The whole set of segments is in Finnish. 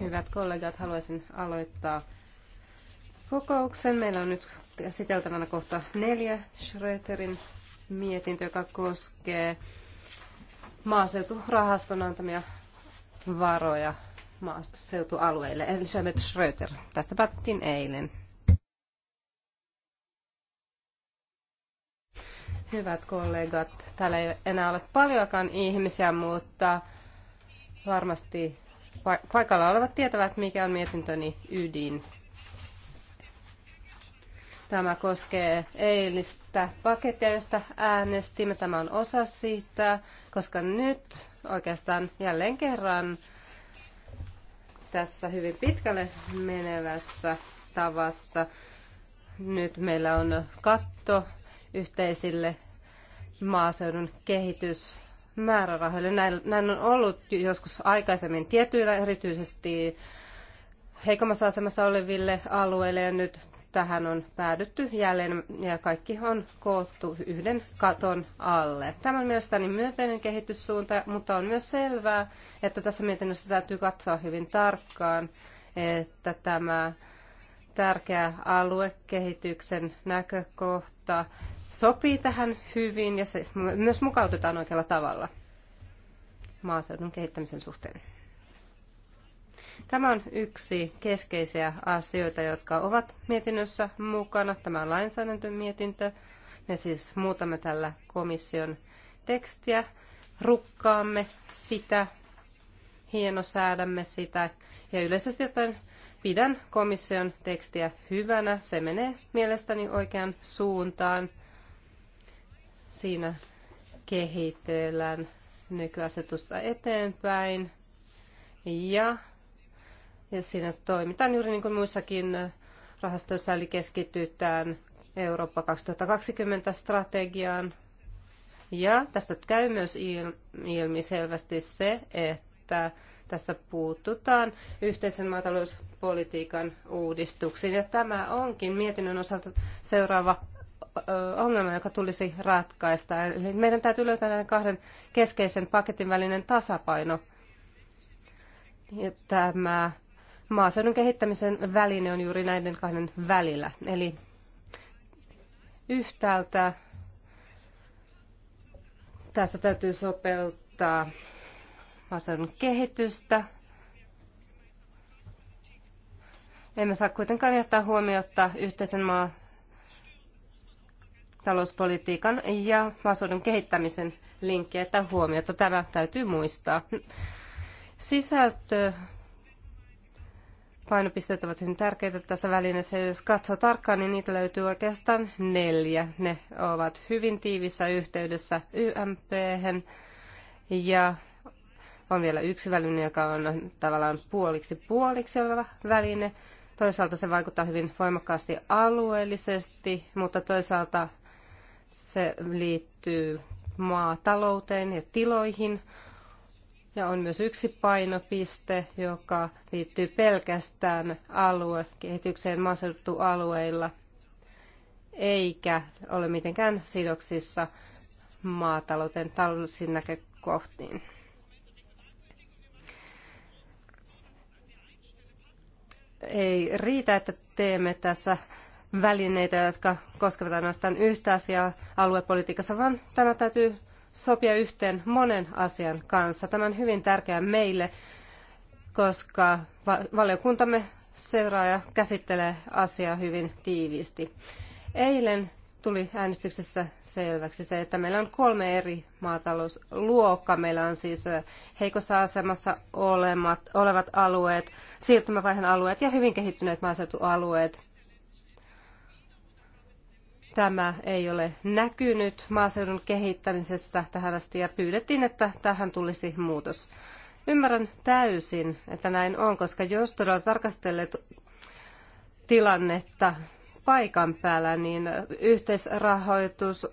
Hyvät kollegat, haluaisin aloittaa kokouksen. Meillä on nyt käsiteltävänä kohta neljä Schröterin mietintö, joka koskee maaseuturahaston antamia varoja maaseutualueille. Elisabeth Schröter. Tästä päätettiin eilen. Hyvät kollegat, täällä ei enää ole paljoakaan ihmisiä, mutta varmasti paikalla olevat tietävät, mikä on mietintöni ydin. Tämä koskee eilistä pakettia, josta äänestimme. Tämä on osa siitä, koska nyt oikeastaan jälleen kerran tässä hyvin pitkälle menevässä tavassa nyt meillä on katto yhteisille maaseudun kehitysmäärärahoille. Näin on ollut joskus aikaisemmin tietyillä erityisesti heikommassa asemassa oleville alueille ja nyt tähän on päädytty jälleen ja kaikki on koottu yhden katon alle. Tämä on myös mielestäni myönteinen kehityssuunta, mutta on myös selvää, että tässä mietinnössä täytyy katsoa hyvin tarkkaan, että tämä tärkeä aluekehityksen näkökohta sopii tähän hyvin ja se myös mukautetaan oikealla tavalla maaseudun kehittämisen suhteen. Tämä on yksi keskeisiä asioita, jotka ovat mietinnössä mukana. Tämä on lainsäädäntömietintö. Me siis muutamme tällä komission tekstiä, rukkaamme sitä, hienosäädämme sitä ja yleisesti ottaen pidän komission tekstiä hyvänä. Se menee mielestäni oikeaan suuntaan. Siinä kehitellään nykyasetusta eteenpäin ja, ja siinä toimitaan juuri niin kuin muissakin rahastoissa, eli keskitytään Eurooppa 2020 strategiaan. Ja tästä käy myös ilmi selvästi se, että tässä puututaan yhteisen maatalouspolitiikan uudistuksiin. Ja tämä onkin mietinnön osalta seuraava ongelma, joka tulisi ratkaista. Eli meidän täytyy löytää näiden kahden keskeisen paketin välinen tasapaino. Ja tämä maaseudun kehittämisen väline on juuri näiden kahden välillä. Eli yhtäältä tässä täytyy sopeuttaa maaseudun kehitystä. Emme saa kuitenkaan jättää huomiota yhteisen maan talouspolitiikan ja maaseudun kehittämisen linkkiä että huomiota. Tämä täytyy muistaa. Sisältö painopisteet ovat hyvin tärkeitä tässä välineessä. Jos katsoo tarkkaan, niin niitä löytyy oikeastaan neljä. Ne ovat hyvin tiivissä yhteydessä YMP ja on vielä yksi väline, joka on tavallaan puoliksi puoliksi oleva väline. Toisaalta se vaikuttaa hyvin voimakkaasti alueellisesti, mutta toisaalta se liittyy maatalouteen ja tiloihin. Ja on myös yksi painopiste, joka liittyy pelkästään aluekehitykseen maaseutualueilla, eikä ole mitenkään sidoksissa maatalouden taloudellisiin näkökohtiin. Ei riitä, että teemme tässä välineitä, jotka koskevat ainoastaan yhtä asiaa aluepolitiikassa, vaan tämä täytyy sopia yhteen monen asian kanssa. Tämä on hyvin tärkeää meille, koska valiokuntamme seuraa ja käsittelee asiaa hyvin tiiviisti. Eilen tuli äänestyksessä selväksi se, että meillä on kolme eri maatalousluokkaa. Meillä on siis heikossa asemassa olevat alueet, siirtymävaiheen alueet ja hyvin kehittyneet maaseutualueet. Tämä ei ole näkynyt maaseudun kehittämisessä tähän asti ja pyydettiin, että tähän tulisi muutos. Ymmärrän täysin, että näin on, koska jos todella tarkastelet tilannetta paikan päällä, niin yhteisrahoitus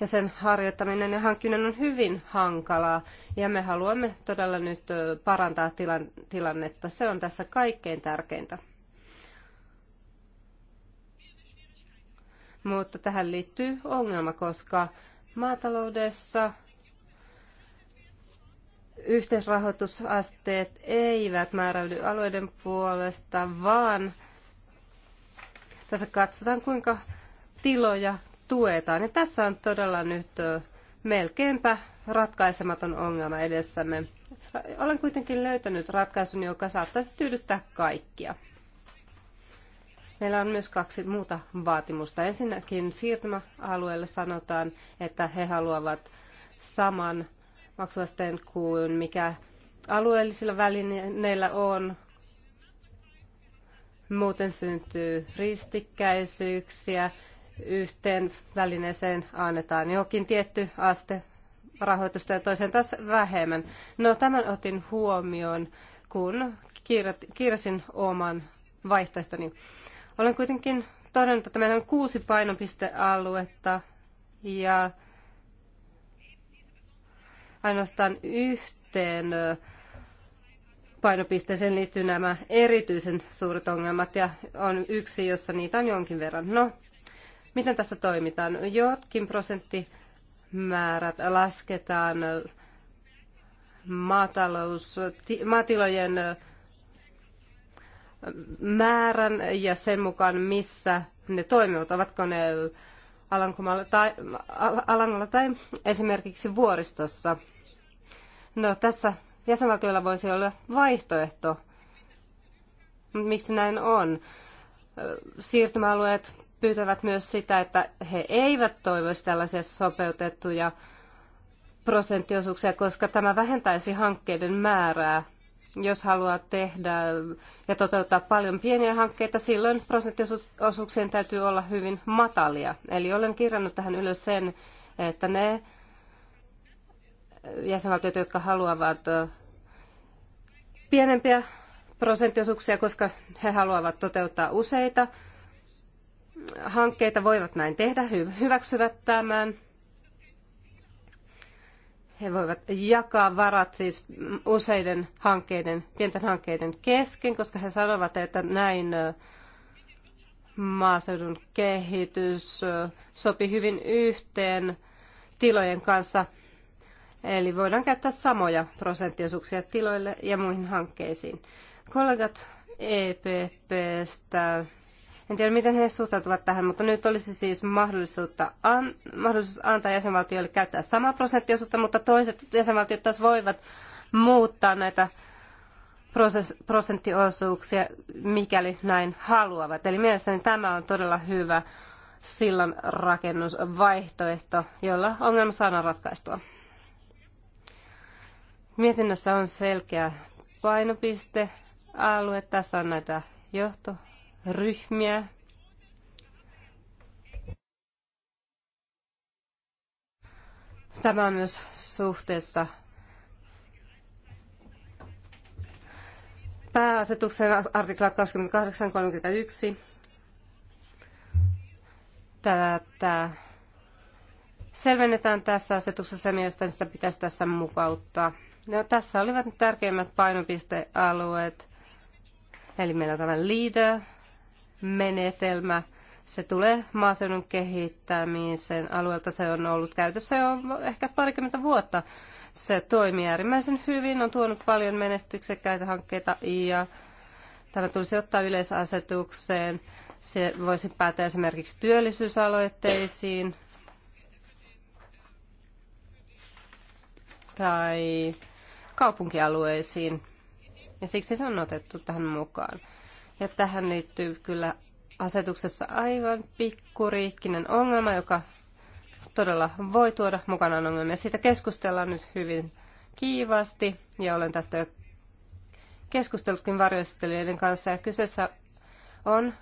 ja sen harjoittaminen ja hankkiminen on hyvin hankalaa. Ja me haluamme todella nyt parantaa tilannetta. Se on tässä kaikkein tärkeintä. mutta tähän liittyy ongelma, koska maataloudessa yhteisrahoitusasteet eivät määräydy alueiden puolesta, vaan tässä katsotaan, kuinka tiloja tuetaan. Ja tässä on todella nyt melkeinpä ratkaisematon ongelma edessämme. Olen kuitenkin löytänyt ratkaisun, joka saattaisi tyydyttää kaikkia. Meillä on myös kaksi muuta vaatimusta. Ensinnäkin siirtymäalueelle sanotaan, että he haluavat saman maksuasteen kuin mikä alueellisilla välineillä on. Muuten syntyy ristikkäisyyksiä. Yhteen välineeseen annetaan jokin tietty aste rahoitusta ja toiseen taas vähemmän. No tämän otin huomioon, kun kirjasin oman vaihtoehtoni. Olen kuitenkin todennut, että meillä on kuusi painopistealuetta ja ainoastaan yhteen painopisteeseen liittyy nämä erityisen suuret ongelmat ja on yksi, jossa niitä on jonkin verran. No, miten tässä toimitaan? Jotkin prosenttimäärät lasketaan maatalous, maatilojen määrän ja sen mukaan, missä ne toimivat. Ovatko ne Alankomalla tai, Alangolla tai esimerkiksi vuoristossa. No tässä jäsenvaltioilla voisi olla vaihtoehto. Miksi näin on? Siirtymäalueet pyytävät myös sitä, että he eivät toivoisi tällaisia sopeutettuja prosenttiosuuksia, koska tämä vähentäisi hankkeiden määrää jos haluaa tehdä ja toteuttaa paljon pieniä hankkeita, silloin prosenttiosuuksien täytyy olla hyvin matalia. Eli olen kirjannut tähän ylös sen, että ne jäsenvaltiot, jotka haluavat pienempiä prosenttiosuuksia, koska he haluavat toteuttaa useita hankkeita, voivat näin tehdä, hyväksyvät tämän – he voivat jakaa varat siis useiden hankkeiden, pienten hankkeiden kesken, koska he sanovat, että näin maaseudun kehitys sopii hyvin yhteen tilojen kanssa. Eli voidaan käyttää samoja prosenttiosuuksia tiloille ja muihin hankkeisiin. Kollegat EPPstä en tiedä, miten he suhtautuvat tähän, mutta nyt olisi siis mahdollisuutta an, mahdollisuus antaa jäsenvaltioille käyttää samaa prosenttiosuutta, mutta toiset jäsenvaltiot taas voivat muuttaa näitä proses, prosenttiosuuksia, mikäli näin haluavat. Eli mielestäni tämä on todella hyvä sillan rakennusvaihtoehto, jolla ongelma saadaan ratkaistua. Mietinnössä on selkeä painopiste alue. Tässä on näitä johto ryhmiä. Tämä on myös suhteessa pääasetuksen artiklat 28.31. Tätä selvennetään tässä asetuksessa ja mielestäni sitä pitäisi tässä mukauttaa. No, tässä olivat tärkeimmät painopistealueet. Eli meillä on tämä leader, menetelmä. Se tulee maaseudun kehittämisen alueelta. Se on ollut käytössä jo ehkä parikymmentä vuotta. Se toimii äärimmäisen hyvin, on tuonut paljon menestyksekkäitä hankkeita ja tämä tulisi ottaa yleisasetukseen. Se voisi päätä esimerkiksi työllisyysaloitteisiin tai kaupunkialueisiin. Ja siksi se on otettu tähän mukaan. Ja tähän liittyy kyllä asetuksessa aivan pikkuriikkinen ongelma, joka todella voi tuoda mukanaan ongelmia. Siitä keskustellaan nyt hyvin kiivasti ja olen tästä jo keskustellutkin varjoistelijoiden kanssa. Ja kyseessä on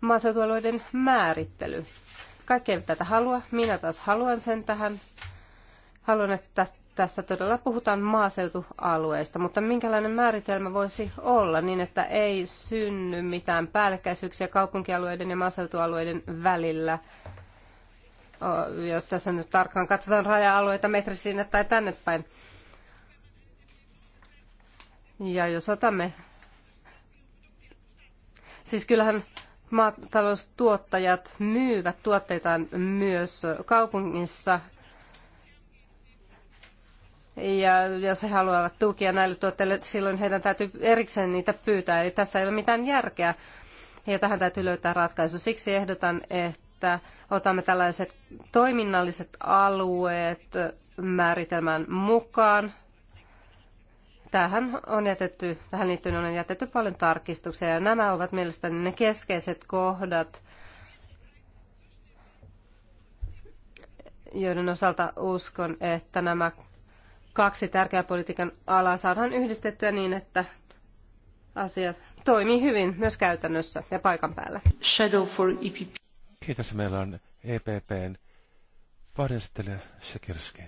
maaseutualueiden määrittely. Kaikki eivät tätä halua, minä taas haluan sen tähän. Haluan, että tässä todella puhutaan maaseutualueista, mutta minkälainen määritelmä voisi olla niin, että ei synny mitään päällekkäisyyksiä kaupunkialueiden ja maaseutualueiden välillä? Jos tässä nyt tarkkaan katsotaan raja-alueita metri sinne tai tänne päin. Ja jos otamme... Siis kyllähän maataloustuottajat myyvät tuotteitaan myös kaupungissa – ja jos he haluavat tukia näille tuotteille, silloin heidän täytyy erikseen niitä pyytää. Eli tässä ei ole mitään järkeä. Ja tähän täytyy löytää ratkaisu. Siksi ehdotan, että otamme tällaiset toiminnalliset alueet määritelmän mukaan. Tähän, on jätetty, tähän liittyen on jätetty paljon tarkistuksia ja nämä ovat mielestäni ne keskeiset kohdat, joiden osalta uskon, että nämä kaksi tärkeää politiikan alaa saadaan yhdistettyä niin, että asia toimii hyvin myös käytännössä ja paikan päällä. Shadow for EPP. Kiitos. Meillä on EPPn varjastelija Sekirski.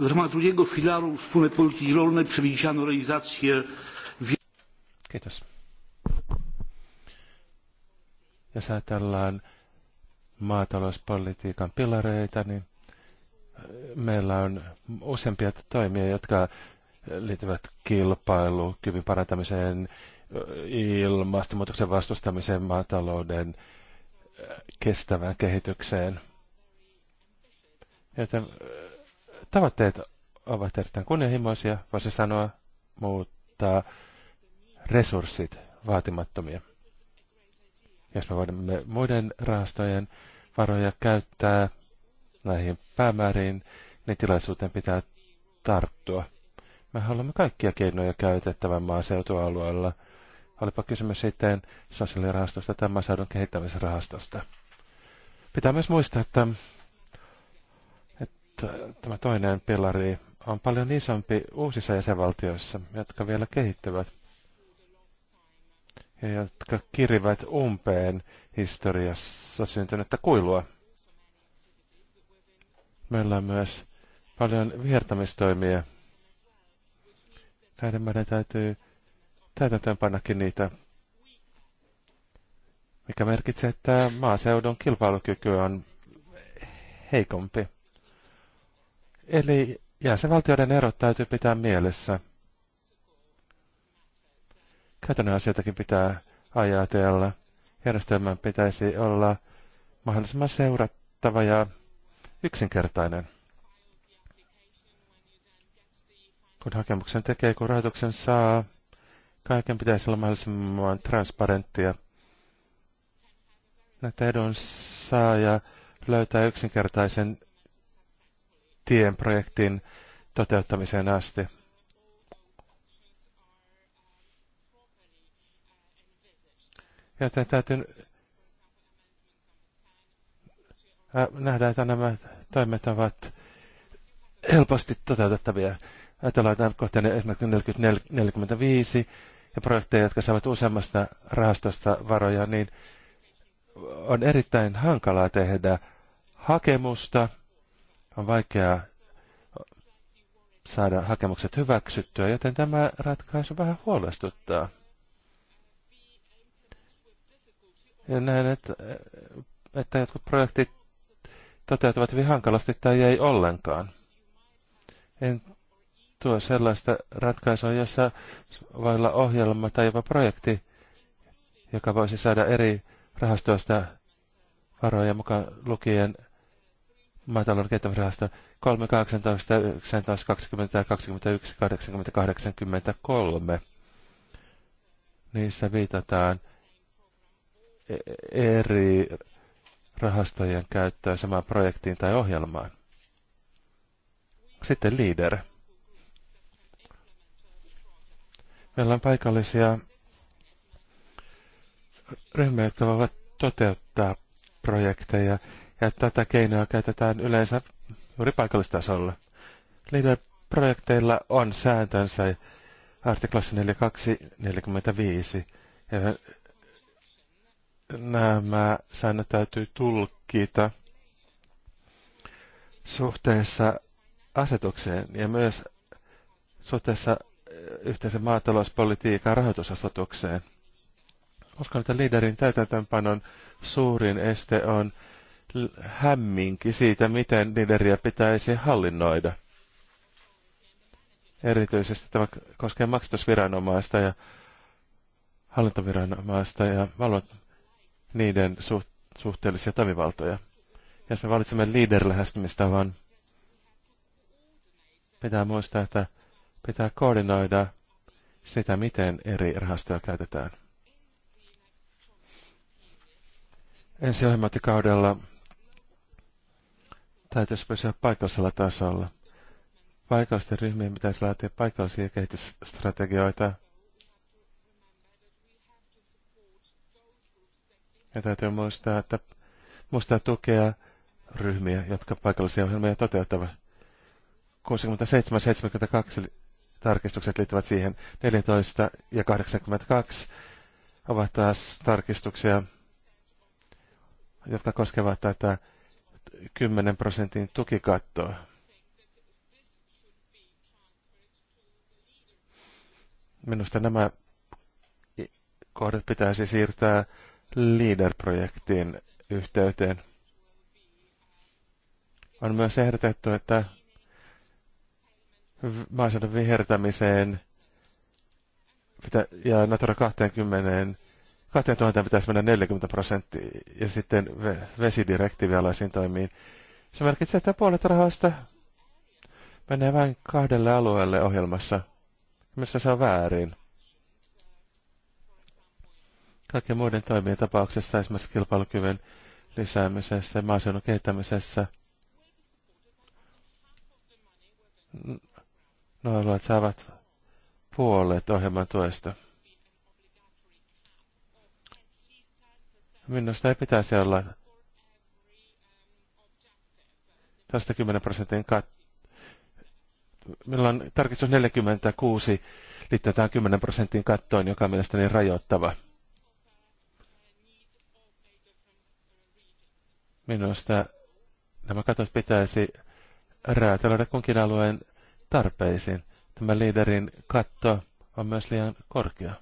W ramach drugiego filaru wspólnej polityki rolnej przewidziano realizację... Kiitos. Jos ajatellaan maatalouspolitiikan pilareita, niin meillä on useampia toimia, jotka liittyvät kilpailukyvyn parantamiseen, ilmastonmuutoksen vastustamiseen, maatalouden äh, kestävään kehitykseen. Joten äh, tavoitteet ovat erittäin kunnianhimoisia, voisi sanoa, mutta resurssit vaatimattomia. Jos me voimme muiden rahastojen varoja käyttää näihin päämääriin, niin tilaisuuteen pitää tarttua. Me haluamme kaikkia keinoja käytettävän maaseutualueella. Olipa kysymys sitten sosiaalirahastosta tai maaseudun kehittämisrahastosta. Pitää myös muistaa, että, että tämä toinen pilari on paljon isompi uusissa jäsenvaltioissa, jotka vielä kehittyvät ja jotka kirivät umpeen historiassa syntynyttä kuilua. Meillä on myös paljon viertämistoimia. Näiden meidän täytyy täytäntöönpannakin niitä, mikä merkitsee, että maaseudun kilpailukyky on heikompi. Eli jäsenvaltioiden erot täytyy pitää mielessä. Käytännön asioitakin pitää ajatella. Järjestelmän pitäisi olla mahdollisimman seurattava ja yksinkertainen. Kun hakemuksen tekee, kun rahoituksen saa, kaiken pitäisi olla mahdollisimman transparenttia. Näitä edun saa ja löytää yksinkertaisen tien projektin toteuttamiseen asti. Joten täytyy nähdään, että nämä toimet ovat helposti toteutettavia. Ajatellaan tämän kohteen esimerkiksi 45 ja projekteja, jotka saavat useammasta rahastosta varoja, niin on erittäin hankalaa tehdä hakemusta. On vaikeaa saada hakemukset hyväksyttyä, joten tämä ratkaisu vähän huolestuttaa. Ja näen, että, että jotkut projektit toteutuvat hyvin hankalasti tai ei ollenkaan. En tuo sellaista ratkaisua, jossa voi olla ohjelma tai jopa projekti, joka voisi saada eri rahastoista varoja mukaan lukien maatalouden kehittämisrahasto 3, 18, 19, 20, 21, 80, 83. Niissä viitataan e- eri rahastojen käyttöä samaan projektiin tai ohjelmaan. Sitten leader. Meillä on paikallisia ryhmiä, jotka voivat toteuttaa projekteja, ja tätä keinoa käytetään yleensä juuri paikallistasolla. Leader-projekteilla on sääntönsä artiklassa 42.45, nämä säännöt täytyy tulkita suhteessa asetukseen ja myös suhteessa äh, yhteisen maatalouspolitiikan rahoitusasetukseen. Uskon, että liiderin täytäntöönpanon suurin este on hämminki siitä, miten liideriä pitäisi hallinnoida. Erityisesti tämä koskee maksatusviranomaista ja hallintoviranomaista ja valvontaviranomaista niiden suht, suhteellisia toimivaltoja. Jos me valitsemme leader-lähestymistavan, pitää muistaa, että pitää koordinoida sitä, miten eri rahastoja käytetään. Ensi ohjelmointikaudella täytyisi pysyä paikallisella tasolla. Paikallisten ryhmien pitäisi laatia paikallisia kehitysstrategioita – Ja täytyy muistaa, että muistaa tukea ryhmiä, jotka paikallisia ohjelmia toteuttavat. 67-72 tarkistukset liittyvät siihen. 14 ja 82 ovat taas tarkistuksia, jotka koskevat tätä 10 prosentin tukikattoa. Minusta nämä kohdat pitäisi siirtää LEADER-projektin yhteyteen. On myös ehdotettu, että maaseudun vihertämiseen pitä, ja Natura 20, 2000 pitäisi mennä 40 prosenttia ja sitten vesidirektiivialaisiin toimiin. Se merkitsee, että puolet rahasta menee vain kahdelle alueelle ohjelmassa, missä se on väärin. Kaikkien muiden toimien tapauksessa, esimerkiksi kilpailukyvyn lisäämisessä ja maaseudun kehittämisessä, noilla alueet saavat puolet ohjelman tuesta. Minusta ei pitäisi olla tästä 10 prosentin kat... Meillä on tarkistus 46 liittyen tähän 10 prosentin kattoon, joka on mielestäni rajoittava. Minusta nämä katot pitäisi räätälöidä kunkin alueen tarpeisiin. Tämä liiderin katto on myös liian korkea.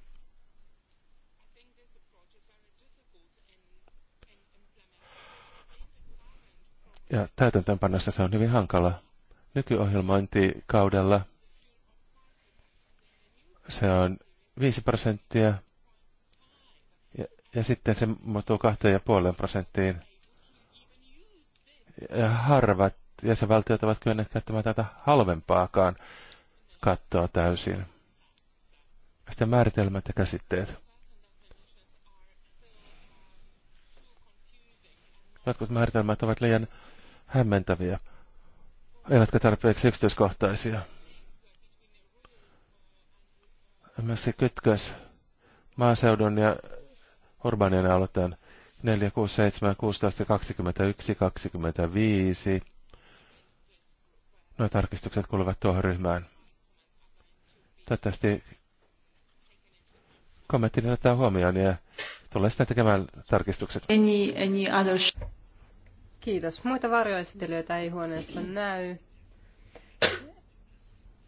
Ja täytäntöönpannossa se on hyvin hankala. Nykyohjelmointikaudella se on 5 prosenttia ja, ja sitten se muuttuu 2,5 prosenttiin ja harvat jäsenvaltiot ovat kyenneet käyttämään tätä halvempaakaan kattoa täysin. Sitten määritelmät ja käsitteet. Jotkut määritelmät ovat liian hämmentäviä, eivätkä tarpeeksi yksityiskohtaisia. Myös se kytkös maaseudun ja urbanien aloitteen 4, 6, 7, 16, 21, 25. Nuo tarkistukset kuuluvat tuohon ryhmään. Toivottavasti kommenttini otetaan huomioon ja tulee sitten tekemään tarkistukset. Any, any others? Kiitos. Muita varjoesitelyitä ei huoneessa näy.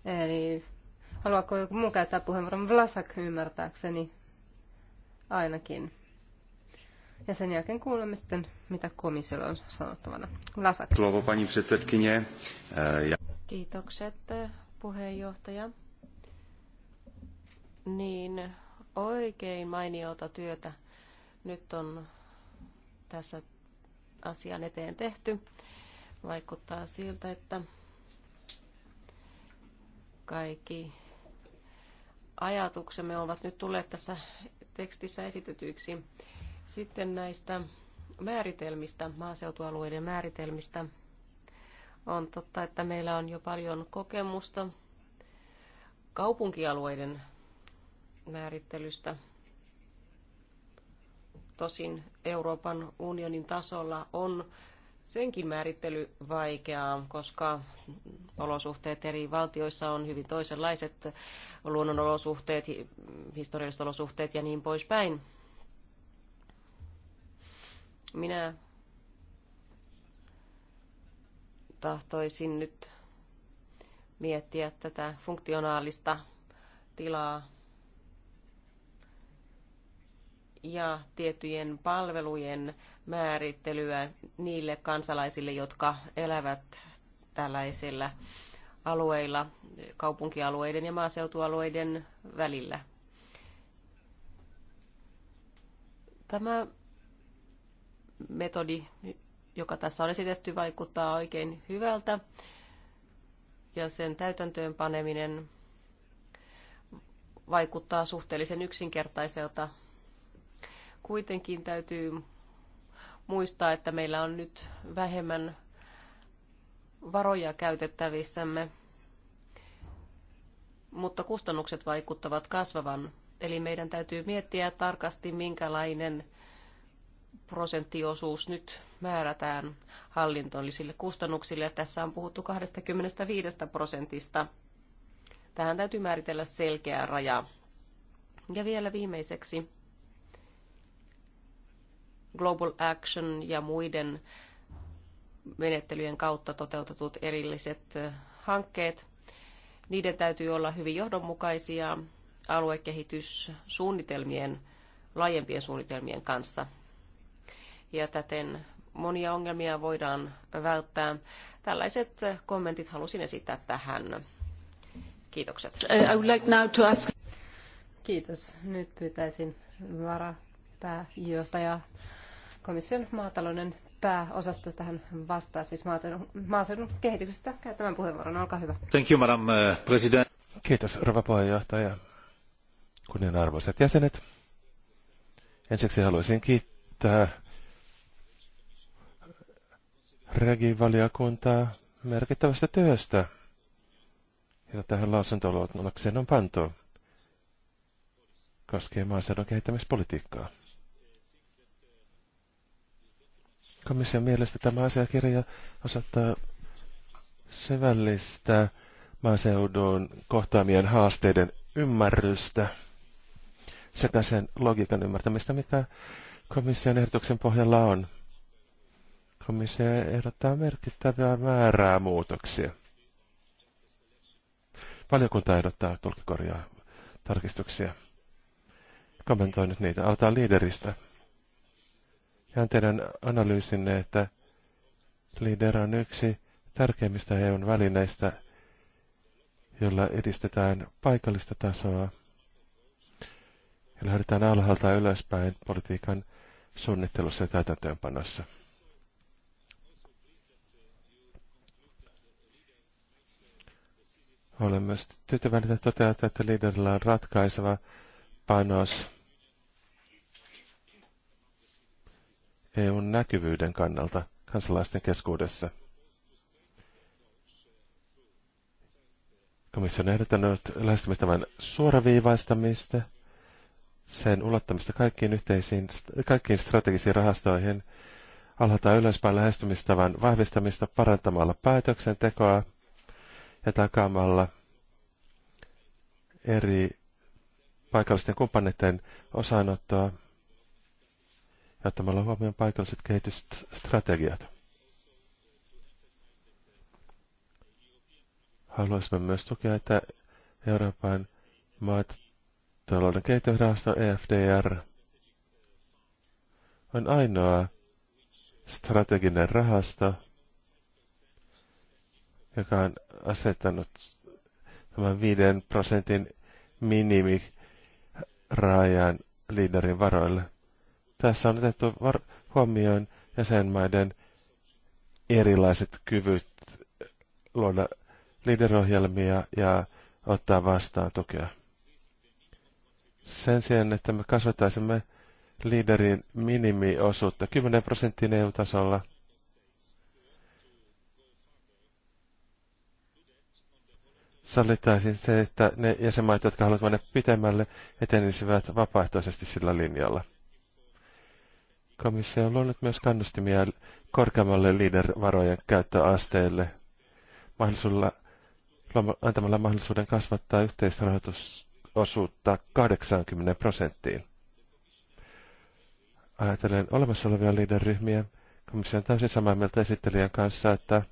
Eli haluaako joku muu käyttää puheenvuoron Vlasak ymmärtääkseni? Ainakin. Ja sen jälkeen kuulemme sitten, mitä komissiolla on sanottavana. Lasak. Slovo pani předsedkyně. Eh, Kiitokset eh, puheenjohtaja. Niin, oikein mainiota työtä nyt on tässä asian eteen tehty. Vaikuttaa siltä, että kaikki ajatuksemme ovat nyt tulleet tässä tekstissä esitetyiksi. Sitten näistä määritelmistä, maaseutualueiden määritelmistä. On totta, että meillä on jo paljon kokemusta kaupunkialueiden määrittelystä. Tosin Euroopan unionin tasolla on senkin määrittely vaikeaa, koska olosuhteet eri valtioissa on hyvin toisenlaiset, luonnonolosuhteet, historialliset olosuhteet ja niin poispäin. Minä tahtoisin nyt miettiä tätä funktionaalista tilaa ja tiettyjen palvelujen määrittelyä niille kansalaisille, jotka elävät tällaisilla alueilla, kaupunkialueiden ja maaseutualueiden välillä. Tämä metodi, joka tässä on esitetty, vaikuttaa oikein hyvältä. Ja sen täytäntöön paneminen vaikuttaa suhteellisen yksinkertaiselta. Kuitenkin täytyy muistaa, että meillä on nyt vähemmän varoja käytettävissämme, mutta kustannukset vaikuttavat kasvavan. Eli meidän täytyy miettiä tarkasti, minkälainen – prosenttiosuus nyt määrätään hallintollisille kustannuksille. Tässä on puhuttu 25 prosentista. Tähän täytyy määritellä selkeä raja. Ja vielä viimeiseksi Global Action ja muiden menettelyjen kautta toteutetut erilliset hankkeet. Niiden täytyy olla hyvin johdonmukaisia aluekehityssuunnitelmien, laajempien suunnitelmien kanssa ja täten monia ongelmia voidaan välttää. Tällaiset kommentit halusin esittää tähän. Kiitokset. Uh, I would like now to ask... Kiitos. Nyt pyytäisin varapääjohtaja komission maatalouden pääosastosta tähän vastaa, siis maaseudun kehityksestä käyttämään puheenvuoron. Olkaa hyvä. Thank you, Madam uh, President. Kiitos, rouva puheenjohtaja. Kunnianarvoisat jäsenet. Ensiksi haluaisin kiittää regivaliokuntaa merkittävästä työstä, jota tähän lausuntoluonnokseen on pantu koskee maaseudun kehittämispolitiikkaa. Komission mielestä tämä asiakirja osoittaa syvällistä maaseudun kohtaamien haasteiden ymmärrystä sekä sen logiikan ymmärtämistä, mikä komission ehdotuksen pohjalla on. Komissio ehdottaa merkittävää määrää muutoksia. Valiokunta ehdottaa tulkikorjaa tarkistuksia. Kommentoin nyt niitä. Aloitetaan liideristä. Jään teidän analyysinne, että liider on yksi tärkeimmistä EUn välineistä, jolla edistetään paikallista tasoa ja lähdetään alhaalta ylöspäin politiikan suunnittelussa ja täytäntöönpanossa. Olen myös tyytyväinen, että toteata, että liiderillä on ratkaiseva panos EUn näkyvyyden kannalta kansalaisten keskuudessa. Komissio on ehdottanut lähestymistavan suoraviivaistamista, sen ulottamista kaikkiin, yhteisiin, kaikkiin strategisiin rahastoihin, alhaalta ylöspäin lähestymistavan vahvistamista parantamalla päätöksentekoa, ja takaamalla eri paikallisten kumppaneiden osanottoa ja ottamalla huomioon paikalliset kehitysstrategiat. Haluaisimme myös tukea, että Euroopan maatalouden kehitysrahasto EFDR on ainoa strateginen rahasto, joka on asettanut tämän 5 prosentin minimirajan liiderin varoille. Tässä on otettu var- huomioon jäsenmaiden erilaiset kyvyt luoda liiderohjelmia ja ottaa vastaan tukea. Sen sijaan, että me kasvataisimme liiderin minimiosuutta 10 prosenttiin EU-tasolla – sallittaisiin se, että ne jäsenmaat, jotka haluavat mennä pitemmälle, etenisivät vapaaehtoisesti sillä linjalla. Komissio on luonut myös kannustimia korkeammalle liidervarojen käyttöasteelle mahdollisuudella, antamalla mahdollisuuden kasvattaa yhteisrahoitusosuutta 80 prosenttiin. Ajatellen olemassa olevia liiderryhmiä, komissio on täysin samaa mieltä esittelijän kanssa, että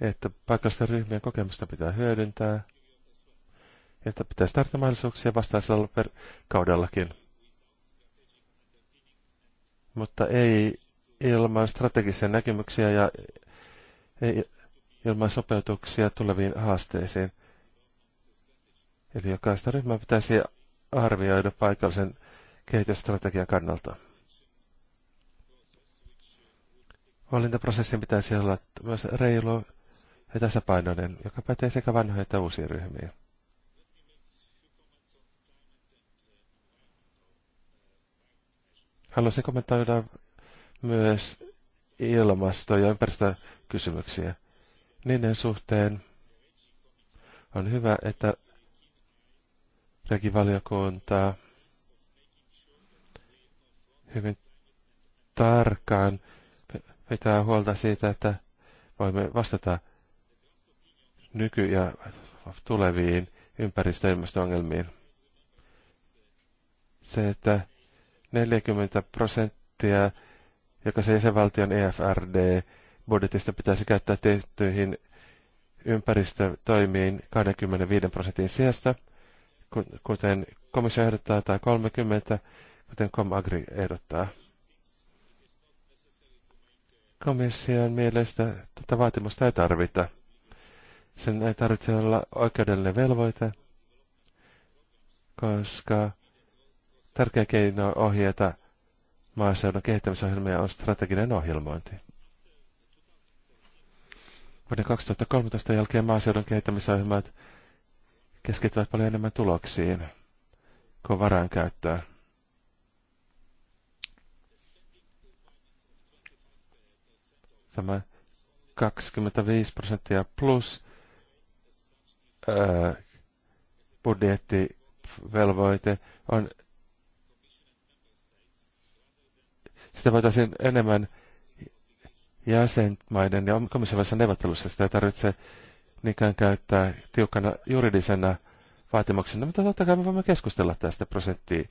että paikallisten ryhmien kokemusta pitää hyödyntää, että pitäisi tarjota mahdollisuuksia vastaisella kaudellakin. Mutta ei ilman strategisia näkemyksiä ja ei ilman sopeutuksia tuleviin haasteisiin. Eli jokaista ryhmää pitäisi arvioida paikallisen kehitysstrategian kannalta. Valintaprosessin pitäisi olla myös reilu ja tasapainoinen, joka pätee sekä vanhoja että uusia ryhmiä. Haluaisin kommentoida myös ilmasto- ja ympäristökysymyksiä. Niiden suhteen on hyvä, että regivaliokunta hyvin tarkkaan pitää huolta siitä, että voimme vastata nyky- ja tuleviin ympäristöilmastoongelmiin. ongelmiin Se, että 40 prosenttia joka se jäsenvaltion EFRD-budjetista pitäisi käyttää tiettyihin ympäristötoimiin 25 prosentin sijasta, kuten komissio ehdottaa, tai 30, kuten Comagri ehdottaa. Komission mielestä tätä vaatimusta ei tarvita. Sen ei tarvitse olla oikeudellinen velvoite, koska tärkeä keino ohjata maaseudun kehittämisohjelmia on strateginen ohjelmointi. Vuoden 2013 jälkeen maaseudun kehittämisohjelmat keskittyvät paljon enemmän tuloksiin kuin käyttöön. Tämä 25 prosenttia plus budjettivelvoite on, sitä voitaisiin enemmän jäsenmaiden ja komissiossa neuvottelussa sitä ei tarvitse niinkään käyttää tiukkana juridisena vaatimuksena, mutta totta kai me voimme keskustella tästä prosenttia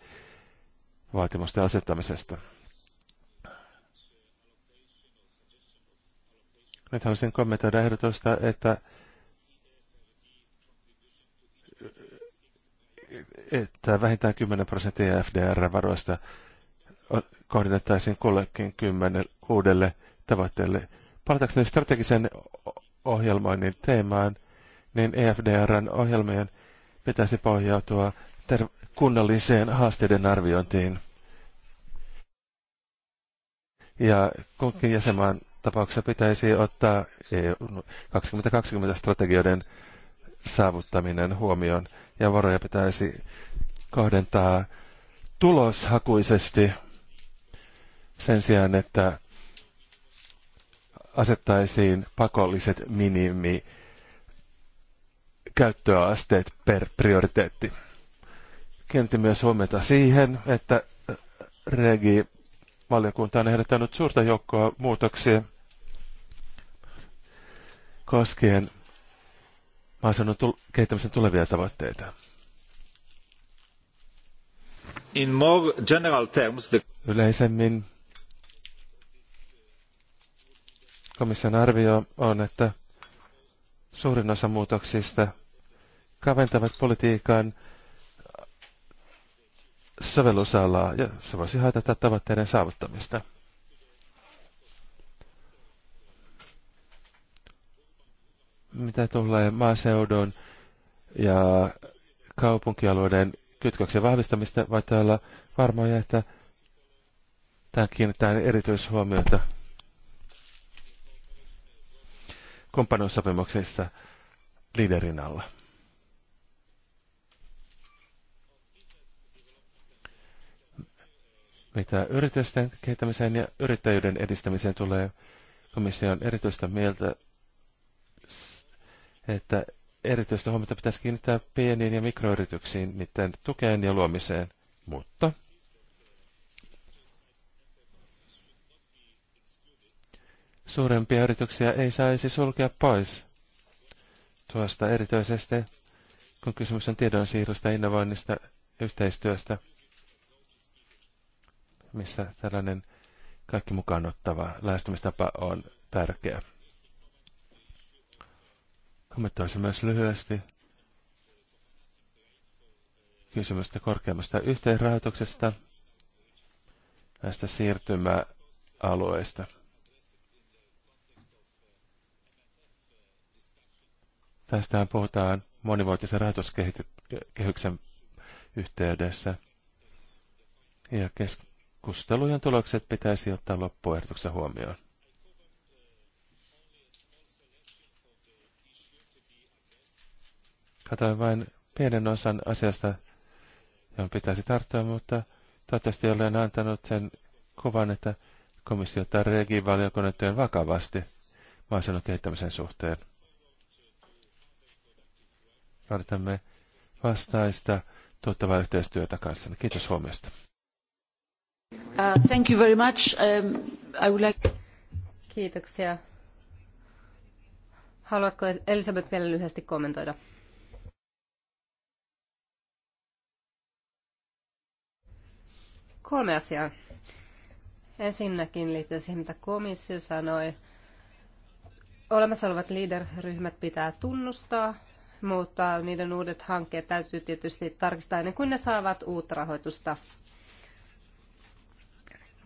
vaatimusten asettamisesta. Nyt haluaisin kommentoida ehdotusta, että että vähintään 10 prosenttia FDR-varoista kohdennettaisiin kullekin kymmenen uudelle tavoitteelle. Palatakseni strategisen ohjelmoinnin teemaan, niin EFDRn ohjelmien pitäisi pohjautua ter- kunnalliseen haasteiden arviointiin. Ja kunkin jäsenmaan tapauksessa pitäisi ottaa EU 2020 strategioiden saavuttaminen huomioon ja varoja pitäisi kohdentaa tuloshakuisesti sen sijaan, että asettaisiin pakolliset minimi käyttöasteet per prioriteetti. Kenti myös huomiota siihen, että Regi valiokunta on ehdottanut suurta joukkoa muutoksia koskien maaseudun tul- kehittämisen tulevia tavoitteita. In more general terms, the... Yleisemmin komission arvio on, että suurin osa muutoksista kaventavat politiikan sovellusalaa ja se voisi haitata tavoitteiden saavuttamista. mitä tulee maaseudun ja kaupunkialueiden kytköksen vahvistamista, vai täällä varmoja, että tähän kiinnitetään erityishuomiota kumppanuussopimuksessa liiderin alla. Mitä yritysten kehittämiseen ja yrittäjyyden edistämiseen tulee, komissio on erityistä mieltä että erityistä huomiota pitäisi kiinnittää pieniin ja mikroyrityksiin, niiden tukeen ja luomiseen. Mutta suurempia yrityksiä ei saisi sulkea pois tuosta erityisesti, kun kysymys on tiedonsiirrosta, innovoinnista, yhteistyöstä, missä tällainen kaikki mukaan ottava lähestymistapa on tärkeä. Kommentoisin myös lyhyesti kysymystä korkeammasta yhteenrahoituksesta näistä siirtymäalueista. Tästähän puhutaan monivuotisen rahoituskehyksen yhteydessä. Ja keskustelujen tulokset pitäisi ottaa loppuehdotuksen huomioon. Katoin vain pienen osan asiasta, johon pitäisi tarttua, mutta toivottavasti olen antanut sen kuvan, että komissio ottaa regivaliokunnan työn vakavasti maaseudun kehittämisen suhteen. Odotamme vastaista tuottavaa yhteistyötä kanssa. Kiitos huomiosta. Uh, thank you very much. Um, I would like... Kiitoksia. Haluatko Elisabeth vielä lyhyesti kommentoida? Kolme asiaa. Ensinnäkin liittyy siihen, mitä komissio sanoi. Olemassa olevat leader-ryhmät pitää tunnustaa, mutta niiden uudet hankkeet täytyy tietysti tarkistaa ennen kuin ne saavat uutta rahoitusta.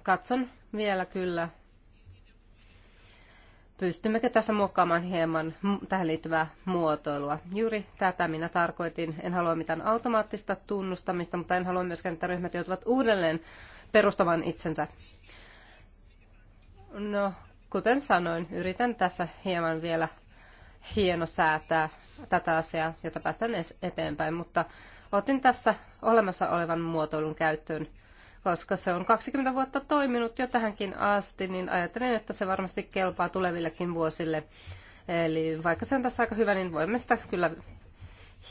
Katson vielä kyllä pystymmekö tässä muokkaamaan hieman tähän liittyvää muotoilua. Juuri tätä minä tarkoitin. En halua mitään automaattista tunnustamista, mutta en halua myöskään, että ryhmät joutuvat uudelleen perustamaan itsensä. No, kuten sanoin, yritän tässä hieman vielä hieno säätää tätä asiaa, jota päästään eteenpäin, mutta otin tässä olemassa olevan muotoilun käyttöön koska se on 20 vuotta toiminut jo tähänkin asti, niin ajattelen, että se varmasti kelpaa tulevillekin vuosille. Eli vaikka se on tässä aika hyvä, niin voimme sitä kyllä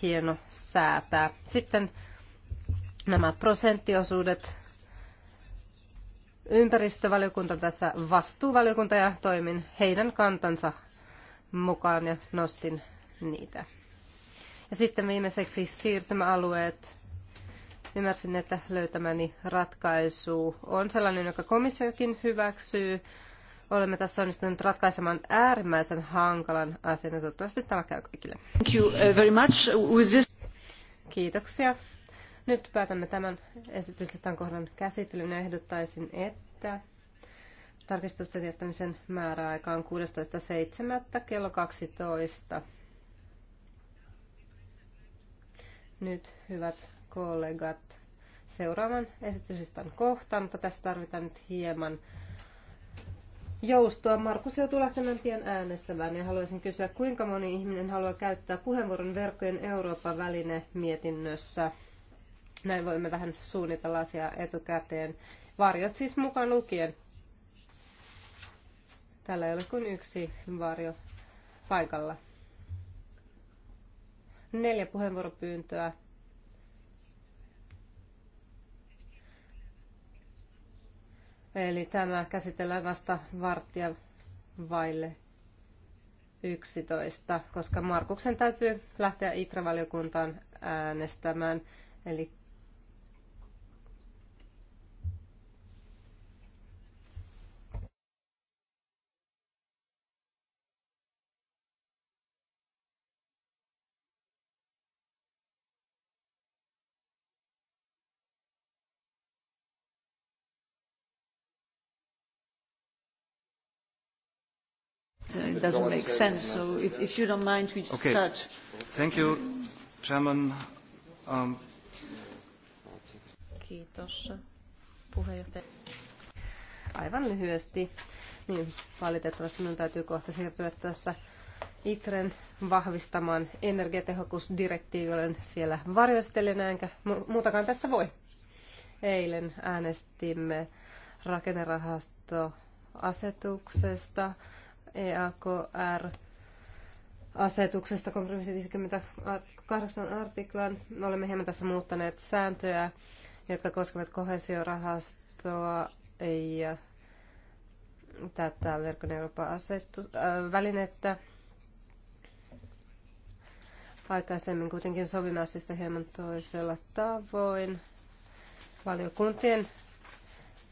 hieno säätää. Sitten nämä prosenttiosuudet. Ympäristövaliokunta tässä vastuuvaliokunta ja toimin heidän kantansa mukaan ja nostin niitä. Ja sitten viimeiseksi siirtymäalueet. Ymmärsin, että löytämäni ratkaisu on sellainen, joka komissiokin hyväksyy. Olemme tässä onnistuneet ratkaisemaan äärimmäisen hankalan asian ja toivottavasti tämä käy kaikille. Thank you uh, very much. Kiitoksia. Nyt päätämme tämän esityslistan kohdan käsittelyn ja ehdottaisin, että tarkistusten jättämisen määräaika on 16.7. kello 12. Nyt, hyvät kollegat seuraavan esityslistan kohtaan, mutta tässä tarvitaan nyt hieman joustoa. Markus joutuu lähtemään pian äänestämään ja haluaisin kysyä, kuinka moni ihminen haluaa käyttää puheenvuoron verkkojen Euroopan väline mietinnössä. Näin voimme vähän suunnitella asiaa etukäteen. Varjot siis mukaan lukien. Täällä ei ole kuin yksi varjo paikalla. Neljä puheenvuoropyyntöä Eli tämä käsitellään vasta varttia vaille 11, koska Markuksen täytyy lähteä Itravaliokuntaan äänestämään. Eli it doesn't make sense. So if, if you don't mind, we just okay. start. Thank you, Chairman. Um. Kiitos, puheenjohtaja. Aivan lyhyesti. Niin, valitettavasti minun täytyy kohta siirtyä tässä ITREN vahvistamaan energiatehokkuusdirektiivin siellä varjoistelijana, enkä muutakaan tässä voi. Eilen äänestimme rakennerahastoasetuksesta EAKR asetuksesta kompromissi 58 artiklan. Olemme hieman tässä muuttaneet sääntöjä, jotka koskevat kohesiorahastoa ja tätä verkon Euroopan asetus, äh, välinettä. Aikaisemmin kuitenkin sovimme asioista hieman toisella tavoin. Valiokuntien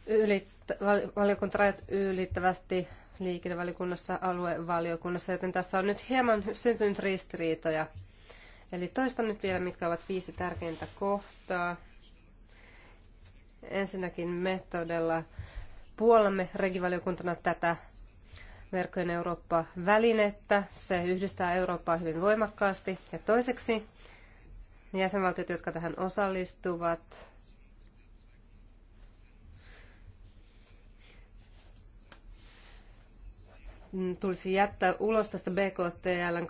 ylittä, valiokuntarajat ylittävästi liikennevaliokunnassa, aluevaliokunnassa, joten tässä on nyt hieman syntynyt ristiriitoja. Eli toistan nyt vielä, mitkä ovat viisi tärkeintä kohtaa. Ensinnäkin me todella puolamme regivaliokuntana tätä verkkojen Eurooppa-välinettä. Se yhdistää Eurooppaa hyvin voimakkaasti. Ja toiseksi jäsenvaltiot, jotka tähän osallistuvat, tulisi jättää ulos tästä BKTLn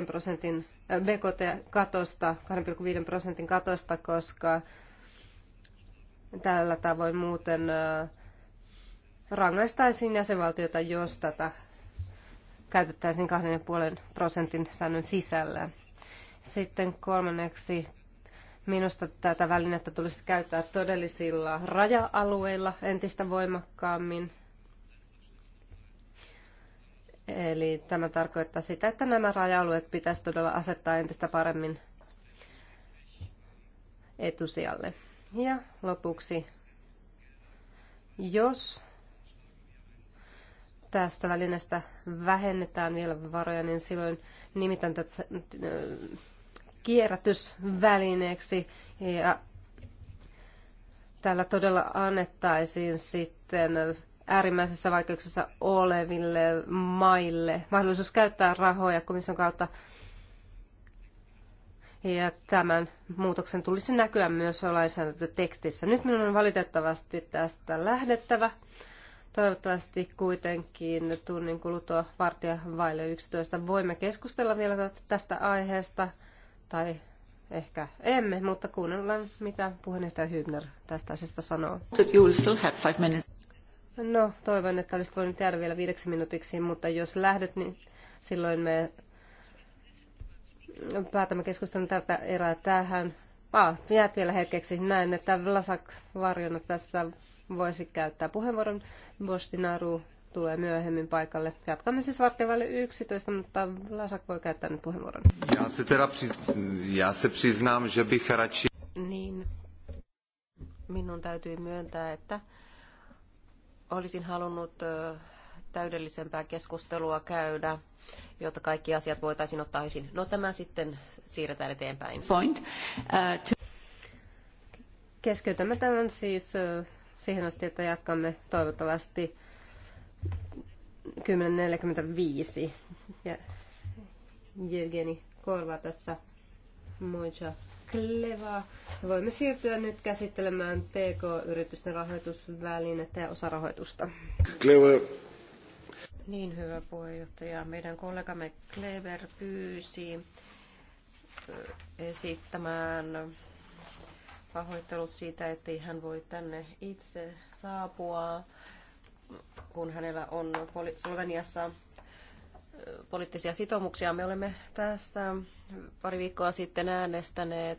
2,5 prosentin äh, BKT-katosta, 2,5 prosentin katosta, koska tällä tavoin muuten äh, rangaistaisiin jäsenvaltiota, jos tätä käytettäisiin 2,5 prosentin säännön sisällä. Sitten kolmanneksi minusta tätä välinettä tulisi käyttää todellisilla raja-alueilla entistä voimakkaammin – Eli tämä tarkoittaa sitä, että nämä raja-alueet pitäisi todella asettaa entistä paremmin etusijalle. Ja lopuksi, jos tästä välineestä vähennetään vielä varoja, niin silloin nimitän tätä äh, kierrätysvälineeksi ja täällä todella annettaisiin sitten äärimmäisessä vaikeuksessa oleville maille mahdollisuus käyttää rahoja komission kautta. Ja tämän muutoksen tulisi näkyä myös lainsäädäntötekstissä. Nyt minun on valitettavasti tästä lähdettävä. Toivottavasti kuitenkin tunnin kuluttua vartija vaille 11 voimme keskustella vielä tästä aiheesta, tai ehkä emme, mutta kuunnellaan, mitä puheenjohtaja Hübner tästä asiasta sanoo. No, toivon, että olisit voinut jäädä vielä viideksi minuutiksi, mutta jos lähdet, niin silloin me päätämme keskustelun tältä erää tähän. Ah, jäät vielä hetkeksi. Näen, että Vlasak varjona tässä voisi käyttää puheenvuoron. Bostinaru tulee myöhemmin paikalle. Jatkamme siis varttivalle 11, mutta Vlasak voi käyttää nyt puheenvuoron. Ja se, teda, ja se priznám, že bych radši... Niin. Minun täytyy myöntää, että Olisin halunnut täydellisempää keskustelua käydä, jotta kaikki asiat voitaisiin ottaa esiin. No tämä sitten siirretään eteenpäin. Point. Uh, to... Keskeytämme tämän siis siihen asti, että jatkamme toivottavasti 10.45. Ja Jevgeni korvaa tässä Moja Kleva, Voimme siirtyä nyt käsittelemään PK-yritysten rahoitusvälinettä ja osarahoitusta. Kleva. Niin, hyvä puheenjohtaja. Meidän kollegamme Klever pyysi esittämään pahoittelut siitä, että hän voi tänne itse saapua, kun hänellä on Sloveniassa poliittisia sitoumuksia. Me olemme tässä pari viikkoa sitten äänestäneet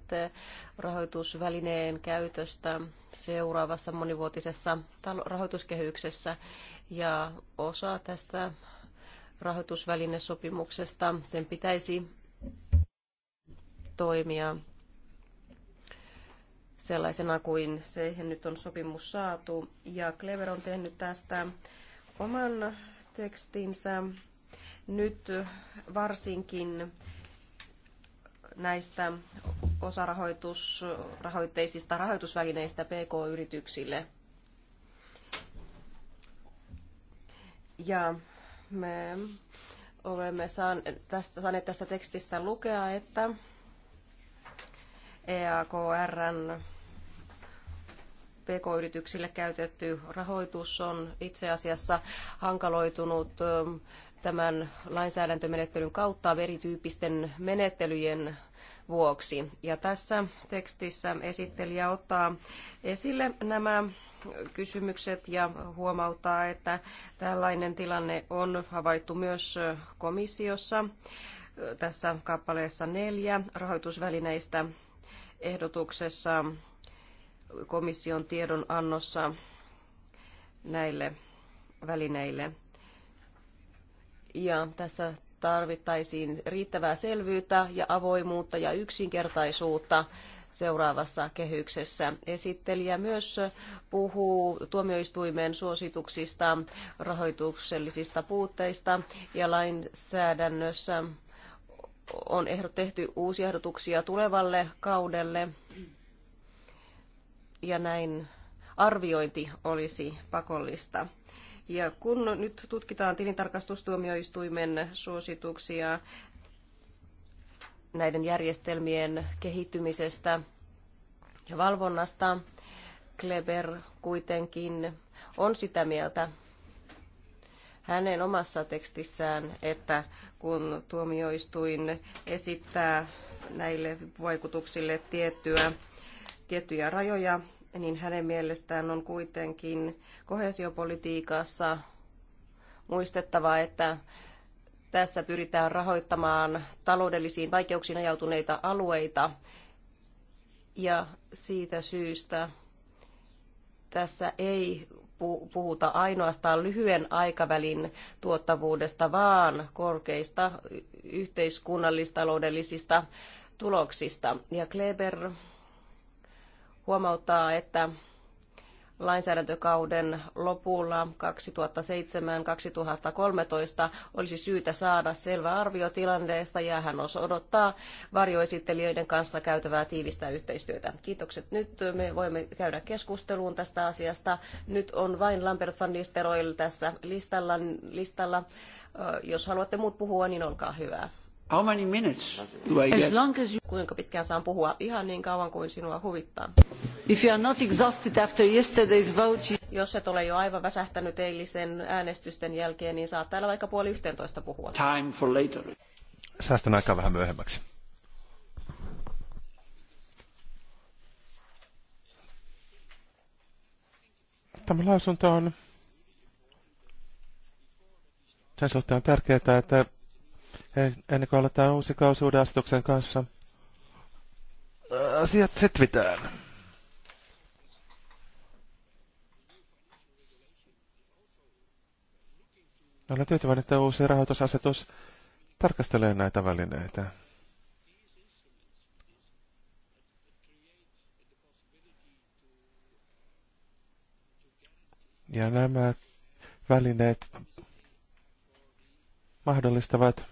rahoitusvälineen käytöstä seuraavassa monivuotisessa rahoituskehyksessä ja osa tästä rahoitusvälinesopimuksesta sen pitäisi toimia sellaisena kuin siihen nyt on sopimus saatu. Ja Clever on tehnyt tästä oman tekstinsä nyt varsinkin näistä osarahoitteisista rahoitusvälineistä PK-yrityksille. Ja me olemme saaneet tästä, saaneet tästä tekstistä lukea, että EAKRn PK-yrityksille käytetty rahoitus on itse asiassa hankaloitunut tämän lainsäädäntömenettelyn kautta erityyppisten menettelyjen vuoksi. Ja tässä tekstissä esittelijä ottaa esille nämä kysymykset ja huomauttaa, että tällainen tilanne on havaittu myös komissiossa tässä kappaleessa neljä rahoitusvälineistä ehdotuksessa komission tiedonannossa näille välineille. Ja tässä tarvittaisiin riittävää selvyyttä ja avoimuutta ja yksinkertaisuutta seuraavassa kehyksessä. Esittelijä myös puhuu tuomioistuimen suosituksista, rahoituksellisista puutteista ja lainsäädännössä on tehty uusia ehdotuksia tulevalle kaudelle ja näin arviointi olisi pakollista. Ja kun nyt tutkitaan tilintarkastustuomioistuimen suosituksia näiden järjestelmien kehittymisestä ja valvonnasta, Kleber kuitenkin on sitä mieltä hänen omassa tekstissään, että kun tuomioistuin esittää näille vaikutuksille tiettyä, tiettyjä rajoja, niin hänen mielestään on kuitenkin kohesiopolitiikassa muistettava, että tässä pyritään rahoittamaan taloudellisiin vaikeuksiin ajautuneita alueita. Ja siitä syystä tässä ei puhuta ainoastaan lyhyen aikavälin tuottavuudesta, vaan korkeista yhteiskunnallistaloudellisista tuloksista. Ja Kleber huomauttaa, että lainsäädäntökauden lopulla 2007-2013 olisi syytä saada selvä arvio tilanteesta ja hän odottaa varjoesittelijöiden kanssa käytävää tiivistä yhteistyötä. Kiitokset. Nyt me voimme käydä keskusteluun tästä asiasta. Nyt on vain Lambert van Nistelrooy tässä listalla. listalla. Jos haluatte muut puhua, niin olkaa hyvä. How many minutes do I get? As long as you... Kuinka pitkään saan puhua? Ihan niin kauan kuin sinua huvittaa. If you are not exhausted after yesterday's vote... Jos et ole jo aivan väsähtänyt eilisen äänestysten jälkeen, niin saat täällä vaikka puoli yhteentoista puhua. Time for later. Säästän aikaa vähän myöhemmäksi. Tämä lausunto on sen suhteen on tärkeää, että ennen kuin aletaan uusi kausi uuden kanssa. Asiat setvitään. Olen tyytyväinen, että uusi rahoitusasetus tarkastelee näitä välineitä. Ja nämä välineet mahdollistavat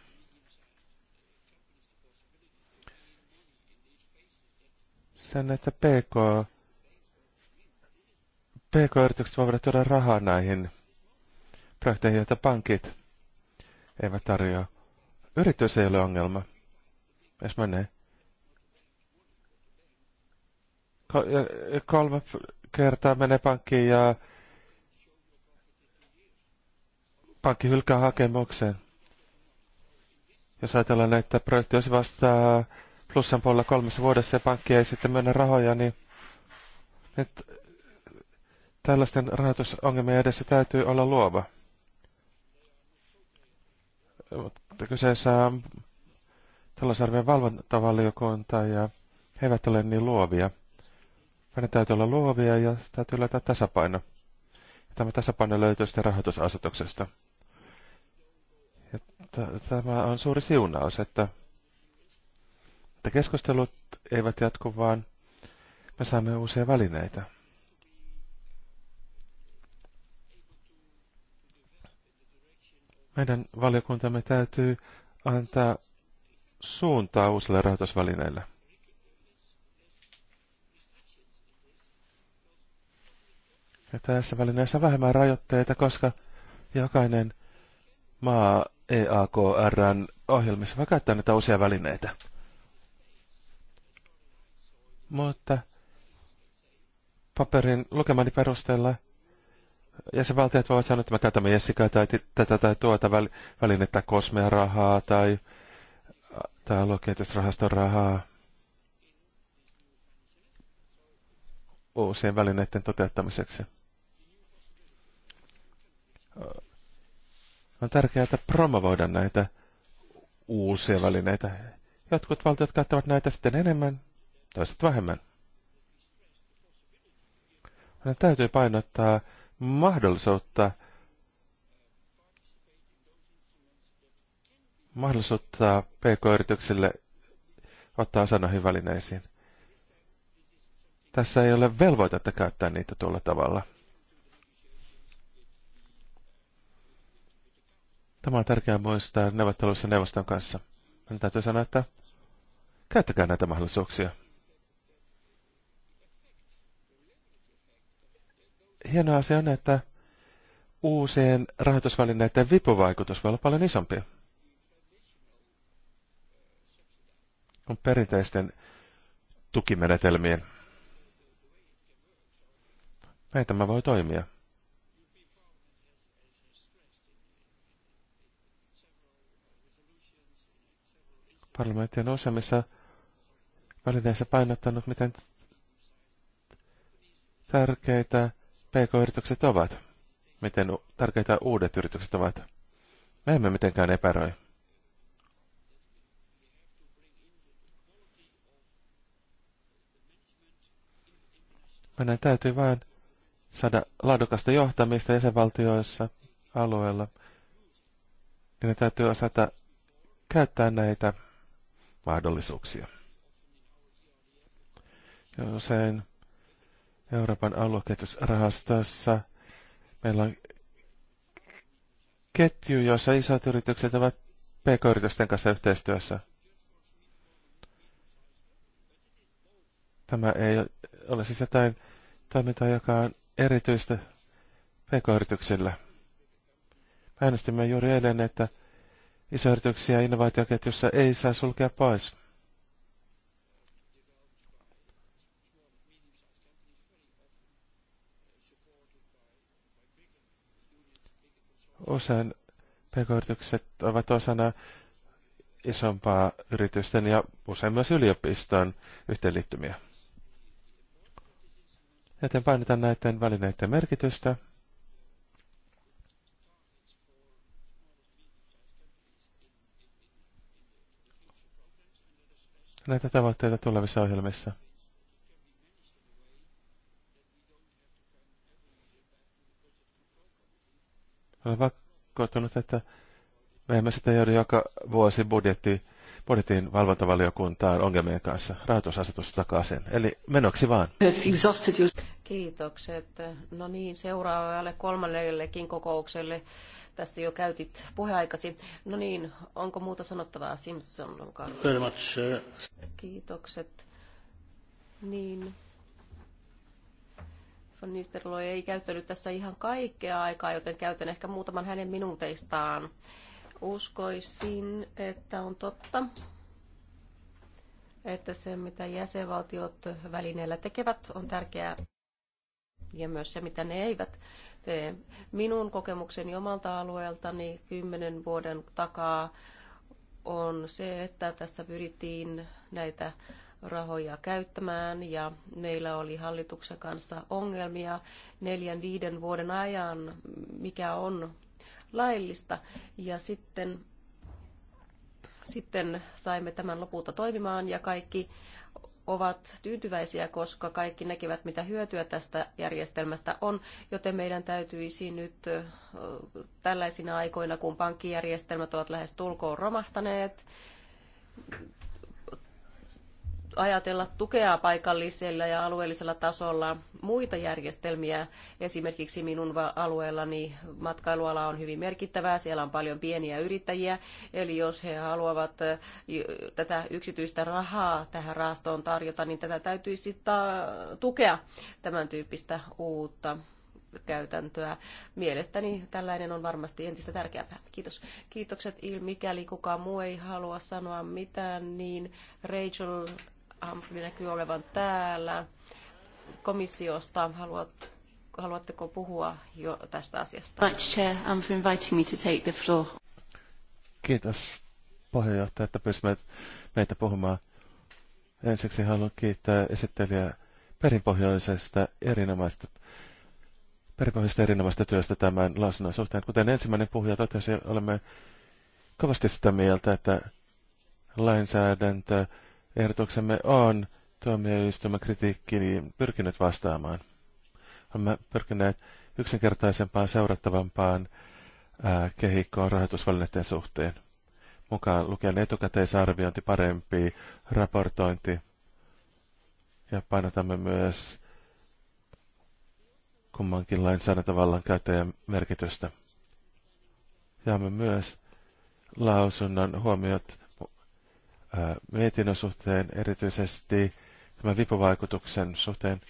sen, että PK, PK-yritykset voivat tuoda rahaa näihin projekteihin, joita pankit eivät tarjoa. Yritys ei ole ongelma, jos menee. Kolme kertaa menee pankkiin ja pankki hylkää hakemuksen. Jos ajatellaan, että projekti olisi vastaa plussan puolella kolmessa vuodessa ja pankki ei sitten myönnä rahoja, niin nyt tällaisten rahoitusongelmien edessä täytyy olla luova. Mutta kyseessä on talousarvion valvontavaliokunta ja he eivät ole niin luovia. Meidän täytyy olla luovia ja täytyy löytää tasapaino. Ja tämä tasapaino löytyy sitten rahoitusasetuksesta. Ja tämä on suuri siunaus, että että keskustelut eivät jatku, vaan me saamme uusia välineitä. Meidän valiokuntamme täytyy antaa suuntaa uusille rahoitusvälineille. Ja tässä välineessä vähemmän rajoitteita, koska jokainen maa EAKRn ohjelmissa voi käyttää näitä uusia välineitä. Mutta paperin lukemani perusteella jäsenvaltiot voivat sanoa, että me käytämme Jessikaa tai tätä tai tuota välinettä kosmea rahaa tai, tai aluekehitysrahaston rahaa uusien välineiden toteuttamiseksi. On tärkeää, että promovoida näitä uusia välineitä. Jotkut valtiot käyttävät näitä sitten enemmän, tai sitten vähemmän. Meidän täytyy painottaa mahdollisuutta mahdollisuutta pk yritykselle ottaa osa noihin välineisiin. Tässä ei ole velvoitetta käyttää niitä tuolla tavalla. Tämä on tärkeää muistaa neuvottelussa neuvoston kanssa. Minun täytyy sanoa, että käyttäkää näitä mahdollisuuksia. hieno asia on, että uusien rahoitusvälineiden vipuvaikutus voi olla paljon isompi. On perinteisten tukimenetelmien. Näin tämä voi toimia. Parlamentti on useimmissa välineissä painottanut, miten tärkeitä PK-yritykset ovat, miten tärkeitä uudet yritykset ovat. Me emme mitenkään epäröi. Meidän täytyy vain saada laadukasta johtamista jäsenvaltioissa alueella. Niin ne täytyy osata käyttää näitä mahdollisuuksia. Ja usein Euroopan aluekehitysrahastossa. Meillä on ketju, jossa isot yritykset ovat pk-yritysten kanssa yhteistyössä. Tämä ei ole siis jotain toimintaa, joka on erityistä pk-yrityksillä. Äänestimme juuri eilen, että isoyrityksiä innovaatioketjussa ei saa sulkea pois. Usein pk-yritykset ovat osana isompaa yritysten ja usein myös yliopiston yhteenliittymiä. Joten painetaan näiden välineiden merkitystä. Näitä tavoitteita tulevissa ohjelmissa. Olen vakuuttunut, että me emme sitä joudu joka vuosi budjetti, budjetin valvontavaliokuntaan ongelmien kanssa. Rahoitusasetus takaa sen. Eli menoksi vaan. Kiitokset. No niin, seuraavalle kolmannellekin kokoukselle. Tässä jo käytit puheaikasi. No niin, onko muuta sanottavaa Simpson? Olkaa. Kiitokset. Niin, Van Nistelrooy ei käyttänyt tässä ihan kaikkea aikaa, joten käytän ehkä muutaman hänen minuuteistaan. Uskoisin, että on totta, että se mitä jäsenvaltiot välineellä tekevät on tärkeää ja myös se mitä ne eivät tee. Minun kokemukseni omalta alueeltani kymmenen vuoden takaa on se, että tässä pyrittiin näitä rahoja käyttämään ja meillä oli hallituksen kanssa ongelmia neljän viiden vuoden ajan, mikä on laillista. Ja sitten, sitten saimme tämän lopulta toimimaan ja kaikki ovat tyytyväisiä, koska kaikki näkevät, mitä hyötyä tästä järjestelmästä on, joten meidän täytyisi nyt tällaisina aikoina, kun pankkijärjestelmät ovat lähes tulkoon romahtaneet, ajatella tukea paikallisella ja alueellisella tasolla muita järjestelmiä. Esimerkiksi minun alueellani matkailuala on hyvin merkittävää, siellä on paljon pieniä yrittäjiä, eli jos he haluavat tätä yksityistä rahaa tähän raastoon tarjota, niin tätä täytyisi tukea tämän tyyppistä uutta käytäntöä. Mielestäni tällainen on varmasti entistä tärkeämpää. Kiitos. Kiitokset Il, mikäli kukaan muu ei halua sanoa mitään, niin Rachel Humphrey näkyy olevan täällä komissiosta. Haluat, haluatteko puhua jo tästä asiasta? Chair, inviting me to take the floor. Kiitos puheenjohtaja, että pyysimme meitä puhumaan. Ensiksi haluan kiittää esittelijää perinpohjoisesta erinomaista perinpohjaisesta erinomaisesta työstä tämän lausunnon suhteen. Kuten ensimmäinen puhuja totesi, olemme kovasti sitä mieltä, että lainsäädäntö Ehdotuksemme on tuomioistuimen kritiikkiin pyrkinyt vastaamaan. Olemme pyrkineet yksinkertaisempaan, seurattavampaan ää, kehikkoon rahoitusvälineiden suhteen. Mukaan lukien etukäteisarviointi, parempi raportointi ja painotamme myös kummankin lainsäädäntövallan käyttäjän merkitystä. Jaamme myös lausunnon huomiot mietinnön suhteen, erityisesti tämän vipuvaikutuksen suhteen.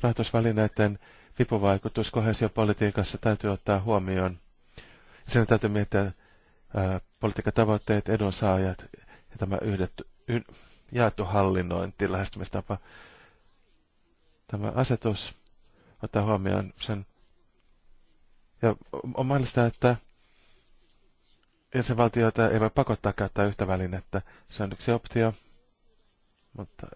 Rahoitusvälineiden vipuvaikutus kohesiopolitiikassa täytyy ottaa huomioon. Siinä täytyy miettiä politiikatavoitteet, edunsaajat ja tämä yhdetty, y, jaettu hallinnointi, lähestymistapa. Tämä asetus ottaa huomioon sen. Ja on mahdollista, että jäsenvaltioita ei voi pakottaa käyttää yhtä välinettä. Se on yksi optio, mutta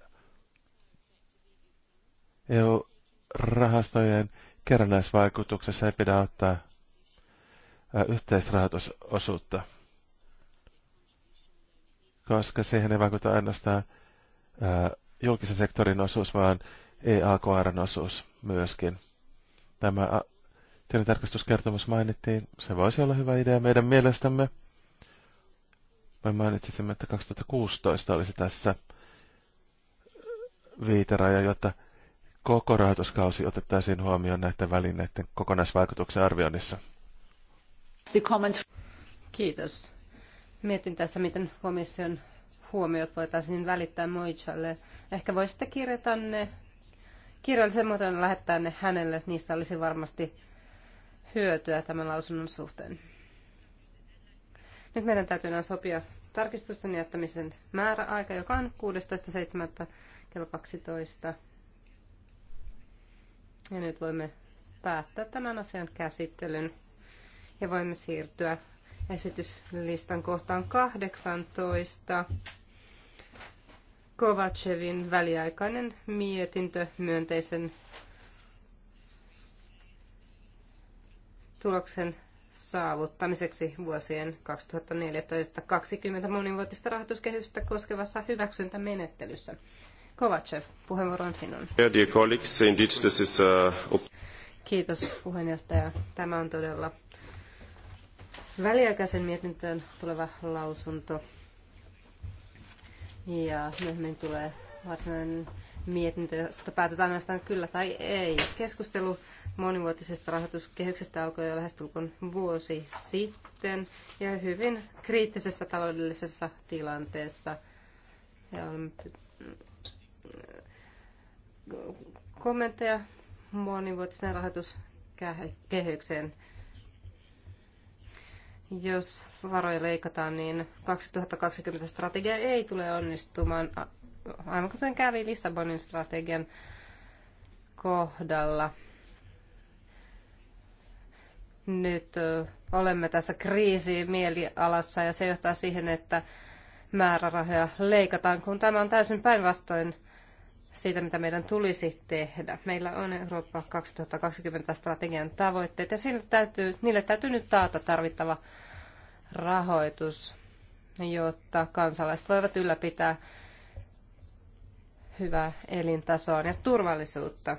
EU-rahastojen kerrannaisvaikutuksessa ei pidä ottaa yhteisrahoitusosuutta, koska siihen ei vaikuta ainoastaan julkisen sektorin osuus, vaan EAKRn osuus myöskin. Tämä tilintarkastuskertomus mainittiin. Se voisi olla hyvä idea meidän mielestämme. Me mainitsisimme, että 2016 olisi tässä viiteraja, jotta koko rahoituskausi otettaisiin huomioon näiden välineiden kokonaisvaikutuksen arvioinnissa. Kiitos. Mietin tässä, miten komission huomiot voitaisiin välittää Moichalle. Ehkä voisitte kirjata ne kirjallisen muotoon lähettää ne hänelle. Niistä olisi varmasti hyötyä tämän lausunnon suhteen. Nyt meidän täytyy enää sopia tarkistusten jättämisen määräaika, joka on 16.7. kello 12. Ja nyt voimme päättää tämän asian käsittelyn ja voimme siirtyä esityslistan kohtaan 18. Kovacevin väliaikainen mietintö myönteisen tuloksen saavuttamiseksi vuosien 2014-2020 monivuotista rahoituskehystä koskevassa hyväksyntämenettelyssä. Kovacev, puheenvuoro on sinun. Uh, Kiitos puheenjohtaja. Tämä on todella väliaikaisen mietintöön tuleva lausunto. Ja myöhemmin tulee varsinainen mietintö, josta päätetään ainoastaan kyllä tai ei. Keskustelu monivuotisesta rahoituskehyksestä alkoi jo lähestulkoon vuosi sitten ja hyvin kriittisessä taloudellisessa tilanteessa. Ja olemme kommentteja monivuotiseen rahoituskehykseen. Jos varoja leikataan, niin 2020 strategia ei tule onnistumaan aivan kuten kävi Lissabonin strategian kohdalla. Nyt olemme tässä mielialassa ja se johtaa siihen, että määrärahoja leikataan, kun tämä on täysin päinvastoin siitä, mitä meidän tulisi tehdä. Meillä on Eurooppa 2020 strategian tavoitteet ja sinne täytyy, niille täytyy nyt taata tarvittava rahoitus, jotta kansalaiset voivat ylläpitää hyvää elintasoa ja turvallisuutta.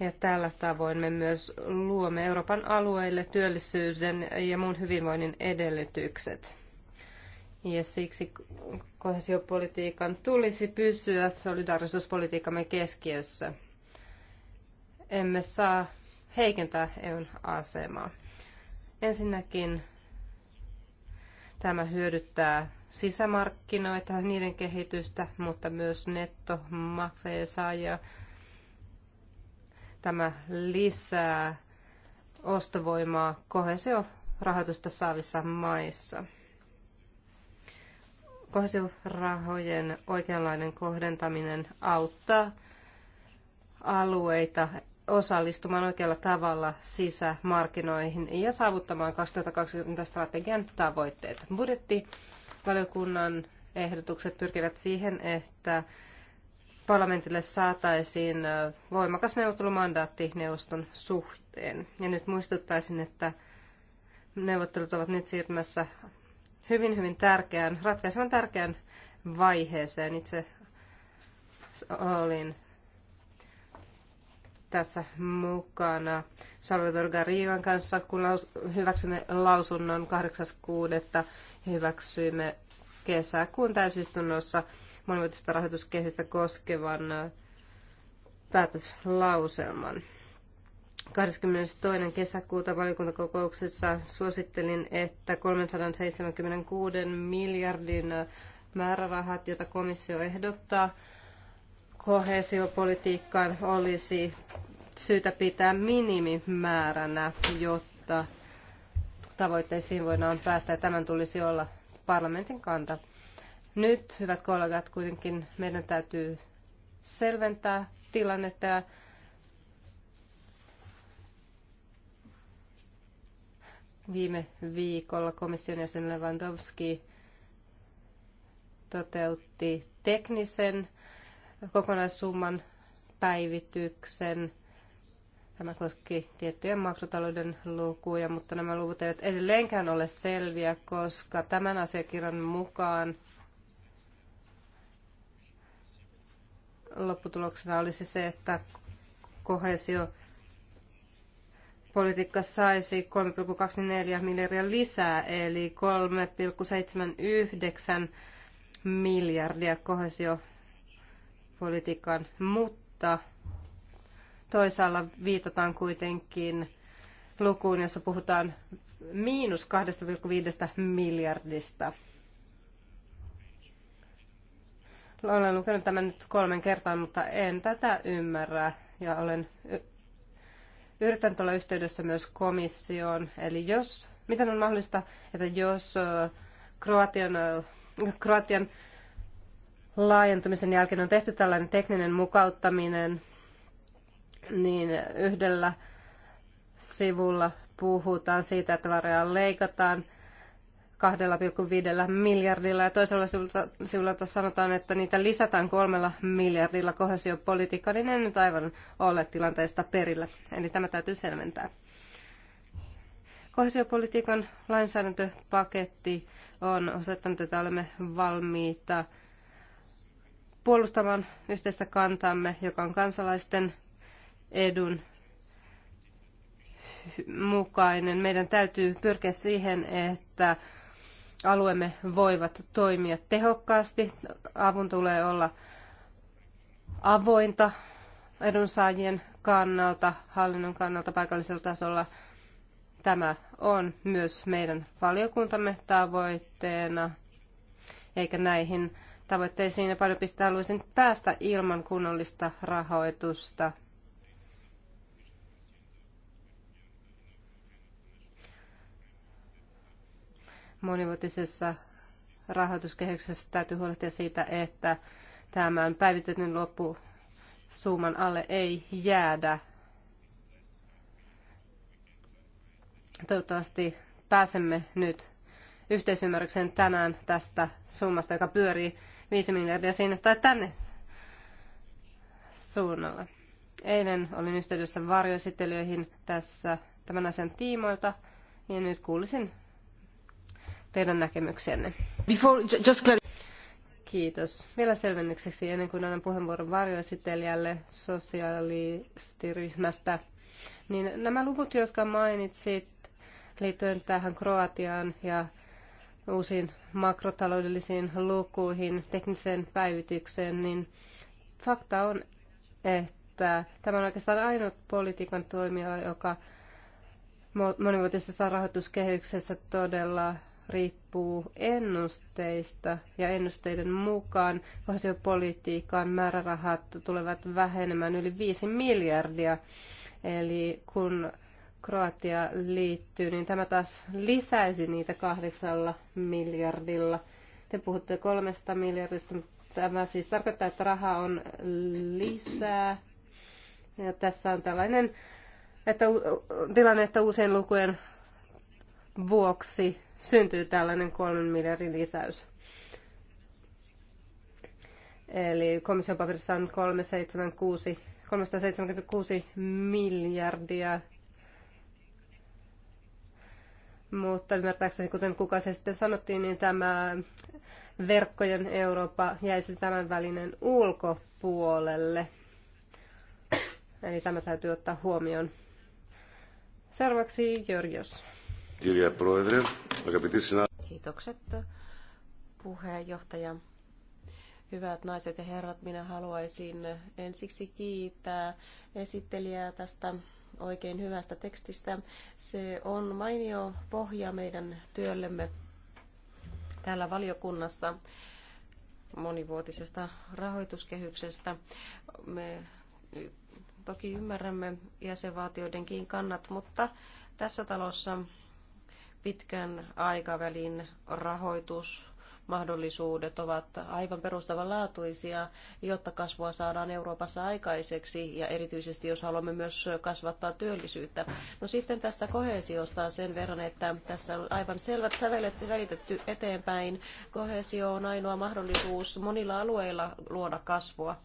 Ja tällä tavoin me myös luomme Euroopan alueille työllisyyden ja muun hyvinvoinnin edellytykset. Ja siksi kohesiopolitiikan tulisi pysyä solidaarisuuspolitiikkamme keskiössä. Emme saa heikentää EUn asemaa. Ensinnäkin tämä hyödyttää sisämarkkinoita, niiden kehitystä, mutta myös nettomaksajien saajia. Tämä lisää ostovoimaa kohesiorahoitusta saavissa maissa. Kohesiorahojen oikeanlainen kohdentaminen auttaa alueita osallistumaan oikealla tavalla sisämarkkinoihin ja saavuttamaan 2020 strategian tavoitteet. Budjetti Valiokunnan ehdotukset pyrkivät siihen, että parlamentille saataisiin voimakas neuvottelumandaatti neuvoston suhteen. Ja nyt muistuttaisin, että neuvottelut ovat nyt siirtymässä hyvin, hyvin tärkeään, ratkaisevan tärkeään vaiheeseen. Itse olin tässä mukana Salvador Garrigan kanssa, kun hyväksymme lausunnon 8.6 hyväksyimme kesäkuun täysistunnossa monivuotista rahoituskehystä koskevan äh, päätöslauselman. 22. kesäkuuta valiokuntakokouksessa suosittelin, että 376 miljardin äh, määrärahat, joita komissio ehdottaa kohesiopolitiikkaan, olisi syytä pitää minimimääränä, jotta tavoitteisiin voidaan päästä ja tämän tulisi olla parlamentin kanta. Nyt, hyvät kollegat, kuitenkin meidän täytyy selventää tilannetta ja viime viikolla komission jäsen Lewandowski toteutti teknisen kokonaissumman päivityksen – Tämä koski tiettyjä makrotalouden lukuja, mutta nämä luvut eivät edelleenkään ole selviä, koska tämän asiakirjan mukaan lopputuloksena olisi se, että kohesio politiikka saisi 3,24 miljardia lisää, eli 3,79 miljardia kohesiopolitiikan, mutta Toisaalla viitataan kuitenkin lukuun, jossa puhutaan miinus 2,5 miljardista. Olen lukenut tämän nyt kolmen kertaan, mutta en tätä ymmärrä ja olen yrittänyt olla yhteydessä myös komissioon. Eli jos, miten on mahdollista, että jos Kroatian, Kroatian laajentumisen jälkeen on tehty tällainen tekninen mukauttaminen, niin yhdellä sivulla puhutaan siitä, että varoja leikataan 2,5 miljardilla ja toisella sivulla, sivulla sanotaan, että niitä lisätään kolmella miljardilla kohesiopolitiikkaan, niin en nyt aivan ole tilanteesta perillä. Eli tämä täytyy selventää. Kohesiopolitiikan lainsäädäntöpaketti on osoittanut, että olemme valmiita puolustamaan yhteistä kantaamme, joka on kansalaisten edun mukainen. Meidän täytyy pyrkiä siihen, että alueemme voivat toimia tehokkaasti. Avun tulee olla avointa edunsaajien kannalta, hallinnon kannalta paikallisella tasolla. Tämä on myös meidän valiokuntamme tavoitteena, eikä näihin tavoitteisiin ja painopistealueisiin päästä ilman kunnollista rahoitusta. monivuotisessa rahoituskehyksessä täytyy huolehtia siitä, että tämän päivitetyn loppusumman alle ei jäädä. Toivottavasti pääsemme nyt yhteisymmärryksen tänään tästä summasta, joka pyörii 5 miljardia sinne tai tänne suunnalla. Eilen olin yhteydessä varjoesittelijöihin tässä tämän asian tiimoilta ja nyt kuulisin teidän näkemyksenne. Before, just Kiitos. Vielä selvennykseksi ennen kuin annan puheenvuoron varjoesittelijälle sosialistiryhmästä. Niin nämä luvut, jotka mainitsit liittyen tähän Kroatiaan ja uusiin makrotaloudellisiin lukuihin, tekniseen päivitykseen, niin fakta on, että tämä on oikeastaan ainut politiikan toimija, joka monivuotisessa rahoituskehyksessä todella riippuu ennusteista ja ennusteiden mukaan valtiopolitiikan määrärahat tulevat vähenemään yli 5 miljardia. Eli kun Kroatia liittyy, niin tämä taas lisäisi niitä kahdeksalla miljardilla. Te puhutte kolmesta miljardista, tämä siis tarkoittaa, että rahaa on lisää. Ja tässä on tällainen että tilanne, että usein lukujen vuoksi syntyy tällainen kolmen miljardin lisäys. Eli komission paperissa on 376, 376 miljardia. Mutta ymmärtääkseni, kuten kuka se sitten sanottiin, niin tämä verkkojen Eurooppa jäisi tämän välinen ulkopuolelle. Eli tämä täytyy ottaa huomioon. Seuraavaksi Georgios. Kirja Proedre, Kiitokset puheenjohtaja. Hyvät naiset ja herrat, minä haluaisin ensiksi kiittää esittelijää tästä oikein hyvästä tekstistä. Se on mainio pohja meidän työllemme täällä valiokunnassa monivuotisesta rahoituskehyksestä. Me toki ymmärrämme jäsenvaltioidenkin kannat, mutta tässä talossa pitkän aikavälin rahoitusmahdollisuudet ovat aivan perustavanlaatuisia, jotta kasvua saadaan Euroopassa aikaiseksi ja erityisesti jos haluamme myös kasvattaa työllisyyttä. No sitten tästä kohesiosta sen verran, että tässä on aivan selvät sävelet välitetty eteenpäin. Kohesio on ainoa mahdollisuus monilla alueilla luoda kasvua.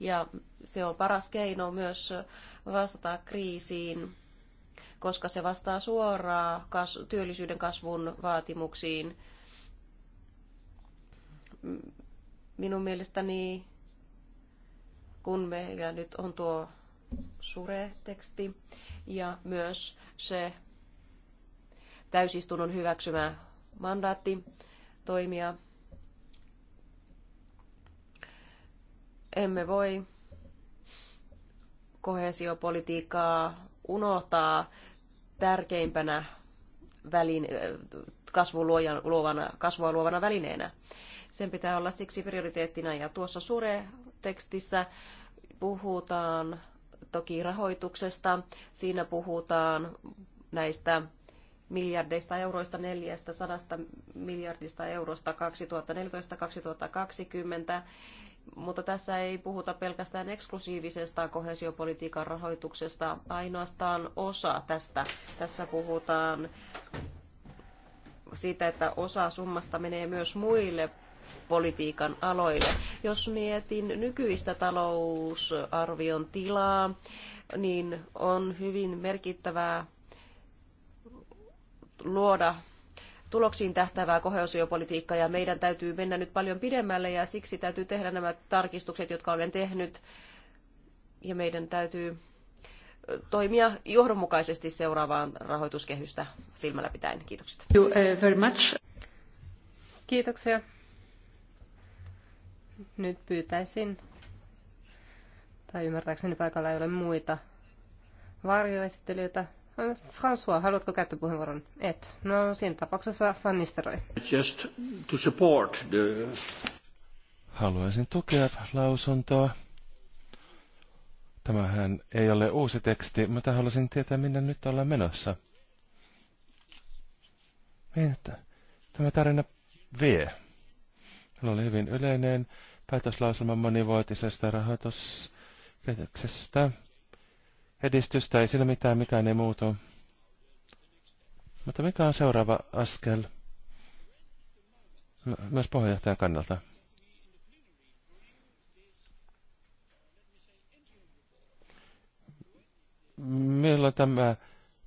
Ja se on paras keino myös vastata kriisiin koska se vastaa suoraan kas- työllisyyden kasvun vaatimuksiin. Minun mielestäni, kun meillä nyt on tuo sure-teksti ja myös se täysistunnon hyväksymä mandaatti toimia, emme voi kohesiopolitiikkaa unohtaa tärkeimpänä välin, kasvuluojan, luovana, kasvua luovana välineenä. Sen pitää olla siksi prioriteettina ja tuossa Sure-tekstissä puhutaan toki rahoituksesta. Siinä puhutaan näistä miljardeista euroista, 400 miljardista eurosta 2014-2020 mutta tässä ei puhuta pelkästään eksklusiivisesta kohesiopolitiikan rahoituksesta, ainoastaan osa tästä. Tässä puhutaan siitä, että osa summasta menee myös muille politiikan aloille. Jos mietin nykyistä talousarvion tilaa, niin on hyvin merkittävää luoda tuloksiin tähtävää kohesiopolitiikkaa ja meidän täytyy mennä nyt paljon pidemmälle ja siksi täytyy tehdä nämä tarkistukset, jotka olen tehnyt ja meidän täytyy toimia johdonmukaisesti seuraavaan rahoituskehystä silmällä pitäen. Kiitokset. Uh, Kiitoksia. Nyt pyytäisin, tai ymmärtääkseni paikalla ei ole muita varjoesittelijöitä, François, haluatko käyttää puheenvuoron? Et. No siinä tapauksessa Van Just to support the... Haluaisin tukea lausuntoa. Tämähän ei ole uusi teksti, mutta haluaisin tietää, minne nyt ollaan menossa. Mihin tämä tarina vie? Hän oli hyvin yleinen päätöslauselma monivuotisesta rahoituskehityksestä edistystä, ei sillä mitään, mikään ei muutu. Mutta mikä on seuraava askel myös puheenjohtajan kannalta? Milloin tämä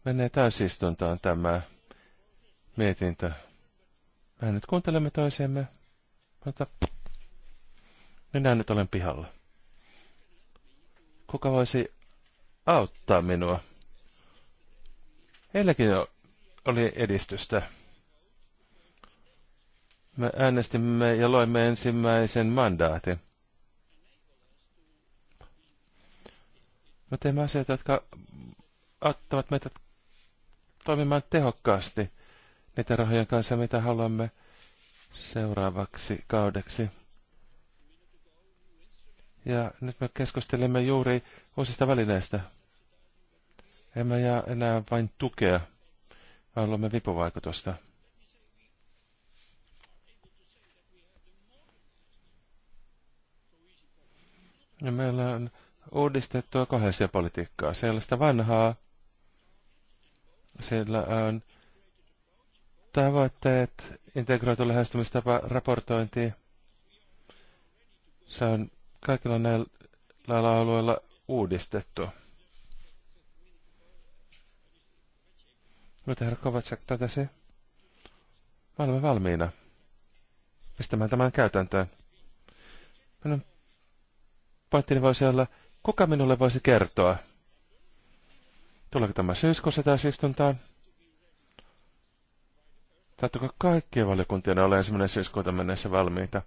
menee täysistuntoon tämä mietintö? Mä nyt kuuntelemme toisiamme, mutta minä nyt olen pihalla. Kuka voisi auttaa minua. Heilläkin oli edistystä. Me äänestimme ja loimme ensimmäisen mandaatin. Me teemme asioita, jotka auttavat meitä toimimaan tehokkaasti niitä rahojen kanssa, mitä haluamme seuraavaksi kaudeksi. Ja nyt me keskustelemme juuri uusista välineistä. Emme jää enää vain tukea, vaan luomme vipuvaikutusta. Ja meillä on uudistettua kohesiopolitiikkaa, sellaista vanhaa. Sillä on tavoitteet, integroitu lähestymistapa, raportointi. Se on kaikilla näillä alueilla uudistettu. Mitä herra Kovacek totesi? Me olemme valmiina pistämään tämän käytäntöön. Minun pointtini voisi olla, kuka minulle voisi kertoa? Tuleeko tämä syyskuussa täysistuntaan? Taittuko kaikkien valiokuntien ole ensimmäinen syyskuuta mennessä valmiita?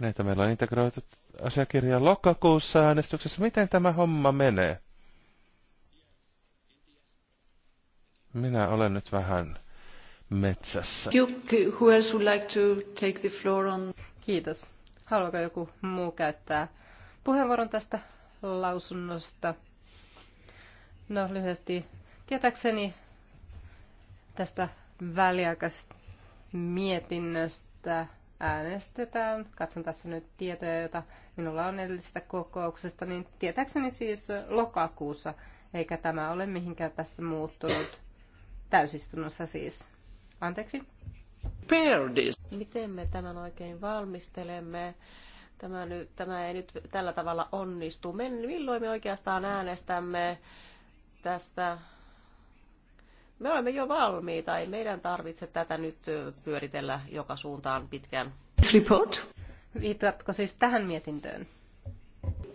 Näitä niin, meillä on integroitu asiakirja lokakuussa äänestyksessä. Miten tämä homma menee? Minä olen nyt vähän metsässä. who else would like to take the floor on? Kiitos. Haluaako joku muu käyttää puheenvuoron tästä lausunnosta? No lyhyesti tietäkseni tästä väliaikaisesta mietinnöstä äänestetään. Katson tässä nyt tietoja, joita minulla on edellisestä kokouksesta, niin tietääkseni siis lokakuussa, eikä tämä ole mihinkään tässä muuttunut täysistunnossa siis. Anteeksi? Niin miten me tämän oikein valmistelemme? Tämä, nyt, tämä ei nyt tällä tavalla onnistu. Men, milloin me oikeastaan äänestämme tästä me olemme jo valmiita, ei meidän tarvitse tätä nyt pyöritellä joka suuntaan pitkään. Report. Viitatko siis tähän mietintöön?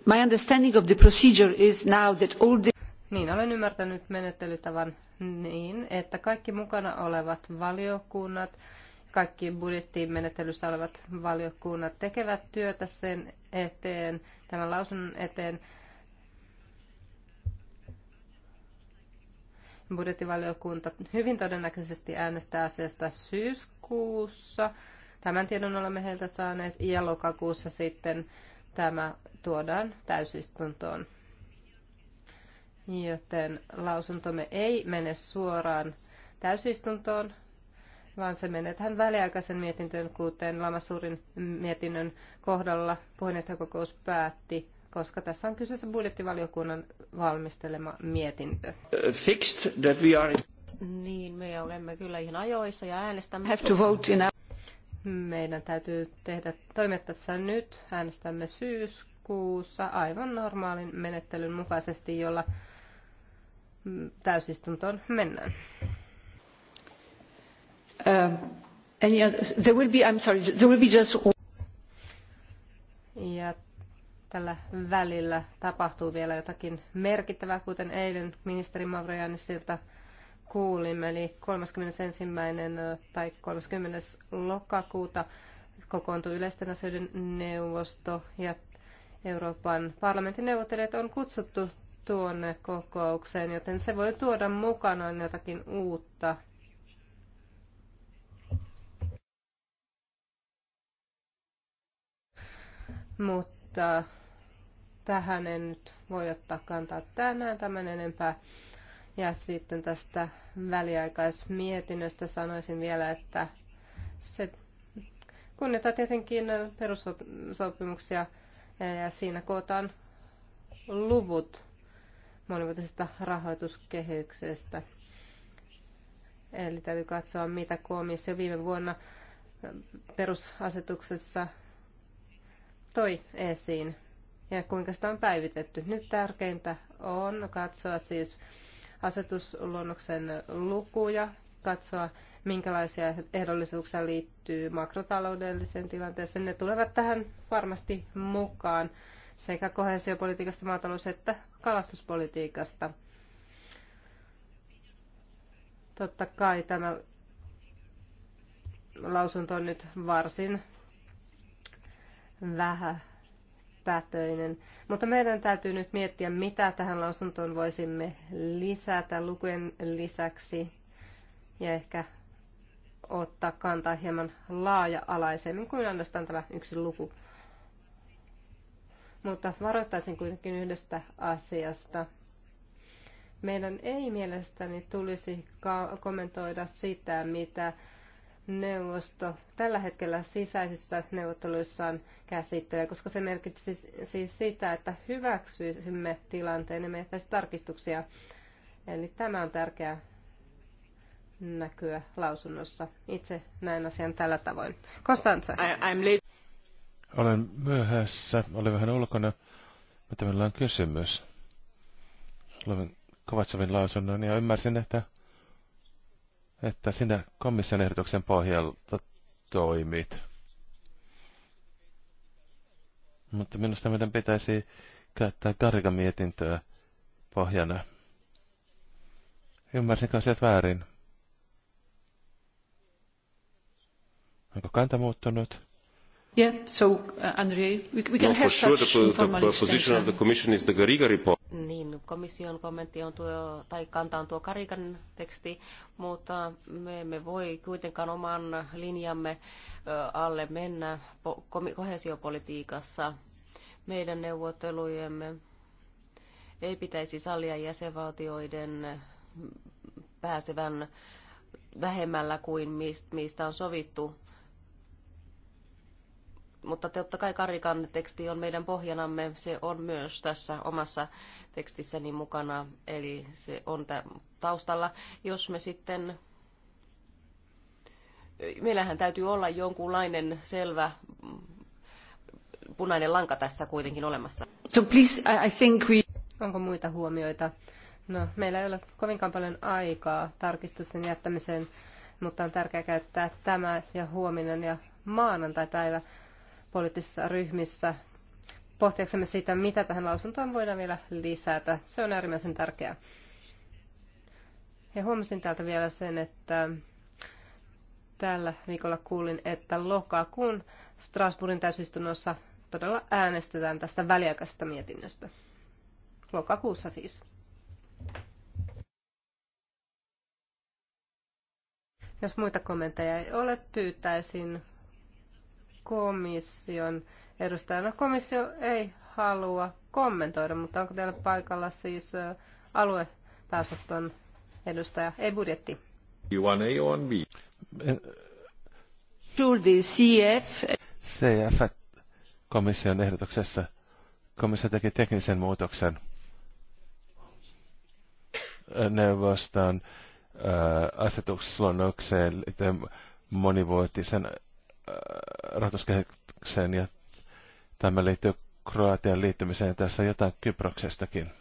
My understanding of the procedure is now that all the... Niin, olen ymmärtänyt menettelytavan niin, että kaikki mukana olevat valiokunnat, kaikki budjettiin menettelyssä olevat valiokunnat tekevät työtä sen eteen, tämän lausunnon eteen, Budjettivaliokunta hyvin todennäköisesti äänestää asiasta syyskuussa. Tämän tiedon olemme heiltä saaneet ja lokakuussa sitten tämä tuodaan täysistuntoon. Joten lausuntomme ei mene suoraan täysistuntoon, vaan se menee tähän väliaikaisen mietintöön, kuten Lamasurin mietinnön kohdalla puheenjohtajakokous päätti koska tässä on kyseessä budjettivaliokunnan valmistelema mietintö. fixed that we are... Niin, me olemme kyllä ihan ajoissa ja äänestämme. Have to vote in Meidän täytyy tehdä toimia tässä nyt. Äänestämme syyskuussa aivan normaalin menettelyn mukaisesti, jolla täysistuntoon mennään. Uh, and yeah, there will be, I'm sorry, there will be just... Ja tällä välillä tapahtuu vielä jotakin merkittävää, kuten eilen ministeri Mavrojanisilta kuulimme, eli 31. tai 30. lokakuuta kokoontui yleisten asioiden neuvosto ja Euroopan parlamentin neuvottelijat on kutsuttu tuonne kokoukseen, joten se voi tuoda mukanaan jotakin uutta. Mutta Tähän en nyt voi ottaa kantaa tänään tämän enempää. Ja sitten tästä väliaikaismietinnöstä sanoisin vielä, että se kunnioittaa tietenkin perussopimuksia ja siinä kootaan luvut monivuotisesta rahoituskehyksestä. Eli täytyy katsoa, mitä komissio viime vuonna perusasetuksessa toi esiin ja kuinka sitä on päivitetty. Nyt tärkeintä on katsoa siis asetusluonnoksen lukuja, katsoa minkälaisia ehdollisuuksia liittyy makrotaloudelliseen tilanteeseen. Ne tulevat tähän varmasti mukaan sekä kohesiopolitiikasta, maatalous- että kalastuspolitiikasta. Totta kai tämä lausunto on nyt varsin vähän päätöinen. Mutta meidän täytyy nyt miettiä, mitä tähän lausuntoon voisimme lisätä lukujen lisäksi ja ehkä ottaa kantaa hieman laaja-alaisemmin kuin ainoastaan tämä yksi luku. Mutta varoittaisin kuitenkin yhdestä asiasta. Meidän ei mielestäni tulisi kommentoida sitä, mitä neuvosto tällä hetkellä sisäisissä neuvotteluissaan käsittelee, koska se merkitsisi siis sitä, että hyväksyisimme tilanteen ja miettäisiin tarkistuksia. Eli tämä on tärkeä näkyä lausunnossa. Itse näen asian tällä tavoin. Konstanza. Olen myöhässä, olen vähän ulkona, mutta meillä on kysymys. Olen Kovatsovin lausunnon ja ymmärsin, että että sinä komission ehdotuksen pohjalta toimit. Mutta minusta meidän pitäisi käyttää Garga-mietintöä pohjana. Ymmärsinkö asiat väärin? Onko kanta muuttunut? Yeah, so uh, Andrei, we, we can no, have for sure the, the, the position of the Commission is the Gariga report. Niin, komission kommentti on tuo, tai kanta on tuo Karikan teksti, mutta me emme voi kuitenkaan oman linjamme alle mennä kohesiopolitiikassa. Meidän neuvottelujemme ei pitäisi sallia jäsenvaltioiden pääsevän vähemmällä kuin mistä on sovittu mutta totta kai Karikan teksti on meidän pohjanamme. Se on myös tässä omassa tekstissäni mukana, eli se on taustalla. Jos me sitten meillähän täytyy olla jonkunlainen selvä punainen lanka tässä kuitenkin olemassa. So please, I think we... Onko muita huomioita? No, meillä ei ole kovinkaan paljon aikaa tarkistusten jättämiseen, mutta on tärkeää käyttää tämä ja huominen ja maanantai-päivä poliittisissa ryhmissä pohtiaksemme sitä, mitä tähän lausuntoon voidaan vielä lisätä. Se on äärimmäisen tärkeää. Ja huomasin täältä vielä sen, että tällä viikolla kuulin, että lokakuun Strasbourgin täysistunnossa todella äänestetään tästä väliaikaisesta mietinnöstä. Lokakuussa siis. Jos muita kommentteja ei ole, pyytäisin komission edustajana. Komissio ei halua kommentoida, mutta onko teillä paikalla siis aluepääsoston edustaja, ei budjetti? E1A, e B. b CF. CF-komission ehdotuksessa komissio teki teknisen muutoksen neuvostaan asetuksluonnokseen monivuotisen Äh, rahoituskehitykseen ja tämä liittyy Kroatian liittymiseen. Tässä on jotain Kyproksestakin.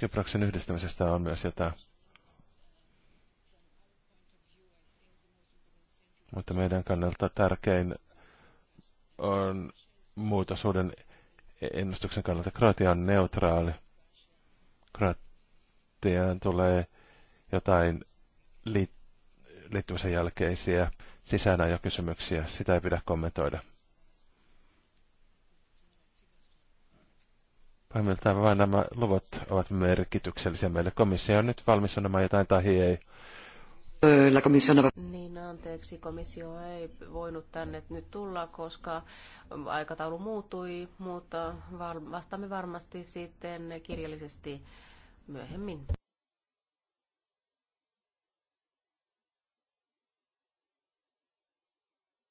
Kyproksen yhdistämisestä on myös jotain. Mutta meidän kannalta tärkein on muutosuuden ennustuksen kannalta. Kroatia on neutraali. Kroatiaan tulee jotain liittymisen jälkeisiä sisäänajokysymyksiä. Sitä ei pidä kommentoida. Pahimmiltaan vain nämä luvut ovat merkityksellisiä meille. Komissio on nyt valmis sanomaan jotain tai ei. La no Niin anteeksi, komissio ei voinut tänne nyt tulla, koska aikataulu muuttui, mutta vastaamme varmasti sitten kirjallisesti myöhemmin.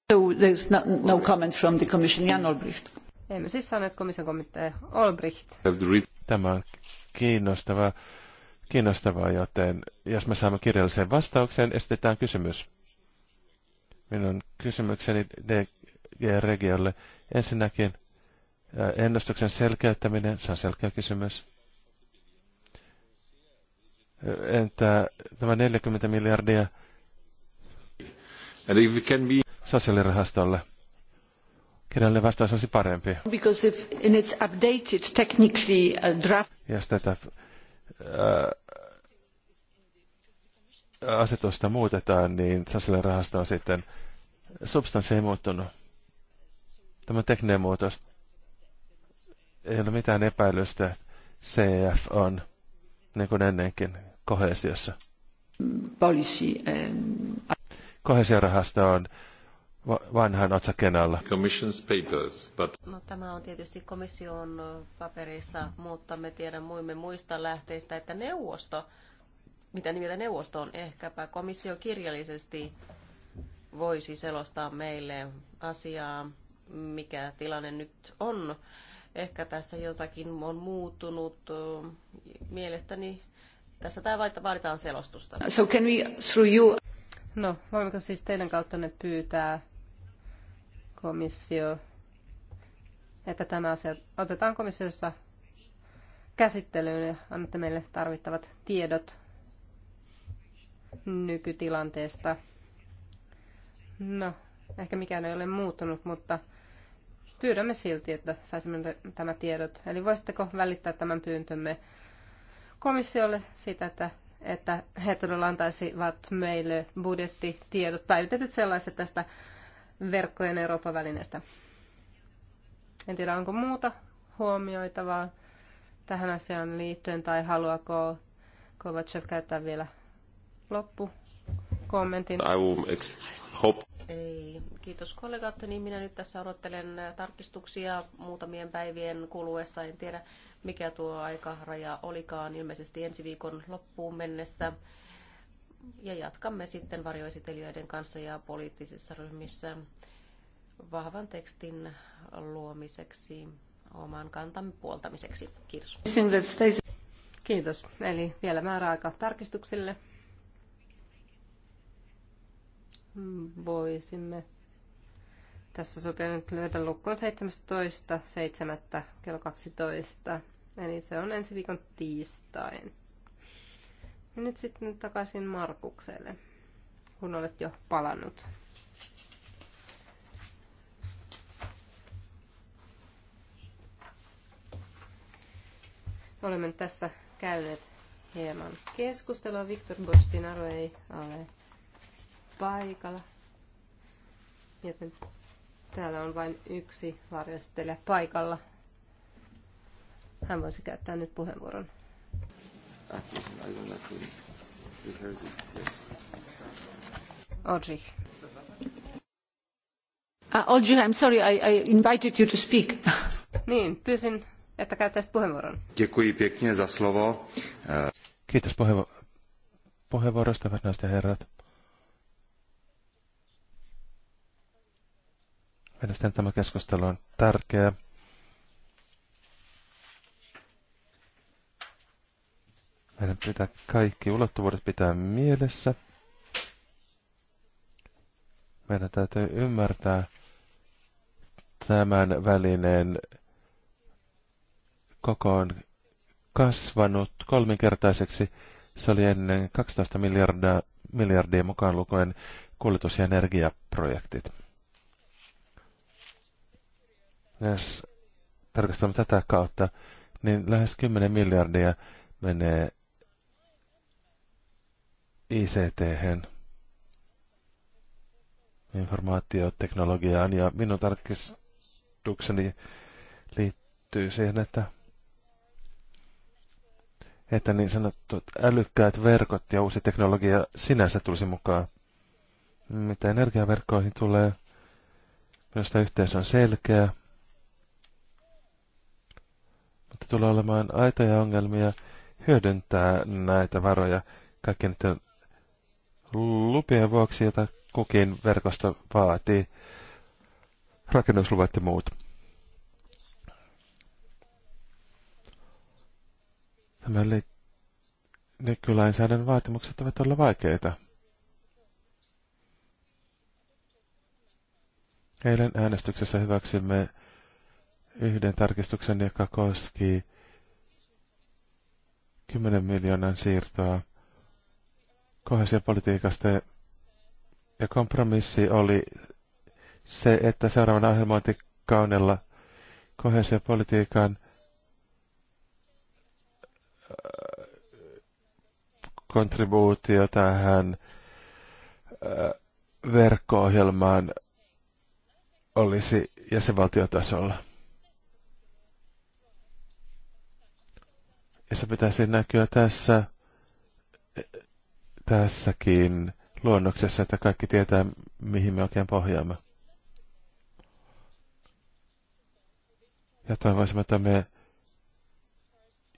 there's no, no comment from the commission. Jan Olbricht. Emme siis saaneet komission kommentteja. Olbricht. Tämä on kiinnostavaa, kiinnostavaa, joten jos me saamme kirjallisen vastauksen, esitetään kysymys. Minun kysymykseni DG-regiolle ensinnäkin äh, ennustuksen selkeyttäminen, se on selkeä kysymys. Äh, entä tämä 40 miljardia? And if it can be sosiaalirahastolle. Kenelle vastaus olisi parempi. Because if in its updated technically uh, draft... Jos tätä ää, äh, asetusta muutetaan, niin sosiaalirahasto on sitten... Substanssi ei muuttunut. Tämä tekninen muutos. Ei ole mitään epäilystä. CEF on, niin kuin ennenkin, kohesiossa. Mm, policy. Um... Kohesiorahasto on vanhan Atsakenalla. alla. Commission's papers, but... no, tämä on tietysti komission paperissa, mutta me tiedämme muista lähteistä, että neuvosto, mitä nimeltä neuvosto on, ehkäpä komissio kirjallisesti voisi selostaa meille asiaa, mikä tilanne nyt on. Ehkä tässä jotakin on muuttunut. Mielestäni tässä tämä vaaditaan selostusta. So can we, through you... No, voimmeko siis teidän ne pyytää komissio, että tämä asia otetaan komissiossa käsittelyyn ja annatte meille tarvittavat tiedot nykytilanteesta. No, ehkä mikään ei ole muuttunut, mutta pyydämme silti, että saisimme tämä tiedot. Eli voisitteko välittää tämän pyyntömme komissiolle sitä, että että he todella antaisivat meille budjettitiedot, päivitetyt sellaiset tästä verkkojen Euroopan välineestä. En tiedä, onko muuta huomioitavaa tähän asiaan liittyen tai haluaako Kovacev käyttää vielä loppukommentin? I will hope. Ei. Kiitos kollegat. Niin minä nyt tässä odottelen tarkistuksia muutamien päivien kuluessa. En tiedä, mikä tuo aikaraja olikaan. Ilmeisesti ensi viikon loppuun mennessä. Ja jatkamme sitten varjoesitelijöiden kanssa ja poliittisissa ryhmissä vahvan tekstin luomiseksi oman kantamme puoltamiseksi. Kiitos. Kiitos. Eli vielä määräaika tarkistuksille voisimme tässä sopii nyt lyödä lukkoon 17.7. kello 12. Eli se on ensi viikon tiistain. Ja nyt sitten takaisin Markukselle, kun olet jo palannut. Olemme tässä käyneet hieman keskustelua. Viktor Bostinaro ei ole paikalla. Joten täällä on vain yksi varjostelija paikalla. Hän voisi käyttää nyt puheenvuoron. Audrey. Uh, Audrey, ah, I'm sorry, I, I invited you to speak. niin, pyysin, että käyttäisit puheenvuoron. Děkuji pěkně za slovo. Kiitos puheenvuorosta, herrat. Mielestäni tämä keskustelu on tärkeä. Meidän pitää kaikki ulottuvuudet pitää mielessä. Meidän täytyy ymmärtää tämän välineen kokoon kasvanut kolminkertaiseksi. Se oli ennen 12 miljardia, miljardia mukaan lukuen kuljetus- ja energiaprojektit. Jos tarkastamme tätä kautta, niin lähes 10 miljardia menee ict informaatioteknologiaan, ja minun tarkistukseni liittyy siihen, että, että niin sanottu älykkäät verkot ja uusi teknologia sinänsä tulisi mukaan. Mitä energiaverkkoihin tulee, minusta yhteys on selkeä, että tulee olemaan aitoja ongelmia hyödyntää näitä varoja kaikkien niiden lupien vuoksi, joita kukin verkosto vaatii, rakennusluvat ja muut. Nämä nykylainsäädännön vaatimukset ovat olla vaikeita. Eilen äänestyksessä hyväksymme yhden tarkistuksen, joka koski 10 miljoonan siirtoa kohesiopolitiikasta. Ja kompromissi oli se, että seuraavana ohjelmointikaunella kohesiopolitiikan äh, kontribuutio tähän äh, verkko-ohjelmaan olisi jäsenvaltiotasolla. Ja se pitäisi näkyä tässä, tässäkin luonnoksessa, että kaikki tietää, mihin me oikein pohjaamme. Ja toivoisimme, että me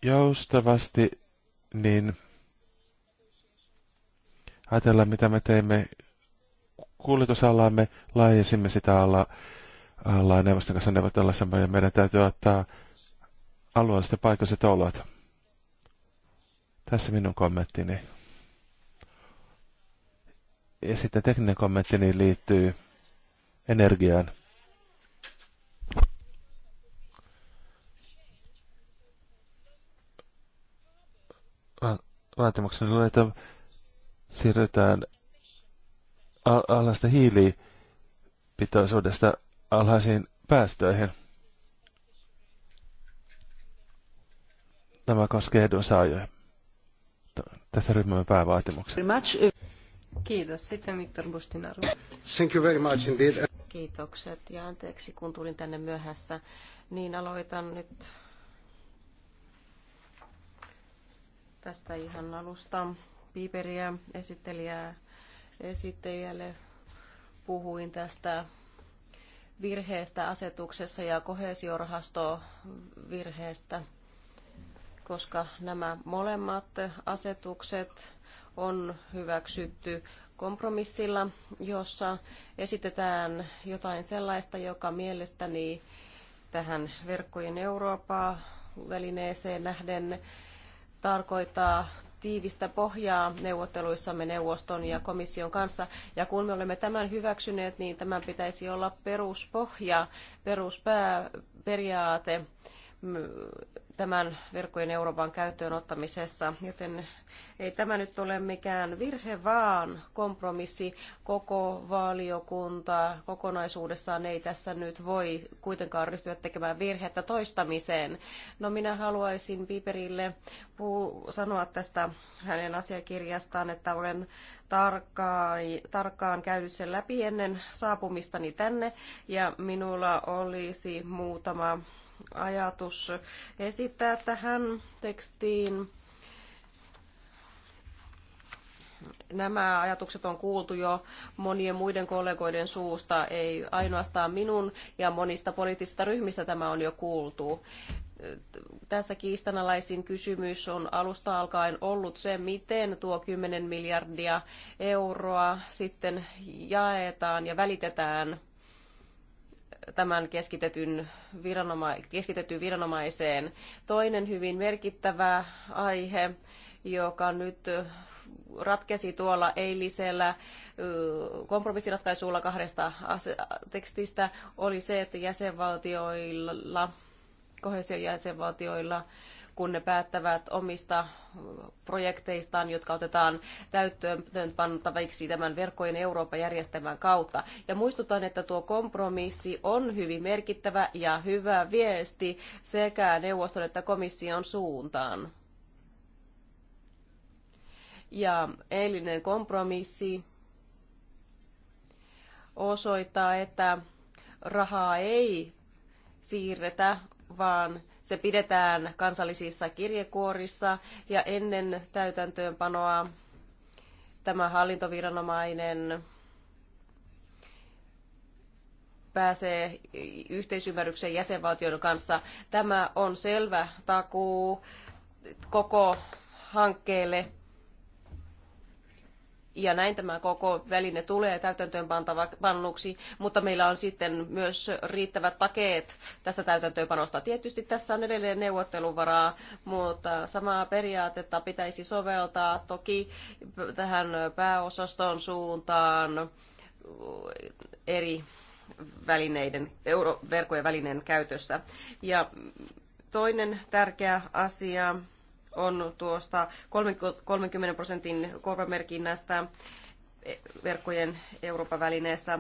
joustavasti niin ajatellaan, mitä me teemme kuljetusalaamme, laajensimme sitä alla, alla neuvoston kanssa neuvotella ja meidän täytyy ottaa alueelliset ja paikalliset olot. Tässä minun kommenttini. Ja sitten tekninen kommenttini liittyy energiaan. Vaatimuksena on, että siirrytään al- alhaista hiilipitoisuudesta alhaisiin päästöihin. Tämä koskee edunsaajoja tässä ryhmämme päävaatimukset. Kiitos. Sitten Viktor Bustinaru. Thank you very much indeed. Kiitokset ja anteeksi, kun tulin tänne myöhässä. Niin aloitan nyt tästä ihan alusta. Piiperiä esittelijää, esittelijälle puhuin tästä virheestä asetuksessa ja kohesiorahasto virheestä koska nämä molemmat asetukset on hyväksytty kompromissilla, jossa esitetään jotain sellaista, joka mielestäni tähän verkkojen Eurooppaa välineeseen nähden tarkoittaa tiivistä pohjaa neuvotteluissamme neuvoston ja komission kanssa. Ja kun me olemme tämän hyväksyneet, niin tämän pitäisi olla peruspohja, peruspääperiaate tämän verkkojen Euroopan käyttöön ottamisessa, joten ei tämä nyt ole mikään virhe, vaan kompromissi. Koko valiokunta kokonaisuudessaan ei tässä nyt voi kuitenkaan ryhtyä tekemään virhettä toistamiseen. No minä haluaisin Piperille sanoa tästä hänen asiakirjastaan, että olen tarkkaan, tarkkaan käynyt sen läpi ennen saapumistani tänne ja minulla olisi muutama ajatus esittää tähän tekstiin. Nämä ajatukset on kuultu jo monien muiden kollegoiden suusta, ei ainoastaan minun, ja monista poliittisista ryhmistä tämä on jo kuultu tässä kiistanalaisin kysymys on alusta alkaen ollut se, miten tuo 10 miljardia euroa sitten jaetaan ja välitetään tämän keskitetyn, viranoma- keskitetyn viranomaiseen. Toinen hyvin merkittävä aihe, joka nyt ratkesi tuolla eilisellä kompromissiratkaisulla kahdesta tekstistä, oli se, että jäsenvaltioilla, kohesion jäsenvaltioilla kun ne päättävät omista projekteistaan, jotka otetaan täyttöön pantaviksi tämän verkkojen Euroopan järjestelmän kautta. Ja muistutan, että tuo kompromissi on hyvin merkittävä ja hyvä viesti sekä neuvoston että komission suuntaan. Ja eilinen kompromissi osoittaa, että rahaa ei siirretä, vaan se pidetään kansallisissa kirjekuorissa ja ennen täytäntöönpanoa tämä hallintoviranomainen pääsee yhteisymmärryksen jäsenvaltioiden kanssa. Tämä on selvä takuu koko hankkeelle ja näin tämä koko väline tulee täytäntöönpannuksi, mutta meillä on sitten myös riittävät takeet tästä täytäntöönpanosta. Tietysti tässä on edelleen neuvotteluvaraa, mutta samaa periaatetta pitäisi soveltaa toki tähän pääosaston suuntaan eri välineiden, euroverkkojen välineen käytössä. Ja toinen tärkeä asia on tuosta 30 prosentin korvamerkinnästä e- verkkojen Euroopan välineestä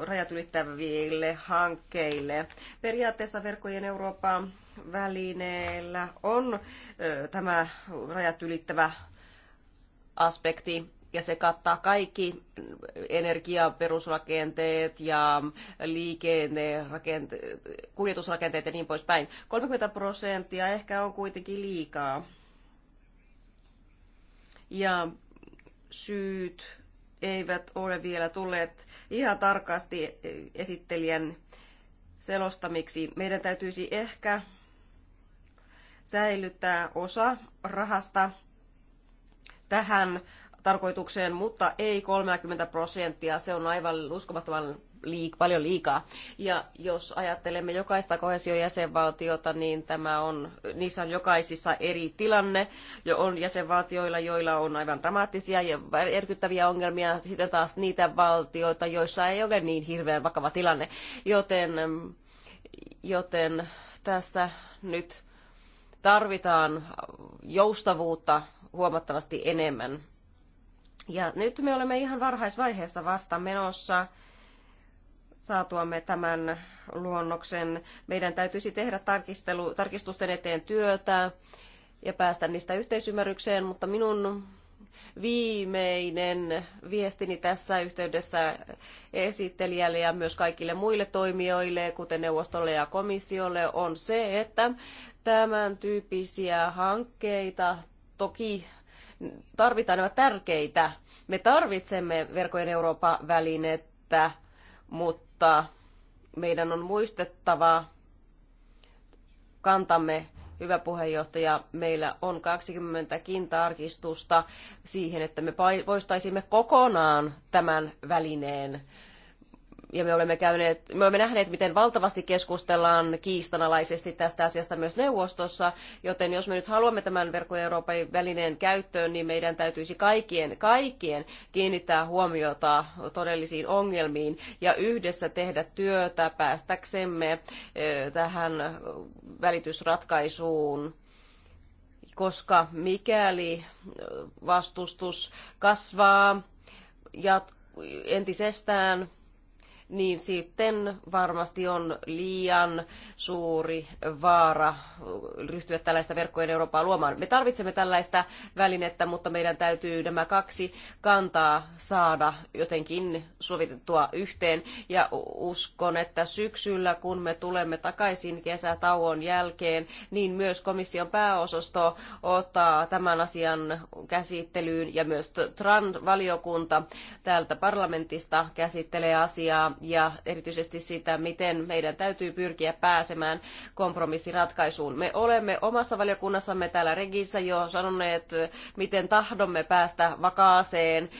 rajat ylittäville hankkeille. Periaatteessa verkkojen Euroopan välineellä on tämä rajat ylittävä aspekti ja se kattaa kaikki energiaperusrakenteet ja liikenne, kuljetusrakenteet ja niin poispäin. 30 prosenttia ehkä on kuitenkin liikaa ja syyt eivät ole vielä tulleet ihan tarkasti esittelijän selostamiksi. Meidän täytyisi ehkä säilyttää osa rahasta tähän tarkoitukseen, mutta ei 30 prosenttia. Se on aivan uskomattoman liik- paljon liikaa. Ja jos ajattelemme jokaista kohesiojäsenvaltiota, niin tämä on, niissä on jokaisissa eri tilanne. Jo on jäsenvaltioilla, joilla on aivan dramaattisia ja järkyttäviä ongelmia, sitten taas niitä valtioita, joissa ei ole niin hirveän vakava tilanne. Joten, joten tässä nyt tarvitaan joustavuutta huomattavasti enemmän ja nyt me olemme ihan varhaisvaiheessa vasta menossa saatuamme tämän luonnoksen. Meidän täytyisi tehdä tarkistelu, tarkistusten eteen työtä ja päästä niistä yhteisymmärrykseen, mutta minun viimeinen viestini tässä yhteydessä esittelijälle ja myös kaikille muille toimijoille, kuten neuvostolle ja komissiolle, on se, että tämän tyyppisiä hankkeita toki tarvitaan nämä tärkeitä. Me tarvitsemme verkojen Eurooppa-välinettä, mutta meidän on muistettava kantamme hyvä puheenjohtaja, meillä on 20kin tarkistusta siihen, että me poistaisimme kokonaan tämän välineen ja me olemme, käyneet, me olemme nähneet, miten valtavasti keskustellaan kiistanalaisesti tästä asiasta myös neuvostossa, joten jos me nyt haluamme tämän verkko Euroopan välineen käyttöön, niin meidän täytyisi kaikkien, kaikkien kiinnittää huomiota todellisiin ongelmiin ja yhdessä tehdä työtä päästäksemme tähän välitysratkaisuun koska mikäli vastustus kasvaa jat- entisestään, niin sitten varmasti on liian suuri vaara ryhtyä tällaista verkkojen Eurooppaa luomaan. Me tarvitsemme tällaista välinettä, mutta meidän täytyy nämä kaksi kantaa saada jotenkin sovitettua yhteen. Ja uskon, että syksyllä, kun me tulemme takaisin kesätauon jälkeen, niin myös komission pääosasto ottaa tämän asian käsittelyyn ja myös TRAN-valiokunta täältä parlamentista käsittelee asiaa ja erityisesti sitä, miten meidän täytyy pyrkiä pääsemään kompromissiratkaisuun. Me olemme omassa valiokunnassamme täällä Regissä jo sanoneet, miten tahdomme päästä vakaaseen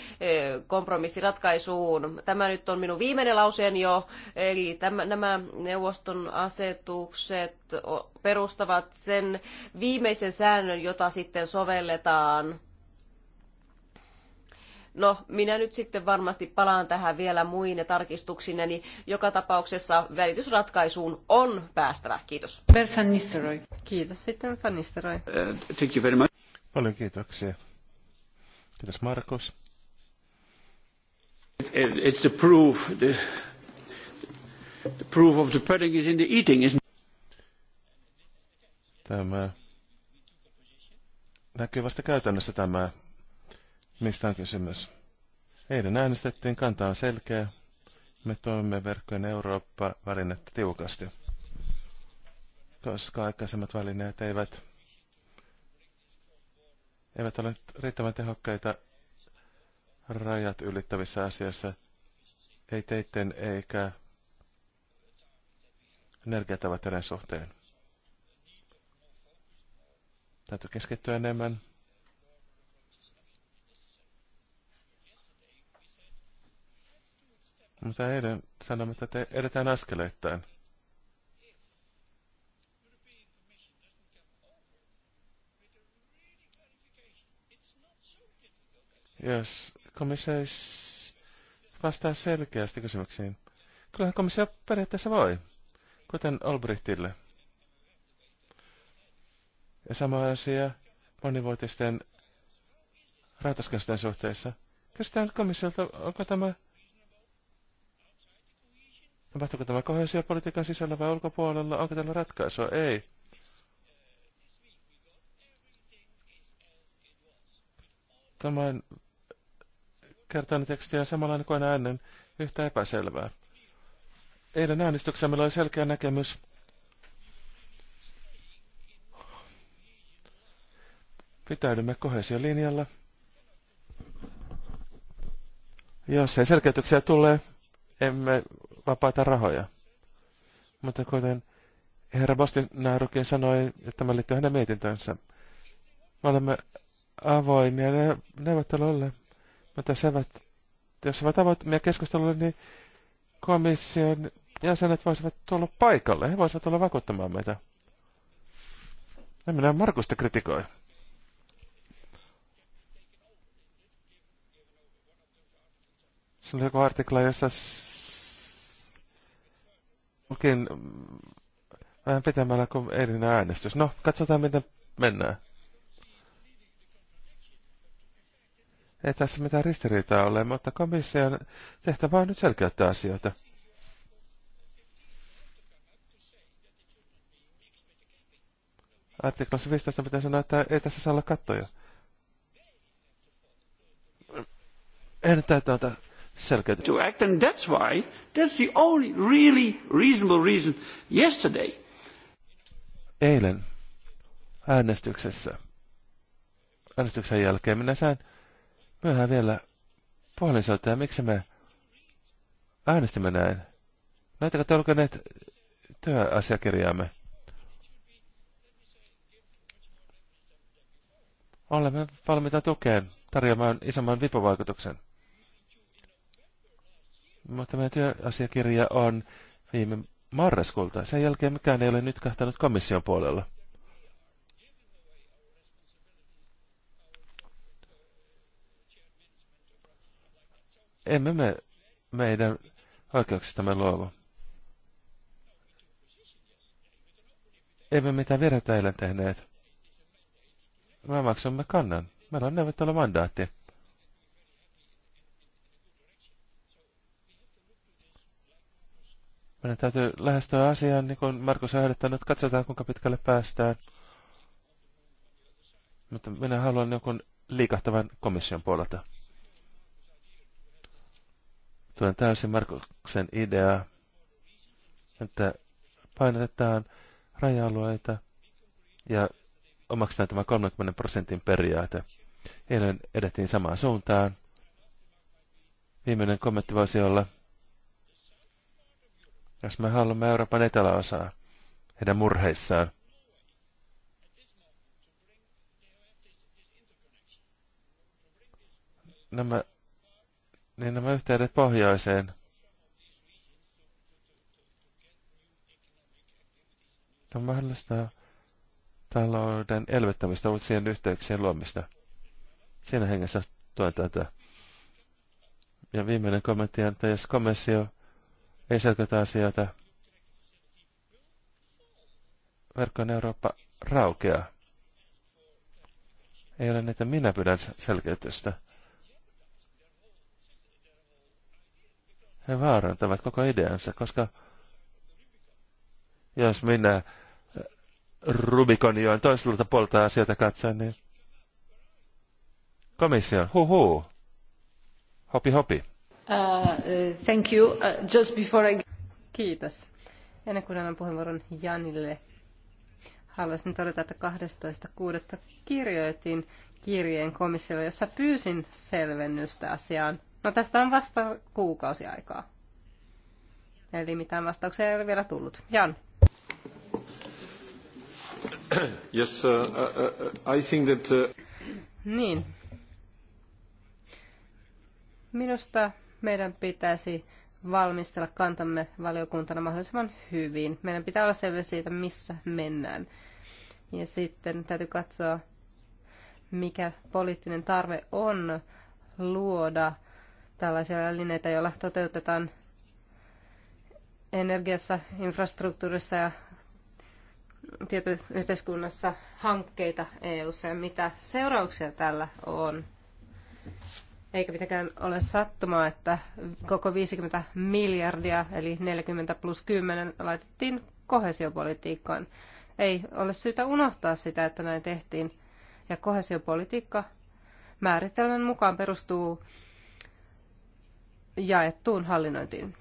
kompromissiratkaisuun. Tämä nyt on minun viimeinen lauseeni jo, eli nämä neuvoston asetukset perustavat sen viimeisen säännön, jota sitten sovelletaan No, minä nyt sitten varmasti palaan tähän vielä muine tarkistuksine, niin joka tapauksessa välitysratkaisuun on päästävä. Kiitos. Kiitos sitten Uh, thank you very much. Paljon kiitoksia. Kiitos Markus. It's the proof, the, the proof of the pudding is in the eating, isn't Tämä näkyy vasta käytännössä tämä Mistä on kysymys? Eilen äänestettiin, kanta on selkeä. Me toimme verkkojen Eurooppa-välinettä tiukasti, koska aikaisemmat välineet eivät, eivät ole riittävän tehokkaita rajat ylittävissä asioissa, ei teitten eikä energiatavoitteiden suhteen. Täytyy keskittyä enemmän Mutta no eilen sanomme, että te edetään askeleittain. Jos komissio vastaa selkeästi kysymyksiin. Kyllähän komissio periaatteessa voi, kuten Olbrichtille. Ja sama asia monivuotisten rahoituskansien suhteessa. Kysytään komissiolta, onko tämä Tapahtuuko tämä kohesiopolitiikan sisällä vai ulkopuolella? Onko tällä ratkaisua? Ei. Tämän kertainen teksti on samanlainen kuin aina ennen, yhtä epäselvää. Eilen äänestyksessä meillä oli selkeä näkemys. Pitäydymme linjalla. Jos ei selkeytyksiä tulee, emme vapaita rahoja. Mutta kuten herra Bostinarukin sanoi, että tämä liittyy hänen mietintönsä, me olemme avoimia ne, neuvotteluille, mutta jos ovat, jos ovat avoimia keskustelulle, niin komission jäsenet voisivat tulla paikalle. He voisivat tulla vakuuttamaan meitä. En minä Markusta kritikoi. Se oli joku artikla, jossa Kukin mm, vähän pitämällä kuin erinen äänestys. No, katsotaan miten mennään. Ei tässä mitään ristiriitaa ole, mutta komission tehtävä on nyt selkeyttää asioita. Artiklassa 15 pitää sanoa, että ei tässä saa olla kattoja. täytä antaa tuota To act and that's why that's the only really reasonable reason yesterday. Eilen äänestyksessä äänestyksen jälkeen minä sain myöhään vielä puhelinsoittaja, miksi me äänestimme näin. Näitäkö te lukeneet työasiakirjaamme? Olemme valmiita tukeen tarjoamaan isomman vipuvaikutuksen. Mutta meidän työasiakirja on viime marraskuulta. Sen jälkeen mikään ei ole nyt kahtanut komission puolella. Emme me meidän oikeuksistamme luovu. Emme mitään virheitä eilen tehneet. Me maksamme kannan. Meillä on neuvottelumandaatti. Meidän täytyy lähestyä asiaan, niin kuin Markus on ehdottanut, katsotaan kuinka pitkälle päästään. Mutta minä haluan jonkun liikahtavan komission puolelta. Tuen täysin Markuksen idea, että painetaan raja-alueita ja omaksetaan tämä 30 prosentin periaate. Eilen edettiin samaan suuntaan. Viimeinen kommentti voisi olla – jos me haluamme Euroopan eteläosaa heidän murheissaan, nämä, niin nämä yhteydet pohjoiseen, on mahdollista talouden elvyttämistä uusien yhteyksien luomista. Siinä hengessä tuen tätä. Ja viimeinen kommentti on, että jos komissio ei sieltä. asioita. Verkkojen Eurooppa raukeaa. Ei ole näitä niin, minä pyydän selkeytystä. He vaarantavat koko ideansa, koska jos minä Rubikonjoen toiselta puolta asioita katsoen, niin komission, huhu, hopi hopi. Uh, uh, uh, Kiitos. Ennen kuin annan puheenvuoron Janille, haluaisin todeta, että 12.6. kirjoitin kirjeen komissiolle, jossa pyysin selvennystä asiaan. No tästä on vasta kuukausi aikaa. Eli mitään vastauksia ei ole vielä tullut. Jan. Yes, uh, uh, I think that... Uh... Niin. Minusta meidän pitäisi valmistella kantamme valiokuntana mahdollisimman hyvin. Meidän pitää olla selvä siitä, missä mennään. Ja sitten täytyy katsoa, mikä poliittinen tarve on luoda tällaisia välineitä, joilla toteutetaan energiassa, infrastruktuurissa ja tietoyhteiskunnassa hankkeita EU-ssa ja mitä seurauksia tällä on. Eikä mitenkään ole sattumaa, että koko 50 miljardia, eli 40 plus 10, laitettiin kohesiopolitiikkaan. Ei ole syytä unohtaa sitä, että näin tehtiin. Ja kohesiopolitiikka määritelmän mukaan perustuu jaettuun hallinnointiin.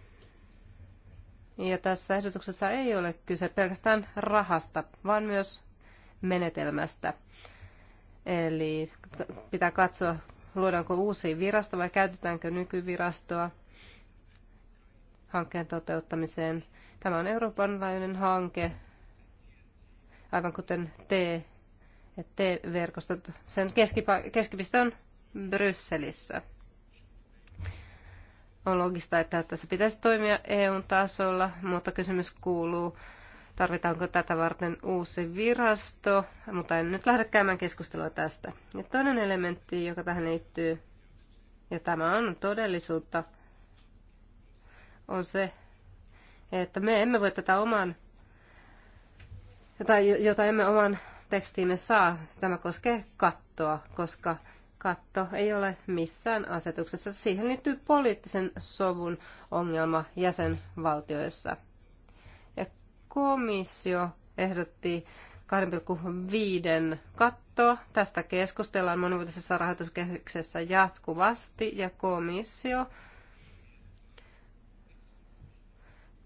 Ja tässä ehdotuksessa ei ole kyse pelkästään rahasta, vaan myös menetelmästä. Eli pitää katsoa luodaanko uusi virasto vai käytetäänkö nykyvirastoa hankkeen toteuttamiseen. Tämä on Euroopan laajuinen hanke, aivan kuten T, T-verkostot. Sen keskipa- keskipiste on Brysselissä. On logista, että tässä pitäisi toimia eu tasolla, mutta kysymys kuuluu, tarvitaanko tätä varten uusi virasto, mutta en nyt lähde käymään keskustelua tästä. Ja toinen elementti, joka tähän liittyy, ja tämä on todellisuutta, on se, että me emme voi tätä oman, jota, jota emme oman tekstiimme saa. Tämä koskee kattoa, koska katto ei ole missään asetuksessa. Siihen liittyy poliittisen sovun ongelma jäsenvaltioissa komissio ehdotti 2,5 kattoa. Tästä keskustellaan monivuotisessa rahoituskehyksessä jatkuvasti ja komissio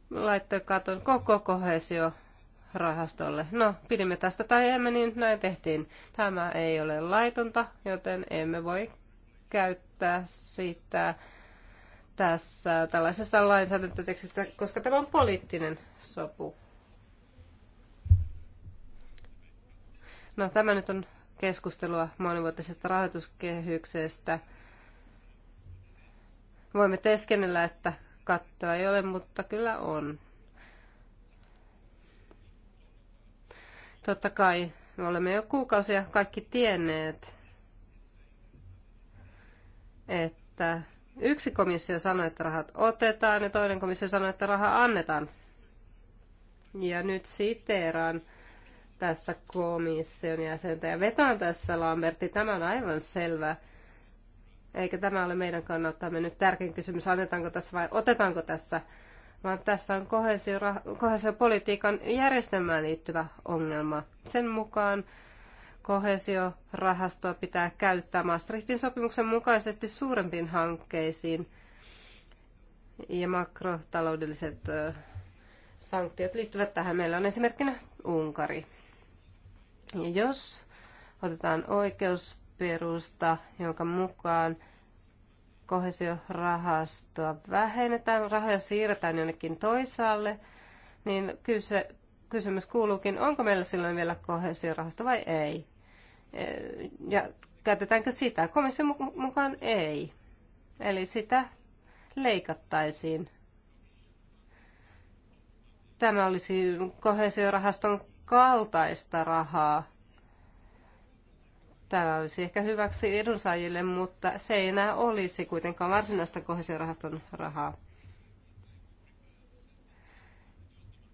laittoi katon koko kohesio rahastolle. No, pidimme tästä tai emme, niin näin tehtiin. Tämä ei ole laitonta, joten emme voi käyttää sitä tässä tällaisessa lainsäädäntötekstissä, koska tämä on poliittinen sopu. No tämä nyt on keskustelua monivuotisesta rahoituskehyksestä. Voimme teeskennellä, että kattoa ei ole, mutta kyllä on. Totta kai me olemme jo kuukausia kaikki tienneet, että yksi komissio sanoi, että rahat otetaan ja toinen komissio sanoi, että raha annetaan. Ja nyt siteeraan tässä komission jäsentä. Ja vetoan tässä Lambertti, tämä on aivan selvä. Eikä tämä ole meidän kannattamme nyt tärkein kysymys, annetaanko tässä vai otetaanko tässä, vaan tässä on kohesiopolitiikan järjestelmään liittyvä ongelma. Sen mukaan kohesiorahastoa pitää käyttää Maastrichtin sopimuksen mukaisesti suurempiin hankkeisiin ja makrotaloudelliset sanktiot liittyvät tähän. Meillä on esimerkkinä Unkari. Jos otetaan oikeusperusta, jonka mukaan kohesiorahastoa vähennetään, rahoja siirretään jonnekin toisaalle, niin kyse, kysymys kuuluukin, onko meillä silloin vielä kohesiorahasto vai ei. E, ja käytetäänkö sitä? Komission mukaan ei. Eli sitä leikattaisiin. Tämä olisi kohesiorahaston kaltaista rahaa. Tämä olisi ehkä hyväksi edunsaajille, mutta se ei enää olisi kuitenkaan varsinaista kohesiorahaston rahaa.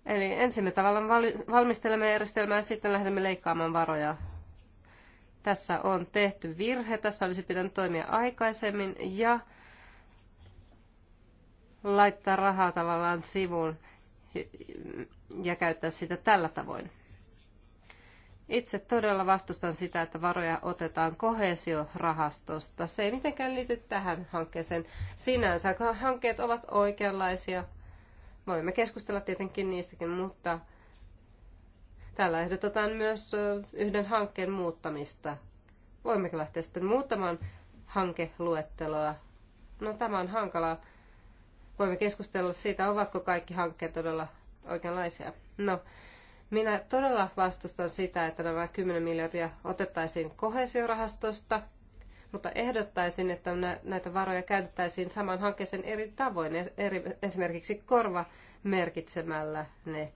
Eli ensin me tavallaan valmistelemme järjestelmää ja sitten lähdemme leikkaamaan varoja. Tässä on tehty virhe, tässä olisi pitänyt toimia aikaisemmin ja laittaa rahaa tavallaan sivuun ja käyttää sitä tällä tavoin. Itse todella vastustan sitä, että varoja otetaan kohesiorahastosta. Se ei mitenkään liity tähän hankkeeseen sinänsä. Hankkeet ovat oikeanlaisia. Voimme keskustella tietenkin niistäkin, mutta täällä ehdotetaan myös yhden hankkeen muuttamista. Voimmeko lähteä sitten muuttamaan hankeluetteloa? No tämä on hankalaa. Voimme keskustella siitä, ovatko kaikki hankkeet todella oikeanlaisia. No, minä todella vastustan sitä, että nämä 10 miljardia otettaisiin kohesiorahastosta, mutta ehdottaisin, että näitä varoja käytettäisiin saman hankkeeseen eri tavoin, e- eri, esimerkiksi korva merkitsemällä ne.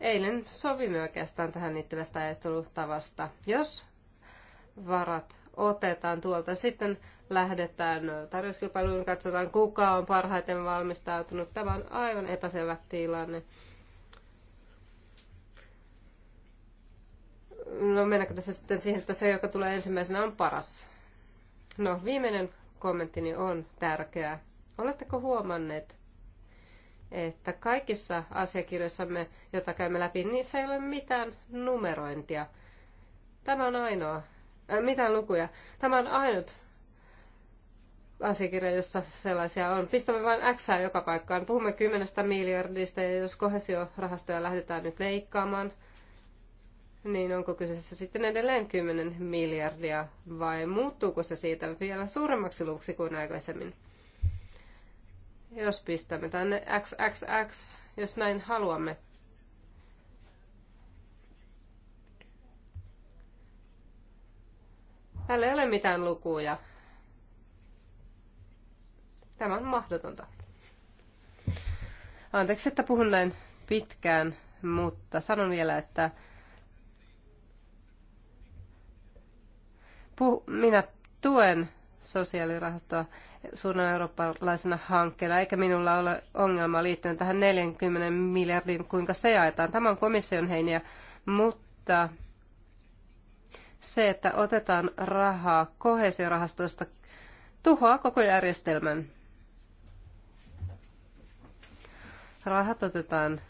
Eilen sovimme oikeastaan tähän liittyvästä ajattelutavasta. Jos varat otetaan tuolta. Sitten lähdetään tarjouskilpailuun, katsotaan kuka on parhaiten valmistautunut. Tämä on aivan epäselvä tilanne. No mennäänkö tässä sitten siihen, että se, joka tulee ensimmäisenä, on paras? No, viimeinen kommenttini on tärkeä. Oletteko huomanneet, että kaikissa asiakirjoissamme, joita käymme läpi, niissä ei ole mitään numerointia. Tämä on ainoa äh, mitään lukuja. Tämä on ainut asiakirja, jossa sellaisia on. Pistämme vain X joka paikkaan. Puhumme kymmenestä miljardista ja jos kohesiorahastoja lähdetään nyt leikkaamaan, niin onko kyseessä sitten edelleen 10 miljardia vai muuttuuko se siitä vielä suuremmaksi luvuksi kuin aikaisemmin? Jos pistämme tänne XXX, jos näin haluamme, Täällä ei ole mitään lukuja. Tämä on mahdotonta. Anteeksi, että puhun näin pitkään, mutta sanon vielä, että puh- minä tuen sosiaalirahastoa suunnan eurooppalaisena hankkeena, eikä minulla ole ongelmaa liittyen tähän 40 miljardin, kuinka se jaetaan. Tämä on komission heiniä, mutta se, että otetaan rahaa kohesiorahastosta, tuhoaa koko järjestelmän. Rahat otetaan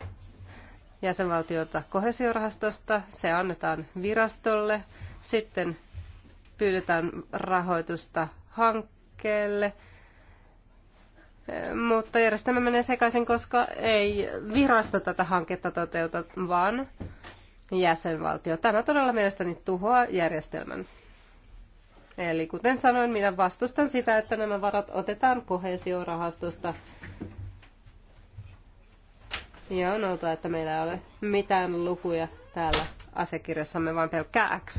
jäsenvaltiota kohesiorahastosta, se annetaan virastolle, sitten pyydetään rahoitusta hankkeelle, mutta järjestelmä menee sekaisin, koska ei virasto tätä hanketta toteuta, vaan jäsenvaltio. Tämä todella mielestäni tuhoaa järjestelmän. Eli kuten sanoin, minä vastustan sitä, että nämä varat otetaan kohesiorahastosta. Ja on oltava että meillä ei ole mitään lukuja täällä asiakirjassamme, vaan pelkkää X.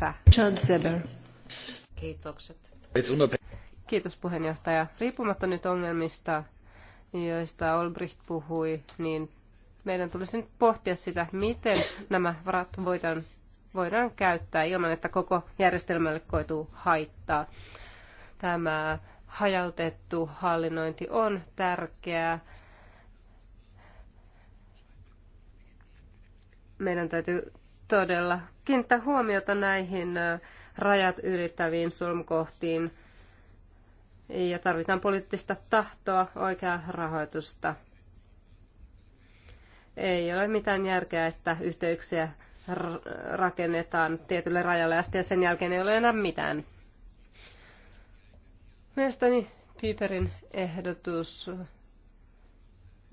Kiitokset. Kiitos puheenjohtaja. Riippumatta nyt ongelmista, joista Olbricht puhui, niin meidän tulisi nyt pohtia sitä, miten nämä varat voidaan, voidaan käyttää ilman, että koko järjestelmälle koituu haittaa. Tämä hajautettu hallinnointi on tärkeää. Meidän täytyy todella kiinnittää huomiota näihin rajat ylittäviin solmukohtiin ja tarvitaan poliittista tahtoa, oikeaa rahoitusta. Ei ole mitään järkeä, että yhteyksiä rakennetaan tietylle rajalle asti ja sen jälkeen ei ole enää mitään. Mielestäni Piperin ehdotus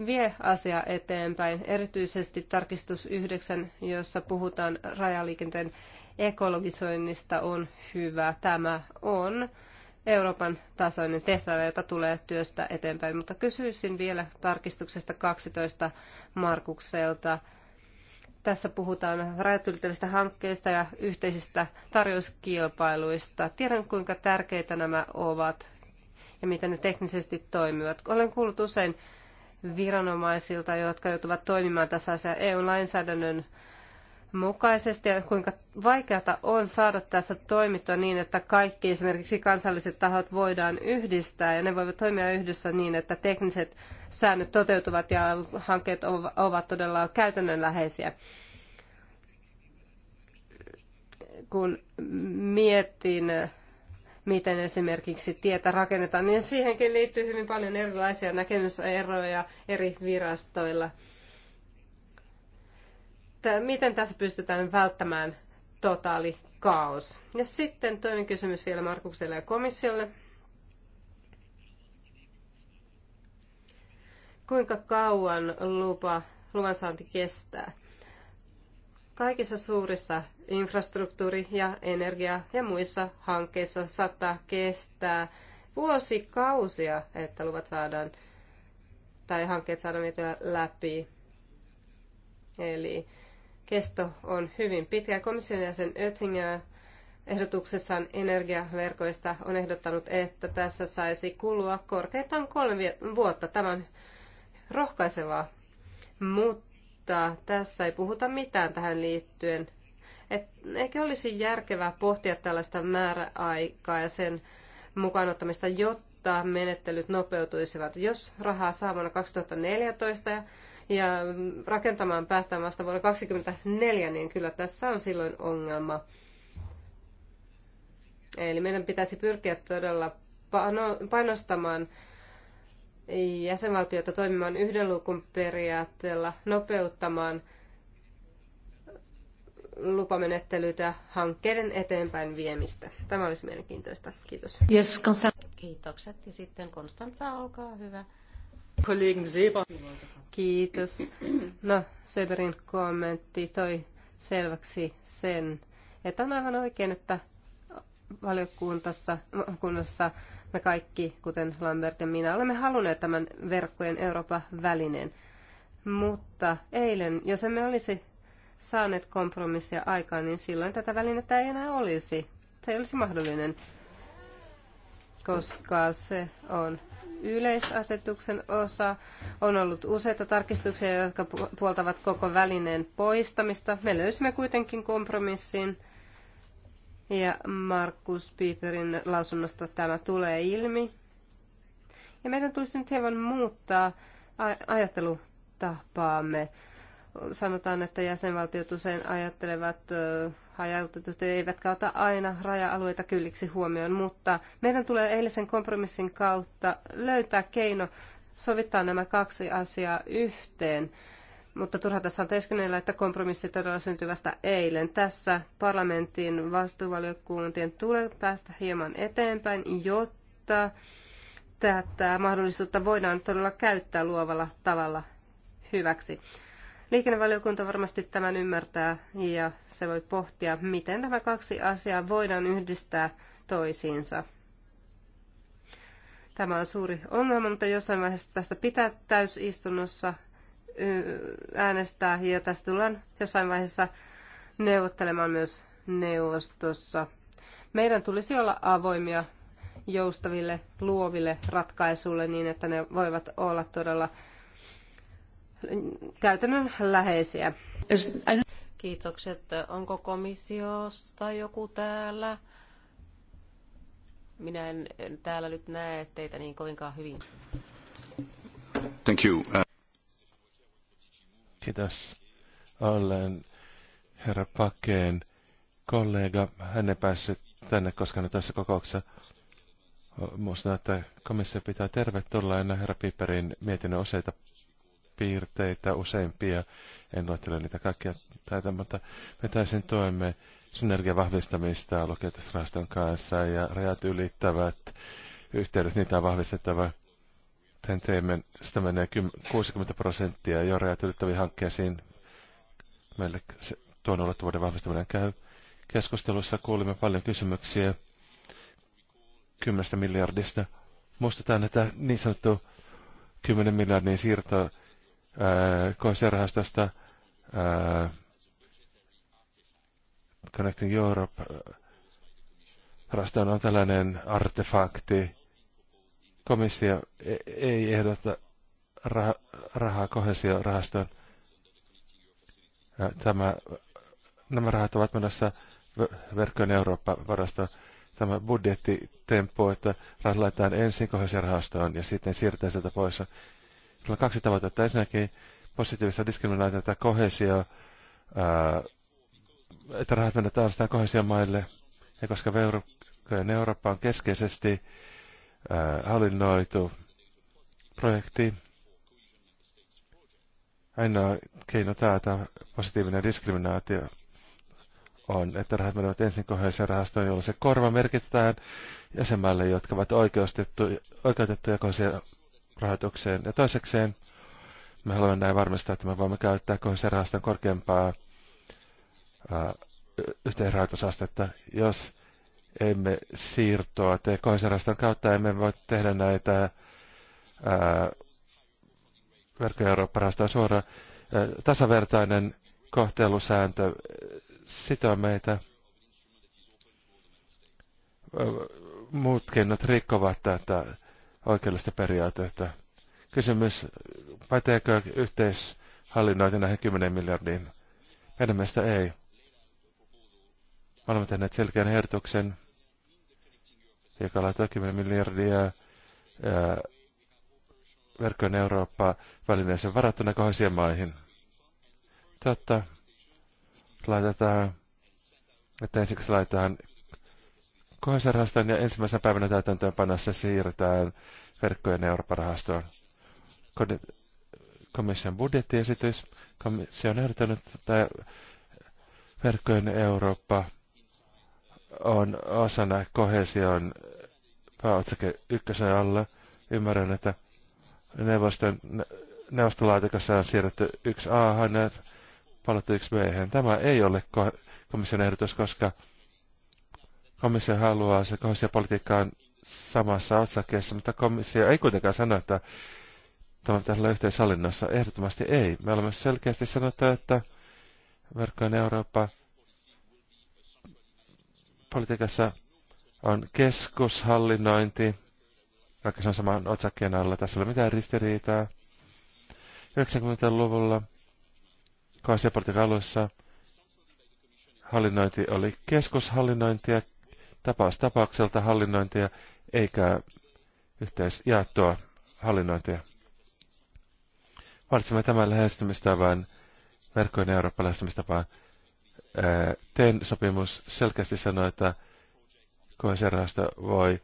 vie asia eteenpäin, erityisesti tarkistus 9, jossa puhutaan rajaliikenteen ekologisoinnista on hyvä. Tämä on Euroopan tasoinen tehtävä, jota tulee työstä eteenpäin. Mutta kysyisin vielä tarkistuksesta 12 Markukselta. Tässä puhutaan rajatylittävistä hankkeista ja yhteisistä tarjouskilpailuista. Tiedän, kuinka tärkeitä nämä ovat ja miten ne teknisesti toimivat. Olen kuullut usein viranomaisilta, jotka joutuvat toimimaan tässä asiassa EU-lainsäädännön mukaisesti ja kuinka vaikeata on saada tässä toimittua niin, että kaikki esimerkiksi kansalliset tahot voidaan yhdistää ja ne voivat toimia yhdessä niin, että tekniset säännöt toteutuvat ja hankkeet ovat todella käytännönläheisiä. Kun mietin, miten esimerkiksi tietä rakennetaan, niin siihenkin liittyy hyvin paljon erilaisia näkemyseroja eri virastoilla – miten tässä pystytään välttämään totaali kaos. Ja sitten toinen kysymys vielä Markukselle ja komissiolle. Kuinka kauan lupa, saanti kestää? Kaikissa suurissa infrastruktuuri- ja energia- ja muissa hankkeissa saattaa kestää vuosikausia, että luvat saadaan tai hankkeet saadaan vietyä läpi. Eli kesto on hyvin pitkä. Komission jäsen Oettinger ehdotuksessaan energiaverkoista on ehdottanut, että tässä saisi kulua korkeintaan kolme vuotta. Tämä on rohkaisevaa, mutta tässä ei puhuta mitään tähän liittyen. Et, eikö olisi järkevää pohtia tällaista määräaikaa ja sen mukaanottamista, ottamista, jotta menettelyt nopeutuisivat. Jos rahaa saa vuonna 2014 ja ja rakentamaan päästään vasta vuonna 2024, niin kyllä tässä on silloin ongelma. Eli meidän pitäisi pyrkiä todella painostamaan jäsenvaltiota toimimaan yhden luukun periaatteella, nopeuttamaan lupamenettelyitä hankkeiden eteenpäin viemistä. Tämä olisi mielenkiintoista. Kiitos. Yes, Kiitokset. Ja sitten Konstantsa, olkaa hyvä. Kiitos. No, Seberin kommentti toi selväksi sen, että on aivan oikein, että valiokunnassa me kaikki, kuten Lambert ja minä, olemme halunneet tämän verkkojen Euroopan välineen. Mutta eilen, jos emme olisi saaneet kompromissia aikaan, niin silloin tätä välinettä ei enää olisi. Se ei olisi mahdollinen, koska se on yleisasetuksen osa. On ollut useita tarkistuksia, jotka puoltavat koko välineen poistamista. Me löysimme kuitenkin kompromissin ja Markus Pieperin lausunnosta tämä tulee ilmi. Ja meidän tulisi nyt hieman muuttaa ajattelutapaamme sanotaan, että jäsenvaltiot usein ajattelevat hajautetusti, eivätkä ota aina raja-alueita kylliksi huomioon, mutta meidän tulee eilisen kompromissin kautta löytää keino sovittaa nämä kaksi asiaa yhteen. Mutta turha tässä on teeskennellä, että kompromissi todella vasta eilen. Tässä parlamentin vastuuvaliokuntien tulee päästä hieman eteenpäin, jotta tätä mahdollisuutta voidaan todella käyttää luovalla tavalla hyväksi. Liikennevaliokunta varmasti tämän ymmärtää ja se voi pohtia, miten nämä kaksi asiaa voidaan yhdistää toisiinsa. Tämä on suuri ongelma, mutta jossain vaiheessa tästä pitää täysistunnossa äänestää ja tästä tullaan jossain vaiheessa neuvottelemaan myös neuvostossa. Meidän tulisi olla avoimia joustaville, luoville ratkaisuille niin, että ne voivat olla todella käytännön läheisiä. Kiitokset. Onko komissiosta joku täällä? Minä en täällä nyt näe teitä niin kovinkaan hyvin. Thank you. Uh, Kiitos. Olen herra Pakeen kollega. Hän ei päässyt tänne koskaan tässä kokouksessa. Muistan, että komissio pitää tervetulleena herra Piperin mietinnön useita piirteitä useimpia. En luettele niitä kaikkia taita, mutta me toimme synergian vahvistamista aluekehitysrahaston kanssa ja rajat ylittävät yhteydet, niitä on vahvistettava. Tän teemme, sitä menee 60 prosenttia jo rajat ylittäviin hankkeisiin. Meille se, tuon ulottuvuuden vahvistaminen käy. Keskustelussa kuulimme paljon kysymyksiä 10 miljardista. Muistetaan, että niin sanottu 10 miljardin siirto Äh, kc äh, Connecting Europe-rahasto äh, on tällainen artefakti. Komissio e-, ei ehdota rah rahaa kohesiorahastoon. Tämä, nämä rahat ovat menossa verkkojen Eurooppa-varastoon tämä budjettitempo, että rahat laitetaan ensin kohesiorahastoon ja sitten siirretään sieltä pois. Sillä on kaksi tavoitetta. Ensinnäkin positiivista diskriminaatiota kohesio, ää, että rahat menetään ainoastaan kohesiomaille. Ja koska verkkojen Eurooppa on keskeisesti ää, hallinnoitu projekti, ainoa keino taata positiivinen diskriminaatio on, että rahat menevät ensin koheeseen rahastoon, jolloin se korva merkitään jäsenmaille, jotka ovat oikeutettuja, oikeutettuja rahoitukseen. Ja toisekseen me haluamme näin varmistaa, että me voimme käyttää kohdisen korkeampaa yhteenrahoitusastetta, jos emme siirtoa tee kohdisen kautta, emme voi tehdä näitä verkkojen Eurooppa-rahastoa suora tasavertainen kohtelusääntö sitoo meitä. Ää, muut kennot rikkovat tätä oikeudellista periaatetta. Kysymys, päteekö yhteishallinnointi näihin 10 miljardiin? Meidän mielestä ei. Me olemme tehneet selkeän ehdotuksen, joka laittaa 10 miljardia verkkojen Eurooppaa välineeseen varattuna kohdisiin maihin. Totta, laitetaan, että ensiksi laitetaan Kohdisarahaston ja ensimmäisenä päivänä täytäntöönpanossa siirretään verkkojen Euroopan rahastoon. Komission budjettiesitys. Komissio on ehdottanut, että verkkojen Eurooppa on osana kohesion pääotsake ykkösen alla. Ymmärrän, että neuvoston, neuvostolaatikossa on siirretty 1A ja palattu 1B. Tämä ei ole komission ehdotus, koska komissio haluaa se komissiopolitiikkaan samassa otsakkeessa, mutta komissio ei kuitenkaan sano, että tämä pitäisi olla yhteishallinnassa. Ehdottomasti ei. Me olemme selkeästi sanottu, että verkkojen Eurooppa politiikassa on keskushallinnointi, vaikka se on saman otsakkeen alla. Tässä ei ole mitään ristiriitaa. 90-luvulla kohdassa politiikan alussa hallinnointi oli keskushallinnointia, tapaus tapaukselta hallinnointia eikä yhteisjaettua hallinnointia. Valitsemme tämän lähestymistavan verkkojen Euroopan lähestymistapaan. TEN-sopimus selkeästi sanoo, että kohdiserahasto voi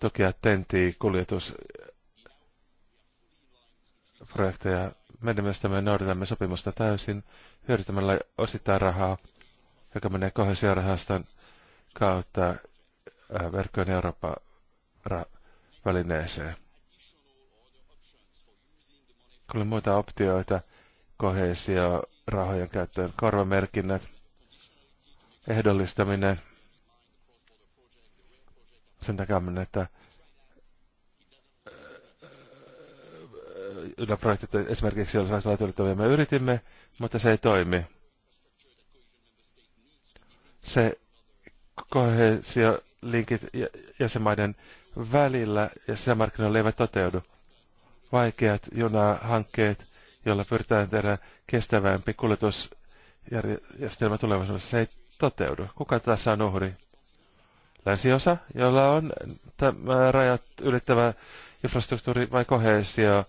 tukea tentiin kuljetusprojekteja. Meidän mielestä me noudatamme sopimusta täysin hyödyntämällä osittain rahaa, joka menee kohdiserahastoon kautta Äh, verkkojen Eurooppa-välineeseen. Kyllä muita optioita, kohesio, rahojen käyttöön korvamerkinnät, ehdollistaminen, sen takia, että nämä äh, äh, projektit esimerkiksi olisi valtiolle me yritimme, mutta se ei toimi. Se kohesio linkit jäsenmaiden välillä ja sisämarkkinoilla eivät toteudu. Vaikeat junahankkeet, joilla pyritään tehdä kestävämpi kuljetusjärjestelmä tulevaisuudessa, se ei toteudu. Kuka tässä on uhri? Länsiosa, jolla on tämä rajat ylittävä infrastruktuuri vai kohesio,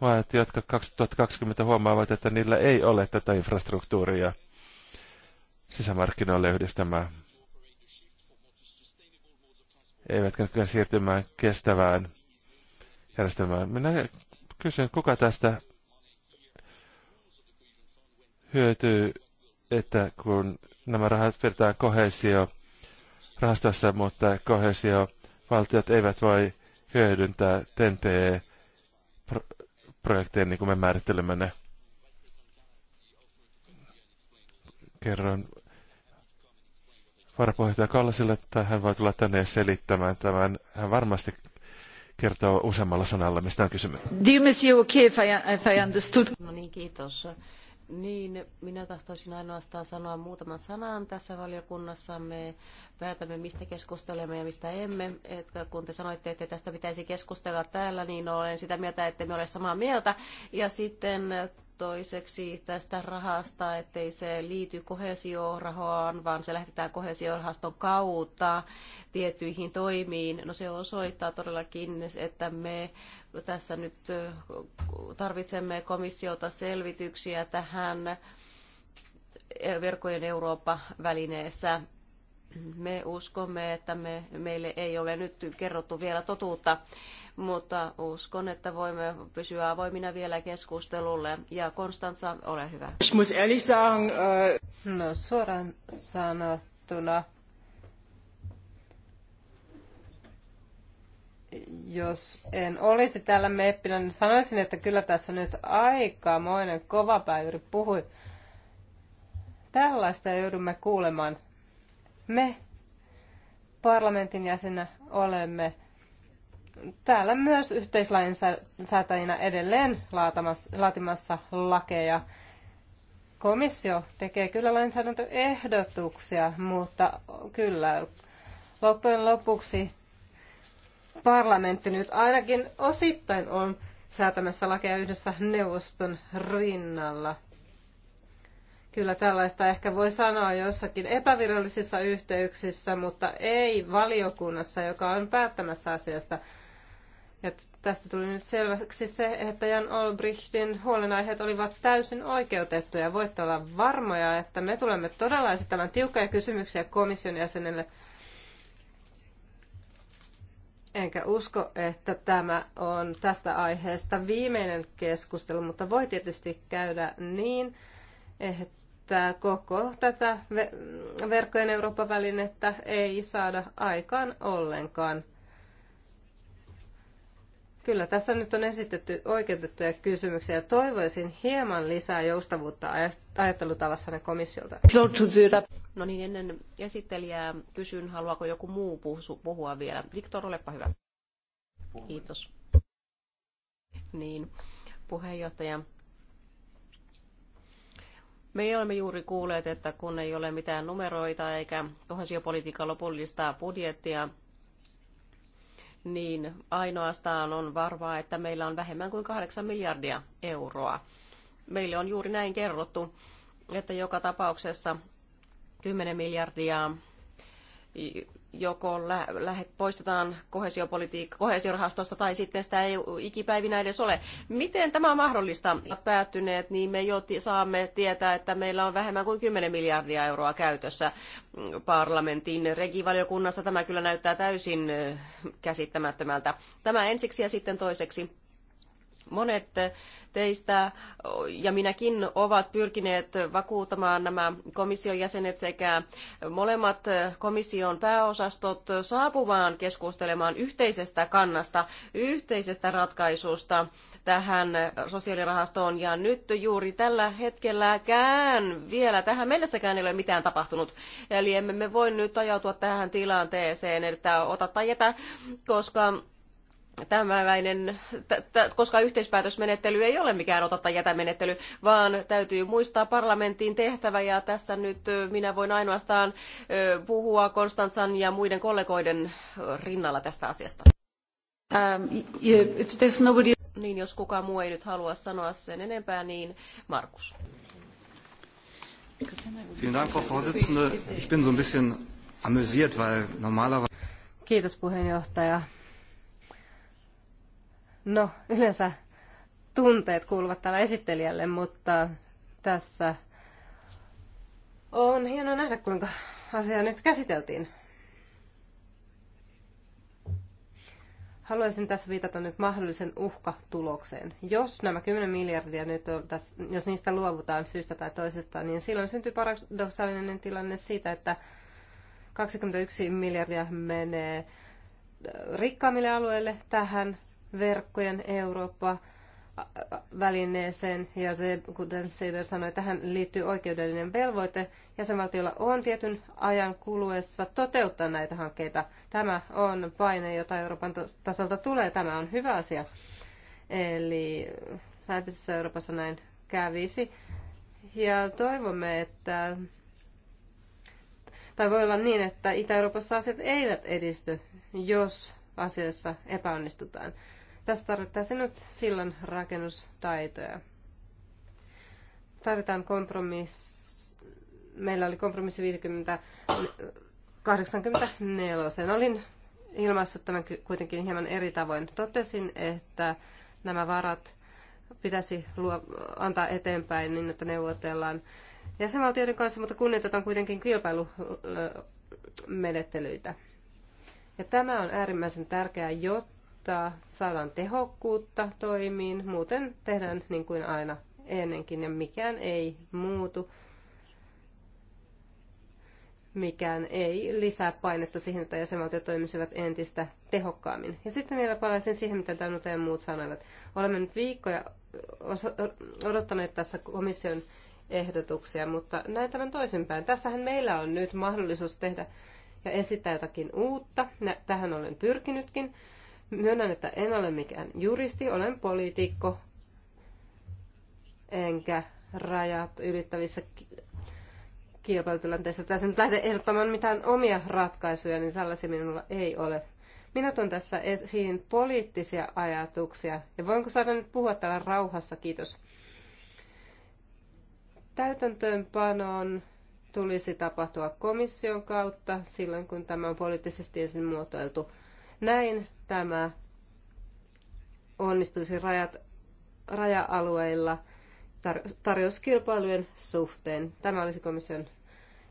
maat, jotka 2020 huomaavat, että niillä ei ole tätä infrastruktuuria sisämarkkinoille yhdistämään eivätkä kyllä siirtymään kestävään järjestelmään. Minä kysyn, kuka tästä hyötyy, että kun nämä rahat virtaa kohesio rahastossa, mutta kohesio valtiot eivät voi hyödyntää TNT-projekteja niin kuin me määrittelemme ne. Kerron varapuheenjohtaja Kallasille, että hän voi tulla tänne selittämään tämän. Hän varmasti kertoo useammalla sanalla, mistä on kysymys. Dear monsieur, okay, if I, if I understood. No niin, kiitos. Niin, minä tahtoisin ainoastaan sanoa muutaman sanan tässä valiokunnassa. Me päätämme, mistä keskustelemme ja mistä emme. Etkä kun te sanoitte, että tästä pitäisi keskustella täällä, niin olen sitä mieltä, että me ole samaa mieltä. Ja sitten toiseksi tästä rahasta, ettei se liity kohesiorahaan, vaan se lähetetään kohesiorahaston kautta tiettyihin toimiin. No se osoittaa todellakin, että me tässä nyt tarvitsemme komissiota selvityksiä tähän verkkojen Eurooppa-välineessä. Me uskomme, että me, meille ei ole nyt kerrottu vielä totuutta, mutta uskon, että voimme pysyä avoimina vielä keskustelulle. Ja Konstansa, ole hyvä. Äh, no suoraan sanottuna jos en olisi täällä meppinä, niin sanoisin, että kyllä tässä nyt aikamoinen kova päivä puhui. Tällaista joudumme kuulemaan. Me parlamentin jäsenä olemme täällä myös yhteislainsäätäjinä edelleen laatimassa lakeja. Komissio tekee kyllä lainsäädäntöehdotuksia, mutta kyllä loppujen lopuksi parlamentti nyt ainakin osittain on säätämässä lakeja yhdessä neuvoston rinnalla. Kyllä tällaista ehkä voi sanoa jossakin epävirallisissa yhteyksissä, mutta ei valiokunnassa, joka on päättämässä asiasta. Ja tästä tuli nyt selväksi se, että Jan Olbrichtin huolenaiheet olivat täysin oikeutettuja. Voitte olla varmoja, että me tulemme todella esittämään tiukkoja kysymyksiä komission jäsenelle Enkä usko, että tämä on tästä aiheesta viimeinen keskustelu, mutta voi tietysti käydä niin, että koko tätä verkkojen Euroopan välinettä ei saada aikaan ollenkaan – Kyllä tässä nyt on esitetty oikeutettuja kysymyksiä. Toivoisin hieman lisää joustavuutta ajattelutavassanne komissiolta. No niin, ennen esittelijää kysyn, haluaako joku muu puhua vielä. Viktor, olepa hyvä. Kiitos. Niin, puheenjohtaja. Me olemme juuri kuulleet, että kun ei ole mitään numeroita eikä kohesiopolitiikan lopullista budjettia, niin ainoastaan on varmaa, että meillä on vähemmän kuin 8 miljardia euroa. Meille on juuri näin kerrottu, että joka tapauksessa 10 miljardia joko lä- lähe, poistetaan kohesiopolitiikka, kohesiorahastosta tai sitten sitä ei ikipäivinä edes ole. Miten tämä on mahdollista? Päättyneet, niin me jo saamme tietää, että meillä on vähemmän kuin 10 miljardia euroa käytössä parlamentin regivaliokunnassa. Tämä kyllä näyttää täysin käsittämättömältä. Tämä ensiksi ja sitten toiseksi Monet teistä ja minäkin ovat pyrkineet vakuuttamaan nämä komission jäsenet sekä molemmat komission pääosastot saapumaan keskustelemaan yhteisestä kannasta, yhteisestä ratkaisusta tähän sosiaalirahastoon. Ja nyt juuri tällä hetkelläkään vielä tähän mennessäkään ei ole mitään tapahtunut. Eli emme me voi nyt ajautua tähän tilanteeseen, että ota tai jätä, koska tämänlainen, koska yhteispäätösmenettely ei ole mikään otata jätämenettely, vaan täytyy muistaa parlamentin tehtävä ja tässä nyt minä voin ainoastaan puhua Konstantsan ja muiden kollegoiden rinnalla tästä asiasta. Um, nobody... Niin jos kukaan muu ei nyt halua sanoa sen enempää, niin Markus. Kiitos puheenjohtaja No, yleensä tunteet kuuluvat täällä esittelijälle, mutta tässä on hienoa nähdä, kuinka asiaa nyt käsiteltiin. Haluaisin tässä viitata nyt mahdollisen uhkatulokseen. Jos nämä 10 miljardia nyt, jos niistä luovutaan syystä tai toisesta, niin silloin syntyy paradoksaalinen tilanne siitä, että 21 miljardia menee rikkaammille alueille tähän verkkojen Eurooppa välineeseen ja se, kuten Seiver sanoi, tähän liittyy oikeudellinen velvoite. Jäsenvaltiolla on tietyn ajan kuluessa toteuttaa näitä hankkeita. Tämä on paine, jota Euroopan tasolta tulee. Tämä on hyvä asia. Eli läntisessä Euroopassa näin kävisi. Ja toivomme, että tai voi olla niin, että Itä-Euroopassa asiat eivät edisty, jos asioissa epäonnistutaan. Tässä tarvittaisiin nyt sillan rakennustaitoja. Tarvitaan kompromissi. Meillä oli kompromissi 50, 84. Sen olin ilmaissut tämän kuitenkin hieman eri tavoin. Totesin, että nämä varat pitäisi luo, antaa eteenpäin niin, että neuvotellaan jäsenvaltioiden kanssa, mutta kunnioitetaan kuitenkin kilpailumenettelyitä. Ja tämä on äärimmäisen tärkeää, jotta jotta saadaan tehokkuutta toimiin. Muuten tehdään niin kuin aina ennenkin ja mikään ei muutu. Mikään ei lisää painetta siihen, että jäsenvaltiot toimisivat entistä tehokkaammin. Ja sitten vielä palaisin siihen, mitä tämä ja muut sanoivat. Olemme nyt viikkoja odottaneet tässä komission ehdotuksia, mutta näin tämän toisinpäin. Tässähän meillä on nyt mahdollisuus tehdä ja esittää jotakin uutta. Tähän olen pyrkinytkin. Myönnän, että en ole mikään juristi, olen poliitikko, enkä rajat ylittävissä kilpailutilanteissa. Tässä nyt lähde ehdottamaan mitään omia ratkaisuja, niin tällaisia minulla ei ole. Minä tuon tässä esiin poliittisia ajatuksia, ja voinko saada nyt puhua täällä rauhassa, kiitos. Täytäntöönpanoon tulisi tapahtua komission kautta silloin, kun tämä on poliittisesti ensin muotoiltu. Näin tämä onnistuisi rajat, raja-alueilla tar- tarjouskilpailujen suhteen. Tämä olisi komission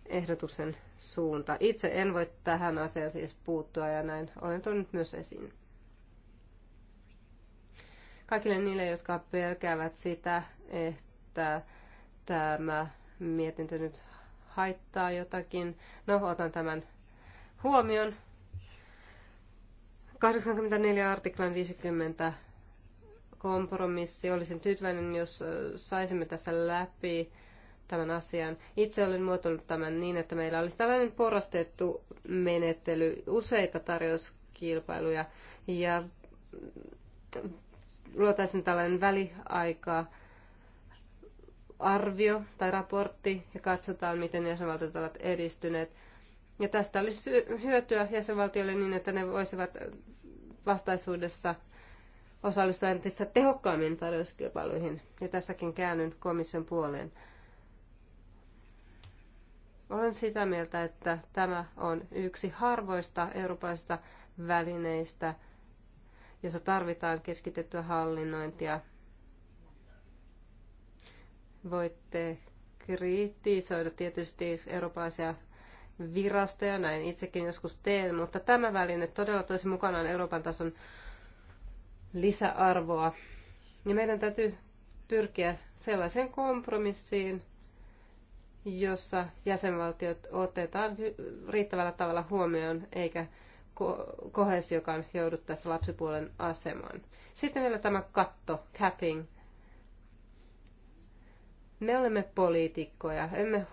ehdotuksen suunta. Itse en voi tähän asiaan siis puuttua ja näin olen tuonut myös esiin. Kaikille niille, jotka pelkäävät sitä, että tämä mietintö nyt haittaa jotakin, no otan tämän huomioon 84 artiklan 50 kompromissi. Olisin tyytyväinen, jos saisimme tässä läpi tämän asian. Itse olen muotoillut tämän niin, että meillä olisi tällainen porastettu menettely, useita tarjouskilpailuja ja luotaisin tällainen väliaika arvio tai raportti ja katsotaan, miten jäsenvaltiot ovat edistyneet. Ja tästä olisi hyötyä jäsenvaltioille niin, että ne voisivat vastaisuudessa osallistua entistä tehokkaammin tarjouskilpailuihin. Ja tässäkin käännyn komission puoleen. Olen sitä mieltä, että tämä on yksi harvoista eurooppalaisista välineistä, jossa tarvitaan keskitettyä hallinnointia. Voitte kritisoida tietysti eurooppalaisia virastoja, näin itsekin joskus teen, mutta tämä väline todella toisi mukanaan Euroopan tason lisäarvoa. Ja meidän täytyy pyrkiä sellaiseen kompromissiin, jossa jäsenvaltiot otetaan riittävällä tavalla huomioon, eikä ko- kohesiokaan joudut tässä lapsipuolen asemaan. Sitten vielä tämä katto, capping. Me olemme poliitikkoja, emme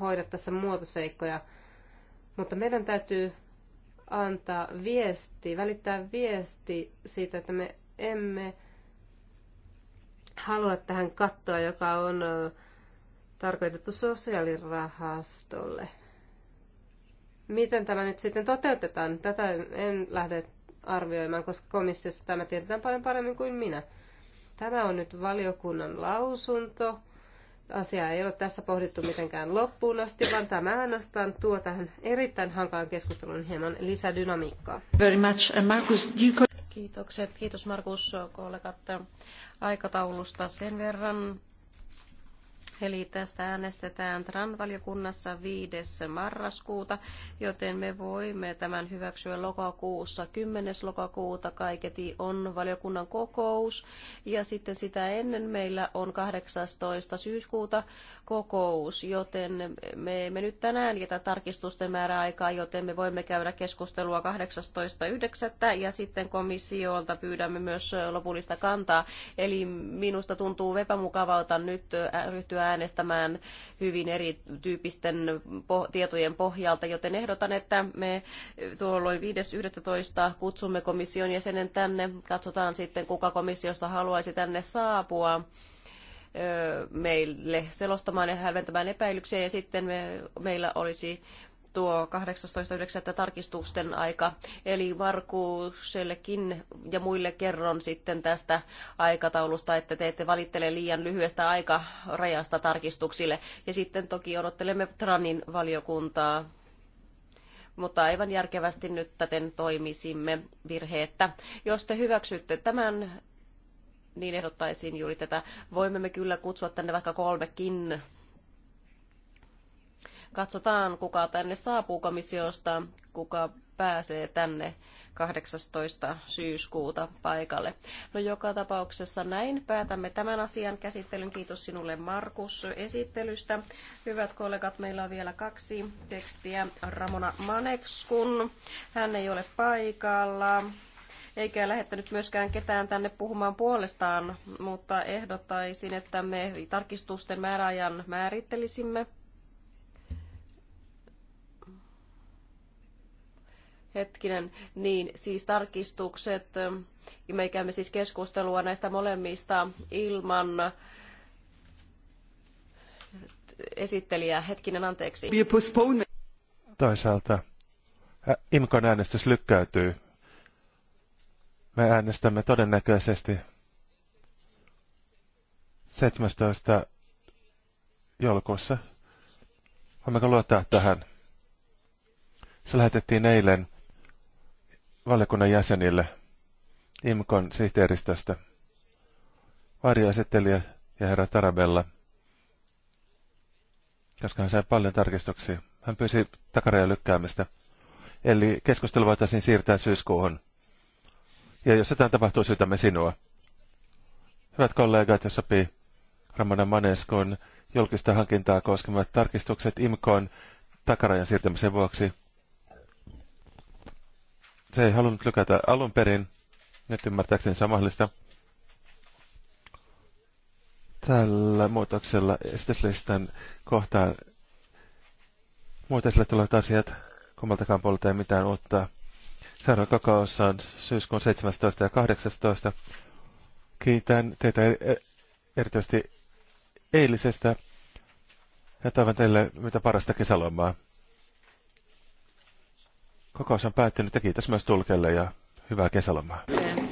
hoida tässä muotoseikkoja, mutta meidän täytyy antaa viesti, välittää viesti siitä, että me emme halua tähän kattoa, joka on tarkoitettu sosiaalirahastolle. Miten tämä nyt sitten toteutetaan? Tätä en lähde arvioimaan, koska komissiossa tämä tiedetään paljon paremmin kuin minä. Tämä on nyt valiokunnan lausunto Asiaa ei ole tässä pohdittu mitenkään loppuun asti, vaan tämä ainoastaan tuo tähän erittäin hankalaan keskusteluun hieman lisädynamiikkaa. Very much. Uh, Markus, Kiitokset. Kiitos Markus kollegat aikataulusta sen verran, Eli tästä äänestetään TRAN-valiokunnassa 5. marraskuuta, joten me voimme tämän hyväksyä lokakuussa. 10. lokakuuta kaiketi on valiokunnan kokous ja sitten sitä ennen meillä on 18. syyskuuta kokous, joten me emme nyt tänään jätä tarkistusten määräaikaa, joten me voimme käydä keskustelua 18.9. ja sitten komissiolta pyydämme myös lopullista kantaa. Eli minusta tuntuu epämukavalta nyt ryhtyä äänestämään hyvin erityyppisten tietojen pohjalta, joten ehdotan, että me tuolloin 5.11. kutsumme komission jäsenen tänne. Katsotaan sitten, kuka komissiosta haluaisi tänne saapua meille selostamaan ja hälventämään epäilyksiä ja sitten me, meillä olisi tuo 18.9. tarkistusten aika. Eli Markusellekin ja muille kerron sitten tästä aikataulusta, että te ette valittele liian lyhyestä aikarajasta tarkistuksille. Ja sitten toki odottelemme Tranin valiokuntaa mutta aivan järkevästi nyt täten toimisimme virheettä. Jos te hyväksytte tämän niin ehdottaisin juuri tätä. Voimme me kyllä kutsua tänne vaikka kolmekin. Katsotaan, kuka tänne saapuu komissiosta, kuka pääsee tänne 18. syyskuuta paikalle. No joka tapauksessa näin päätämme tämän asian käsittelyn. Kiitos sinulle Markus esittelystä. Hyvät kollegat, meillä on vielä kaksi tekstiä. Ramona Manekskun, hän ei ole paikalla eikä lähettänyt myöskään ketään tänne puhumaan puolestaan, mutta ehdottaisin, että me tarkistusten määräajan määrittelisimme. Hetkinen, niin siis tarkistukset, me käymme siis keskustelua näistä molemmista ilman esittelijää. Hetkinen, anteeksi. Toisaalta IMKon äänestys lykkäytyy me äänestämme todennäköisesti 17. joulukuussa. Voimmeko luottaa tähän? Se lähetettiin eilen valiokunnan jäsenille IMKON sihteeristöstä. Varjoesittelijä ja herra Tarabella, koska hän sai paljon tarkistuksia. Hän pyysi takarajan lykkäämistä. Eli keskustelu voitaisiin siirtää syyskuuhun. Ja jos jotain tapahtuu, syytämme sinua. Hyvät kollegat, jos sopii Ramona Maneskon julkista hankintaa koskevat tarkistukset IMKOn takarajan siirtämisen vuoksi. Se ei halunnut lykätä alun perin. Nyt ymmärtääkseni mahdollista. Tällä muutoksella esityslistan kohtaan muuten sille tulevat asiat kummaltakaan puolelta ei mitään uutta Seuraava kokous on syyskuun 17. ja 18. Kiitän teitä er-, er-, erityisesti eilisestä ja toivon teille mitä parasta kesälomaa. Kokous on päättynyt ja kiitos myös tulkelle ja hyvää kesälomaa.